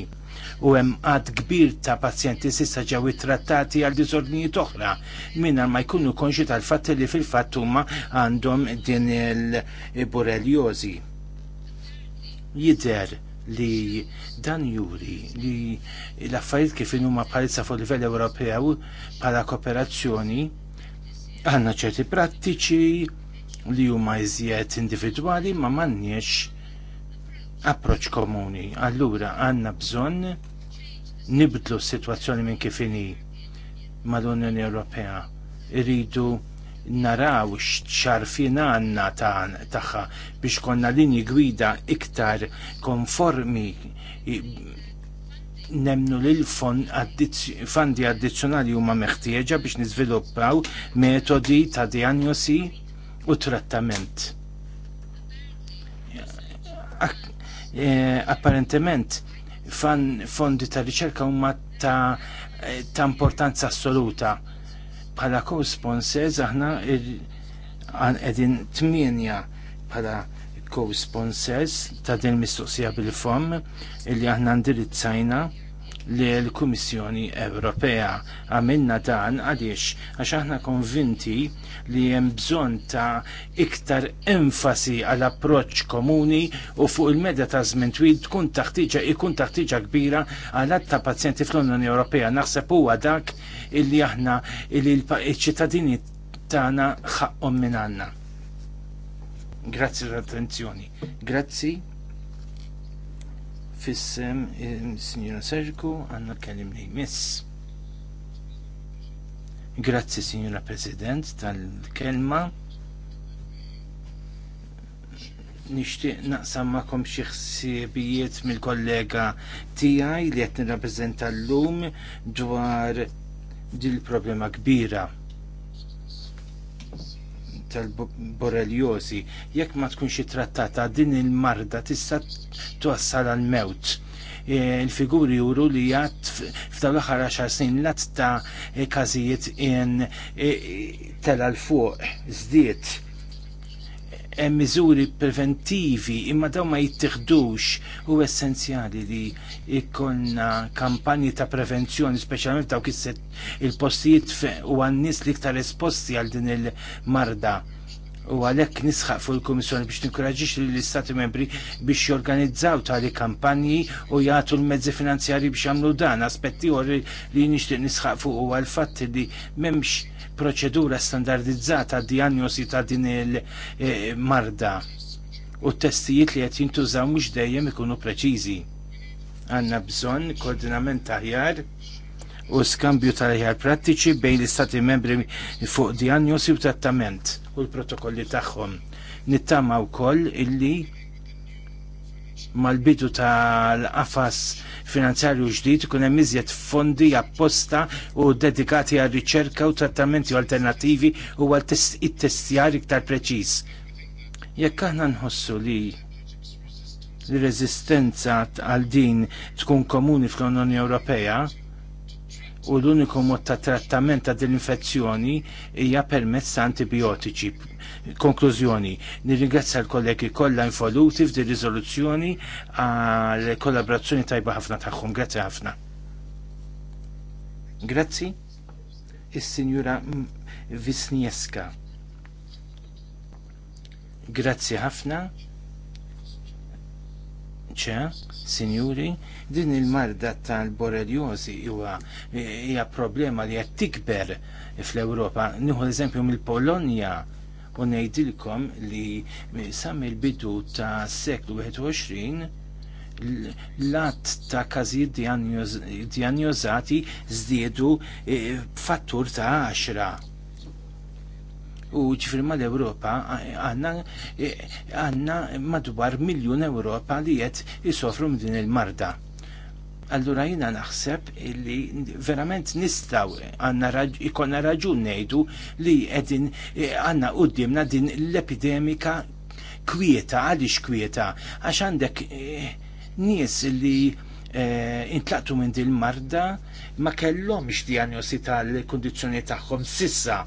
u hemm għad kbir ta' pazjenti s'issa ġew ittrattati għal diżordnijiet oħra minna ma jkunu konxi tal-fatt li fil-fatt huma għandhom din il-borreljożi jider li dan juri li l-affarijiet kif huma bħalissa fuq livell Ewropew bħala kooperazzjoni għandna ċerti prattiċi li huma iżjed individwali ma m'għandniex approċ komuni. Allura għandna bżonn nibdlu s-sitwazzjoni minn kif ini mal-Unjoni Ewropea. Iridu naraw xċarfin għanna taħħa biex konna linji gwida iktar konformi nemnu li l-fondi addizjonali huma meħtieġa biex niżviluppaw metodi ta' diagnosi u trattament. E, apparentement, fondi ta' riċerka huma ta' importanza assoluta bħala co-sponsors aħna għan edin tmienja bħala co-sponsors ta' din mistoqsija bil-fom illi aħna ndirizzajna li l-Kummissjoni Ewropea għamilna dan għaliex għax aħna konvinti li hemm bżonn ta' iktar enfasi għal approċċ komuni u fuq il-medja ta' żmien twil tkun taħtiġa ikun taħtiġa kbira għal ta' pazjenti fl-Unjoni Ewropea naħseb huwa dak illi aħna illi l-ċittadini tagħna ħaqhom minn għandna. Grazzi l-attenzjoni. Grazzi fissem il-Sinjura eh, Serku għanna kellim li jmiss. Grazzi, signora President, tal-kelma. Nishtiq naqsam ma'kom xi ħsibijiet mill-kollega tiegħi li qed l llum dwar dil problema kbira tal-borreljosi jekk ma tkunx trattata din il-marda tista' twassal għal mewt e, il-figuri juru li jgħat f'dawn l-aħħar 10 snin lat ta' e, każijiet in e, tela l-fuq zdiet miżuri preventivi imma daw ma jittieħdux u essenzjali li jkollna kampanji ta' prevenzjoni speċjalment dawk il-postijiet u għan-nies li iktar esposti għal din il-marda u għalhekk nisħaq fuq il kummissjoni biex lil l-Istati membri biex jorganizzaw tali kampanji u jagħtu l-mezzi finanzjari biex jagħmlu dan aspetti li nixtieq nisħaq fuq u għal fatt li m'hemmx proċedura standardizzata diagnosi ta' din il-marda eh, u t-testijiet li qed jintużaw mhux dejjem ikunu preċiżi. Għanna bżonn koordinament taħjar u skambju tal-ħjar prattiċi bejn l-istati membri fuq diagnosi u trattament u l-protokolli tagħhom. Nittama wkoll illi mal-bidu tal-qafas finanzjarju ġdid ikun hemm iżjed fondi apposta u dedikati għal riċerka u trattamenti alternattivi u għal testjar iktar preċiż. Jekk aħna nħossu li l-reżistenza għal din tkun komuni fl-Unjoni Ewropea, u l-uniku mod ta' trattament ta' din l-infezzjoni hija permezz ta' antibiotiċi konklużjoni. Nirringrazzja l-kollegi kollha involuti f'din riżoluzzjoni għal kollaborazzjoni tajba ħafna tagħhom. Grazzi ħafna. Grazzi. Is-Sinjura Visnieska. Grazzi ħafna. Ċe, Sinjuri, din il-marda tal borreliozi huwa hija problema li qed tikber fl-Ewropa. Nieħu eżempju mill-Polonja u ngħidilkom li sa mill-bidu ta' seklu 21 l-att ta' każijiet djanjozati żdiedu e, fattur ta' 10 u ġifirma l europa għanna e, għanna madwar miljon Ewropa li jett jisofru minn din il-marda. Allura jina naħseb li verament nistaw ikonna raġun nejdu li għedin e, għanna uddimna din l-epidemika kwieta, għalix kwieta, għax għandek e, nies li e, intlaqtu minn din marda ma kellhomx x'dijanjosi tal kundizzjoni tagħhom sissa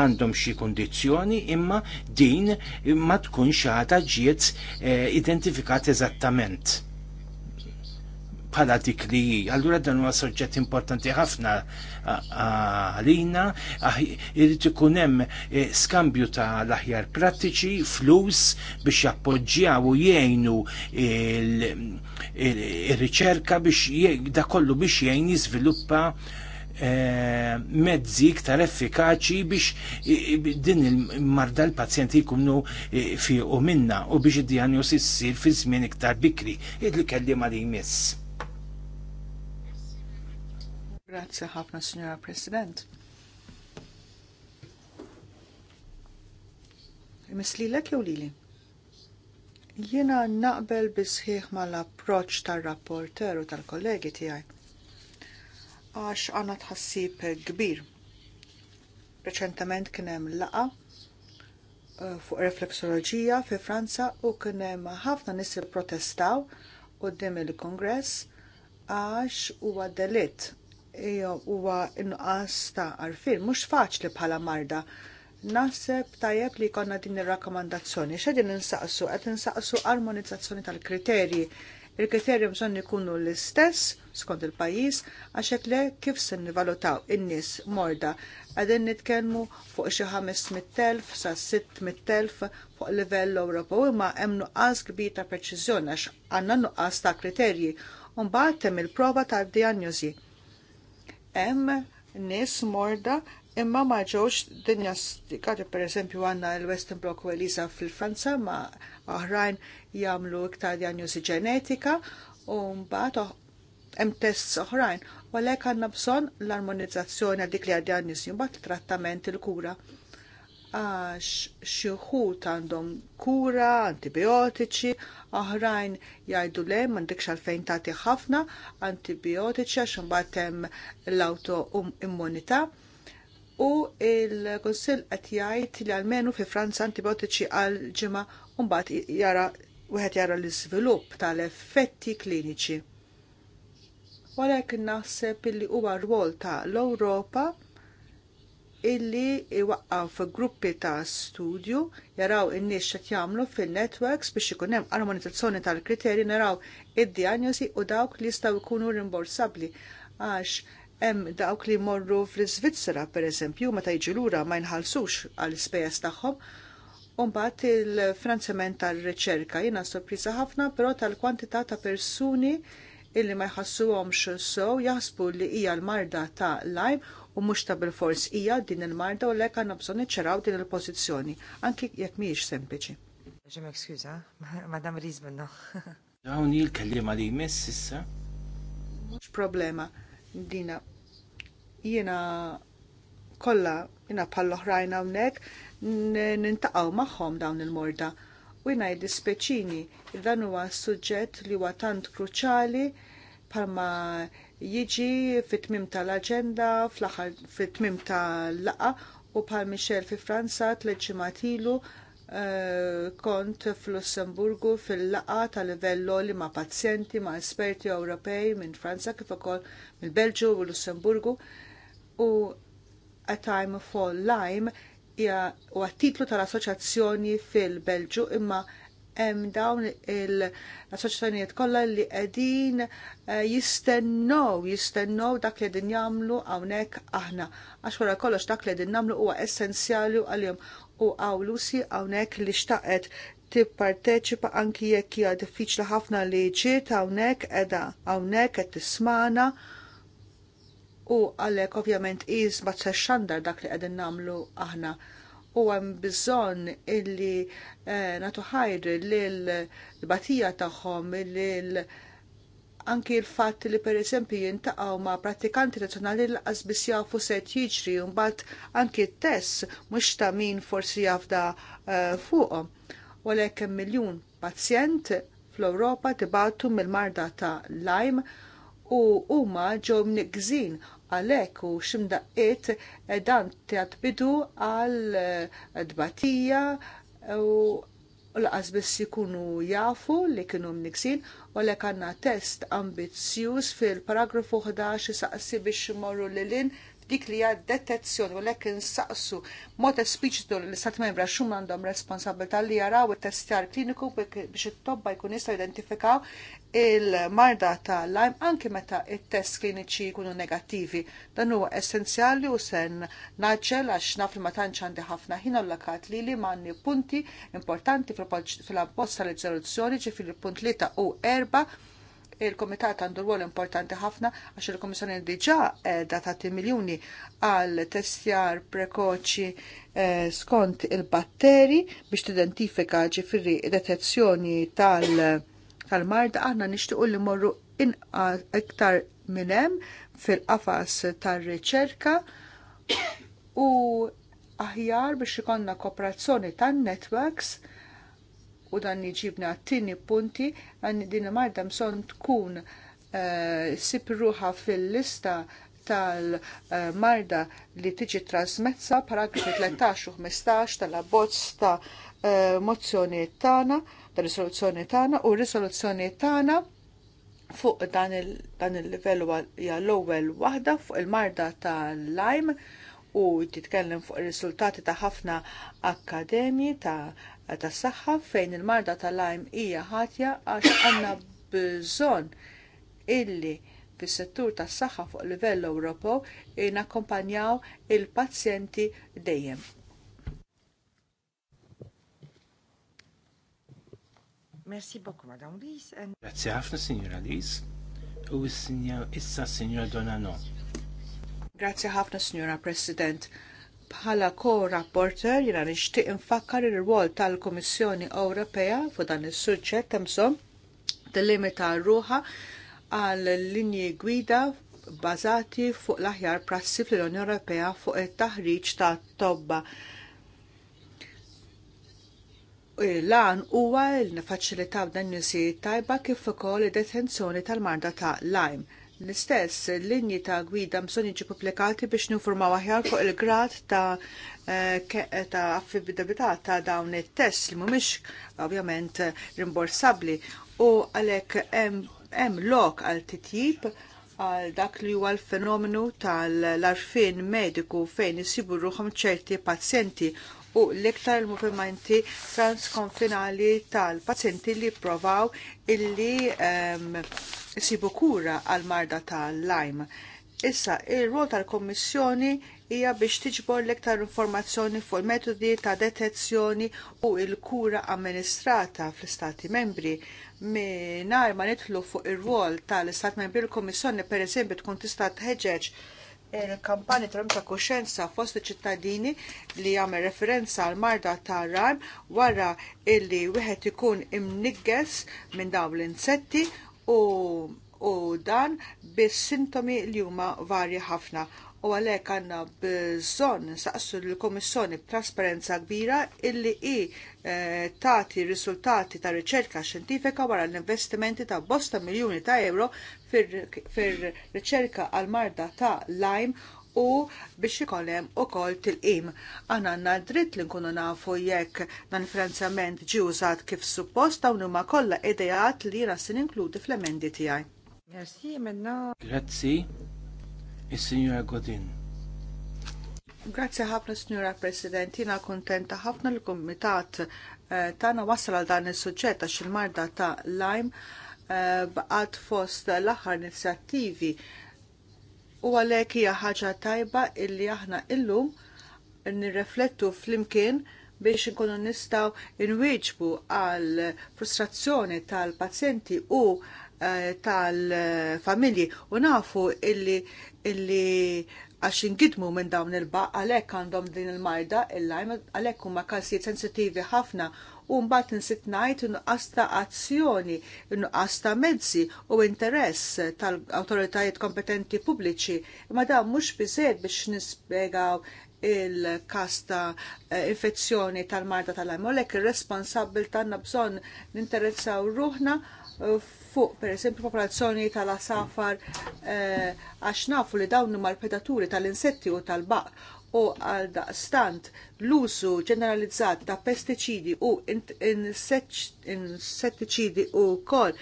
għandhom xi kundizzjoni imma din ma tkunx għadha ġiet identifikat eżattament bħala dik li għallura Allura dan huwa soġġett importanti ħafna għalina, irid ikun hemm e, skambju ta' l-aħjar prattiċi, flus biex jappoġġjaw u jgħinu il-riċerka biex da kollu biex jgħin jiżviluppa e, mezzi iktar effikaċi biex din il-marda l-pazjenti jkunu e, fiqu minna u biex id s-sir fi żmien iktar bikri, id-li kelli ma li jmiss. Grazie ħafna, Signora President. Mislilek jew lili? Jiena naqbel bisħiħ mal-approċ tar-rapporter u tal-kollegi tiegħi. Għax għana tħassib kbir. Reċentament kien hemm laqa eh, fuq reflexoloġija fi Franza u kien hemm ħafna nies protestaw qudiem il-Kongress għax huwa delitt huwa inqas ta' għarfien, mhux faċli bħala marda. Naħseb tajjeb li jkollna din ir-rakkomandazzjoni. X'edin insaqsu? Qed insaqsu armonizzazzjoni tal-kriterji. Il-kriterji bżonn ikunu l-istess skont il-pajjiż għax hekk le kif se nivalutaw in-nies morda. Qegħdin nitkellmu fuq xi ħames mit-telf sa sitt mit-telf fuq livell Ewropew imma hemm nuqqas kbir ta' preċiżjoni għax għandna nuqqas ta' kriterji. u Mbagħad hemm il-prova tad-dijanjosi hemm nies morda imma ma ġewx dinjastikati per eżempju għandna l-Western Block u Elisa fil-Franza ma oħrajn jagħmlu iktar diagnosi ġenetika u mbagħad hemm tests oħrajn u għalhekk għandna bżonn l-armonizzazzjoni għal dik li għad diagnosi mbagħad trattament il-kura għax xieħut għandhom kura, antibiotiċi, oħrajn jgħidu le m'għandekx għalfejn tati ħafna antibiotiċi għax imbagħad hemm l immunità U il kunsill qed jgħid li għalmenu fi Franza antibiotiċi għal ġimgħa u mbagħad jara wieħed jara l-iżvilupp tal-effetti kliniċi. Walek naħseb li huwa rwol ta' l-Ewropa illi iwaqqaw gruppi ta' studju jaraw in-nies qed jagħmlu fin-networks biex ikun hemm armonizzazzjoni tal-kriterji naraw id-diagnosi u dawk li jistgħu jkunu rimborsabbli għax hemm dawk li jmorru fl-Iżvizzera pereżempju meta jiġu lura ma jinħallsux għall ispejjeż tagħhom mbagħad il-franzament tar-riċerka jiena sorpriża ħafna, però tal-kwantità ta' persuni illi ma jħassuhomx sew jaħsbu li hija l-marda ta' lime u mux ta' bil-fors ija din il-marda u lek għandna bżonn iċċaraw din il pozizjoni anki jek mhijiex sempliċi. Ġem ekskuża, Madam Rizbenno. Dawn il-kellima li jmess issa. Mux problema dina jena kolla, jena bħal oħrajn hawnhekk nintaqgħu magħhom dawn il-morda u jena jiena id dan huwa suġġett li huwa tant kruċali palma jiġi fit-tmim tal-aġenda, fit-tmim tal-laqa u bħal Michel fi Franza tleġimatilu uh, eh, kont fl-Lussemburgu fil-laqa tal-livello li ma' pazjenti ma' esperti Ewropej minn Franza kif ukoll mill-Belġu u Lussemburgu u A Time for Lime hija u titlu tal-assoċjazzjoni fil-Belġu imma hemm dawn il-assoċjazzjonijiet kollha li qegħdin eh, jistennew, jistennew dak li qegħdin jagħmlu hawnhekk aħna. Għax wara kollox dak li qegħdin nagħmlu huwa essenzjali għalihom u għawlusi hawnhekk li xtaqet tipparteċipa anki jekk hija diffiċli ħafna li ġiet hawnhekk qiegħda hawnhekk qed tismana u għalhekk ovvjament qis ma xandar dak li qegħdin nagħmlu aħna u għem bżonn illi eh, natu ħajr l batija tagħhom lil anki l-fatt li pereżempju jintaqgħu ma' pratikanti nazjonali l qasbis jafu se jiġri un mbagħad anki t-tess mhux ta' min forsi jafda uh, fuqhom. Walek hemm miljun pazjent fl-Ewropa tibatu mill-marda ta' lajm u huma ġew gżin għalhekk u ximdaqqiet eh, dan tiħat bidu għal eh, dbatija u laqas biss jikunu jafu li kienu mniksin u lek għanna test ambizzjuż fil-paragrafu 11 saqsi biex morru lilin dik li hija detezzjoni u lek insaqsu mod espliċitu li l-Istat membra xum għandhom responsabilità li jaraw it-testjar kliniku biex it-tobba jkun jista' identifikaw il-marda ta' lajm anki meta it-test kliniċi jkunu negattivi. Dan huwa essenzjali u sen naġġel għax naf li ma tantx għandi ħafna ħin lakat li li manni punti importanti fil-apposta l-rezoluzzjoni ġifir il-punt li ta' u erba' il-Komitat għandu rwol importanti ħafna għax il-Komissjoni diġà qiegħda ta' miljuni għal testjar prekoċi eh, skont il-batteri biex tidentifika ġifieri detezzjoni tal-marda għanna aħna nixtiequ li morru iktar minn hemm fil-qafas tar-riċerka u aħjar biex ikonna kooperazzjoni tan-networks u dan jġibna t-tini punti għan din marda mson tkun uh, eh, sipruħa fil-lista tal-marda li tiġi trasmezza paragrafi 13 u 15 tal-abbozz ta' eh, mozzjoni tana, ta' risoluzzjoni tana u risoluzzjoni tana fuq dan il livellu hija l-ewwel waħda fuq il-marda tal-lajm u titkellem fuq ir-riżultati ta' ħafna akkademji ta' tas saħħa fejn il-marda tal-lajm ija ħatja għax għandna bżonn illi fis-settur tas-saħħa fuq livell Ewropew inakkompanjaw il-pazjenti dejjem. Merci beaucoup, Madame Lise. And... Grazie ħafna, Signora Lise. U issa, Signora Donano. Grazie ħafna, Signora President. Bħala ko-rapporter jina nixtieq infakkar ir-rwol tal-Kummissjoni Ewropea fuq dan is suċċet hemm bżonn limita ruħa għal linji gwida bbażati fuq l-aħjar prassi fl-Unjoni Ewropea fuq it-taħriġ ta' tobba lan huwa l-faċilità b'dan nisi tajba kif ukoll id-detenzjoni tal-marda ta' Lyme. L-istess linji ta' gwida mson jiġi publikati biex nifurmaw aħjar fuq il-grad ta' eh, ta' affidabilità ta' dawn it-test li mhumiex ovvjament rimborsabbli u għalhekk hemm lok għal titjib għal dak li huwa l-fenomenu tal-arfin mediku fejn isibu ruħhom ċerti pazjenti u l-iktar il-movimenti transkonfinali tal-pazjenti li provaw illi um, sibu kura għal-marda tal-Lyme. Issa, il-rol tal-Kommissjoni hija biex tiġbor l-iktar informazzjoni fuq il-metodi ta' detezzjoni u il-kura amministrata fl-Stati membri. Minar ma nitlu fuq ir-rol tal-Istat membri l-Kommissjoni per eżempju tkun tista' tħeġġeġ il-kampanja trom ta' kuxenza fost ċittadini li għamel referenza għal marda ta' rajm wara illi wieħed ikun imnigges minn dawn l-insetti u, u dan bis sintomi li huma varji ħafna u għalhekk għandna bżonn saqsu l-Komissjoni b'trasparenza kbira illi i eh, tagħti riżultati ta' riċerka xjentifika wara l-investimenti ta' bosta miljuni ta' euro fir-riċerka għal marda ta' Lyme u biex ikollem u koll til im Għanna għanna dritt li nkunu nafu jekk dan finanzjament ġi użat kif suppost dawn huma kollha idejat li jina se inkludi fl-emendi tiegħi. Merci, menna. Grazzi. Is-Sinjora Godin. Grazie ħafna, Signora President. Jina kontenta ħafna l-Komitat eh, tana wasal għal dan il-soġġett għax il-marda ta' lime eh, baqat fost l-aħħar inizjattivi u għalek hija ħaġa tajba illi aħna illum nirreflettu flimkien biex nkunu nistaw inwieġbu għal frustrazzjoni tal-pazjenti u eh, tal-familji u nafu illi illi għax ingidmu minn dawn il-baq għalek għandhom din il-marda il-lajm għalek huma kalsijiet sensitivi ħafna u mbagħad insit ngħid innuqqas azzjoni, innuqqas ta' mezzi u interess tal-awtoritajiet kompetenti pubbliċi, imma dan mhux biżejjed biex nispjegaw il kasta ta' eh, infezzjoni tal-marda tal-għajm. Olek il-responsabil tanna bżon ninteressaw ruħna eh, fuq per esempio popolazzjoni tal-asafar eh, għax nafu li dawn huma pedaturi predaturi tal-insetti u tal-baq u għal stant l-usu ġeneralizzat ta' pesticidi u insettiċidi u kol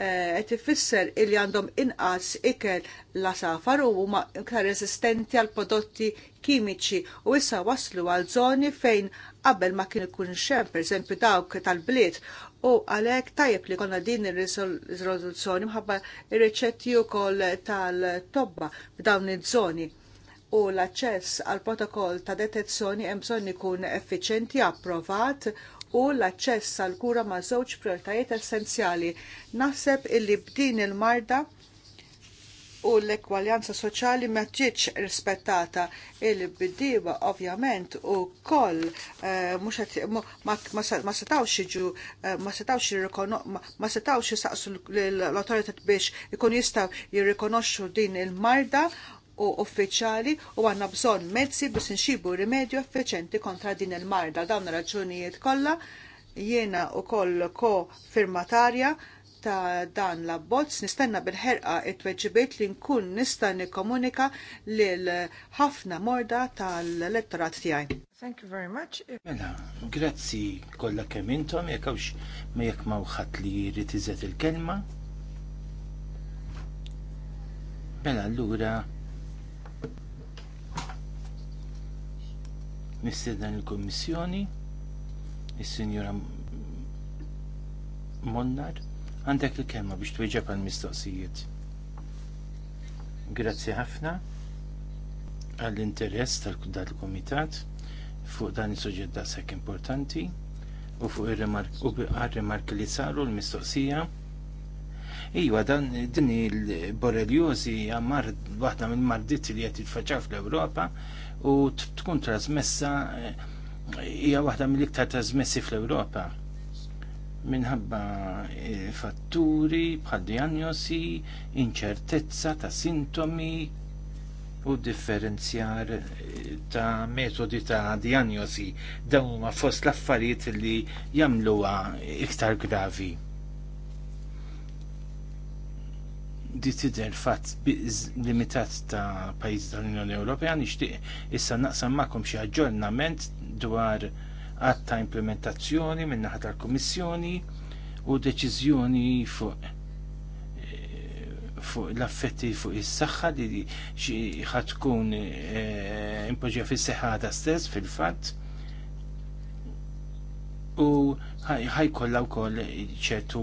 Eh, qed ifisser illi għandhom inqas ikel la safar u huma iktar resistenti għal prodotti kimiċi u issa waslu għal żoni fejn qabel ma kien ikun xem, pereżempju dawk tal-bliet, u għalhekk tajjeb li konna din ir-riżoluzzjoni mħabba r riċetti wkoll tal-tobba f'dawn iż-żoni u l-aċċess għal protokoll ta' detezzjoni hemm bżonn ikun effiċjenti approvat u l-aċċess għal kura ma' żewġ prioritajiet essenzjali. Naħseb illi b'din il-marda u l-ekwaljanza soċjali ma ġietx rispettata il-bdiba ovvjament u koll eh, ma setawx jiġu eh, ma setawx jisaqsu l autorita biex ikun jistaw jirrikonoxxu din il-marda u uffiċjali u għanna bżonn mezzi biex nxibu rimedju effiċenti kontra din il-marda. Dawn raġunijiet kollha jiena u koll ko firmatarja ta' dan l-abbozz nistenna bil-ħerqa it-tweġibiet li nkun nista' nikkomunika lil ħafna morda tal-elettorat tiegħi. Thank you very much. Mela, grazzi kollha kemm intom jekk hawnx ma jekk mawħat li jrid il-kelma. Mela allura mistieden il-Kummissjoni, is-Sinjura Monnar, għandek il-kelma biex tweġeb għal-mistoqsijiet. Grazzi ħafna għall-interess tal-Kumitat fuq dan is-suġġett daqshekk importanti u fuq ir remark li saru l-mistoqsija. Iwa, dan din il-borreljosi għamar waħda mill marditi li qed jitfaċċaw fl-Ewropa u tkun trasmessa eh, hija waħda mill-iktar trasmessi fl-Ewropa minħabba eh, fatturi bħal diagnosi, inċertezza ta' sintomi u differenzjar eh, ta' metodi ta' diagnosi dawn huma fost l-affarijiet li jagħmluha iktar gravi di tidher fatt limitat ta' pajjiż tal-Unjoni Ewropea nixtieq issa naqsam magħkom xi aġġornament dwar għadd ta' implementazzjoni minn naħa tal-Kummissjoni u deċiżjoni fuq eh, fuq l-affetti fuq is-saħħa li tkun eh, impoġġja fis-seħħa stess fil-fatt u ħajkolla u koll ċertu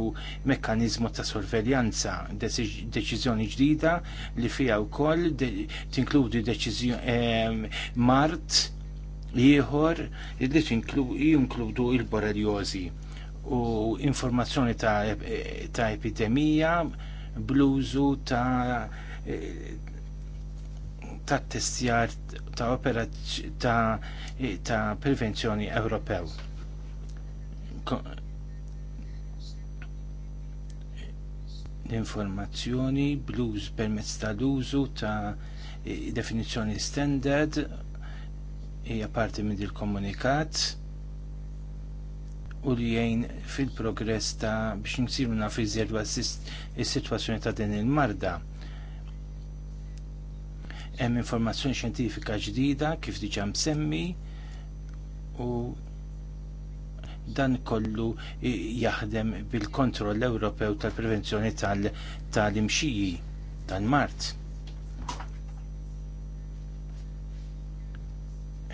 mekkanizmu ta' sorveljanza, deċizjoni ġdida li fija u koll tinkludi deċizjoni mart jieħor li jinkludu il-borreliozi u informazzjoni ta', epidemija bluzu ta' ta' testjar ta' opera ta' prevenzjoni Ewropew l-informazzjoni bluż permezz tal-użu ta' eh, definizzjoni standard hija parti minn il-komunikat u li jgħin fil-progress ta' biex nsiru naf iżjed is-sitwazzjoni ta' din il-marda. Hemm informazzjoni xjentifika ġdida kif diġà msemmi u dan kollu jaħdem bil-kontroll Ewropew tal-prevenzjoni tal-imxiji tal-mart.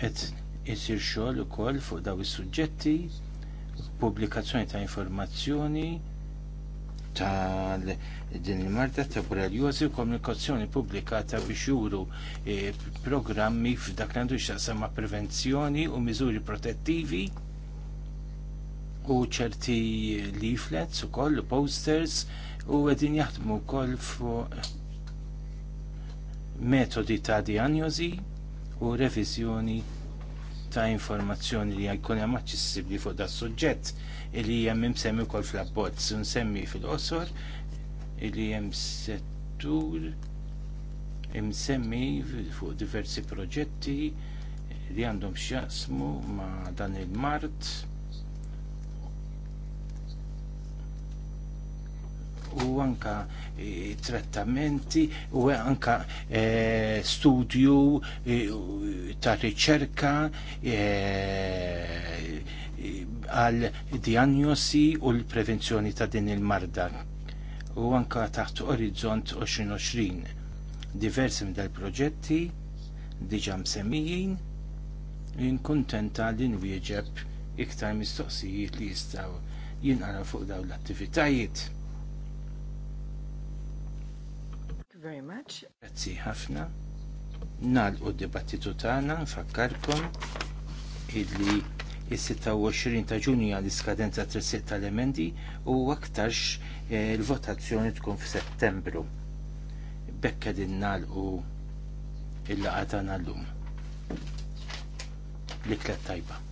Et isir xogħol ukoll fuq daw is-suġġetti, pubblikazzjoni ta' informazzjoni tal din il marta ta' borreljosi u komunikazzjoni ta' biex juru eh, programmi f'dak l-għandu ma' prevenzjoni u miżuri protettivi u ċerti leaflets u koll, posters u għedin jaħdmu koll fuq metodi ta' diagnosi u revizjoni ta' informazzjoni li jkun hemm aċċessibbli fuq da' suġġett illi hemm imsemmi wkoll fl-abbozz, nsemmi fil-qosor illi hemm settur imsemmi fuq diversi proġetti li għandhom x'jaqsmu ma' dan il-mart u anka e, trattamenti u anka e, studju e, ta' riċerka għal diagnosi u l-prevenzjoni ta' din il-marda u anka taħt Orizzont 2020. Diversi minn dal-proġetti diġa msemmijin jien kontenta li nwieġeb iktar mistoqsijiet li jistaw jinqara fuq dawn l-attivitajiet. very much. Grazzi ħafna. Nal d-dibattitu tagħna nfakkarkom illi is-26 ta' Ġunju għal iskadenza tressiq tal-emendi u aktarx eh, il-votazzjoni tkun f'Settembru. Bekka din nalqu il-laqgħa tagħna llum. L-iklet tajba.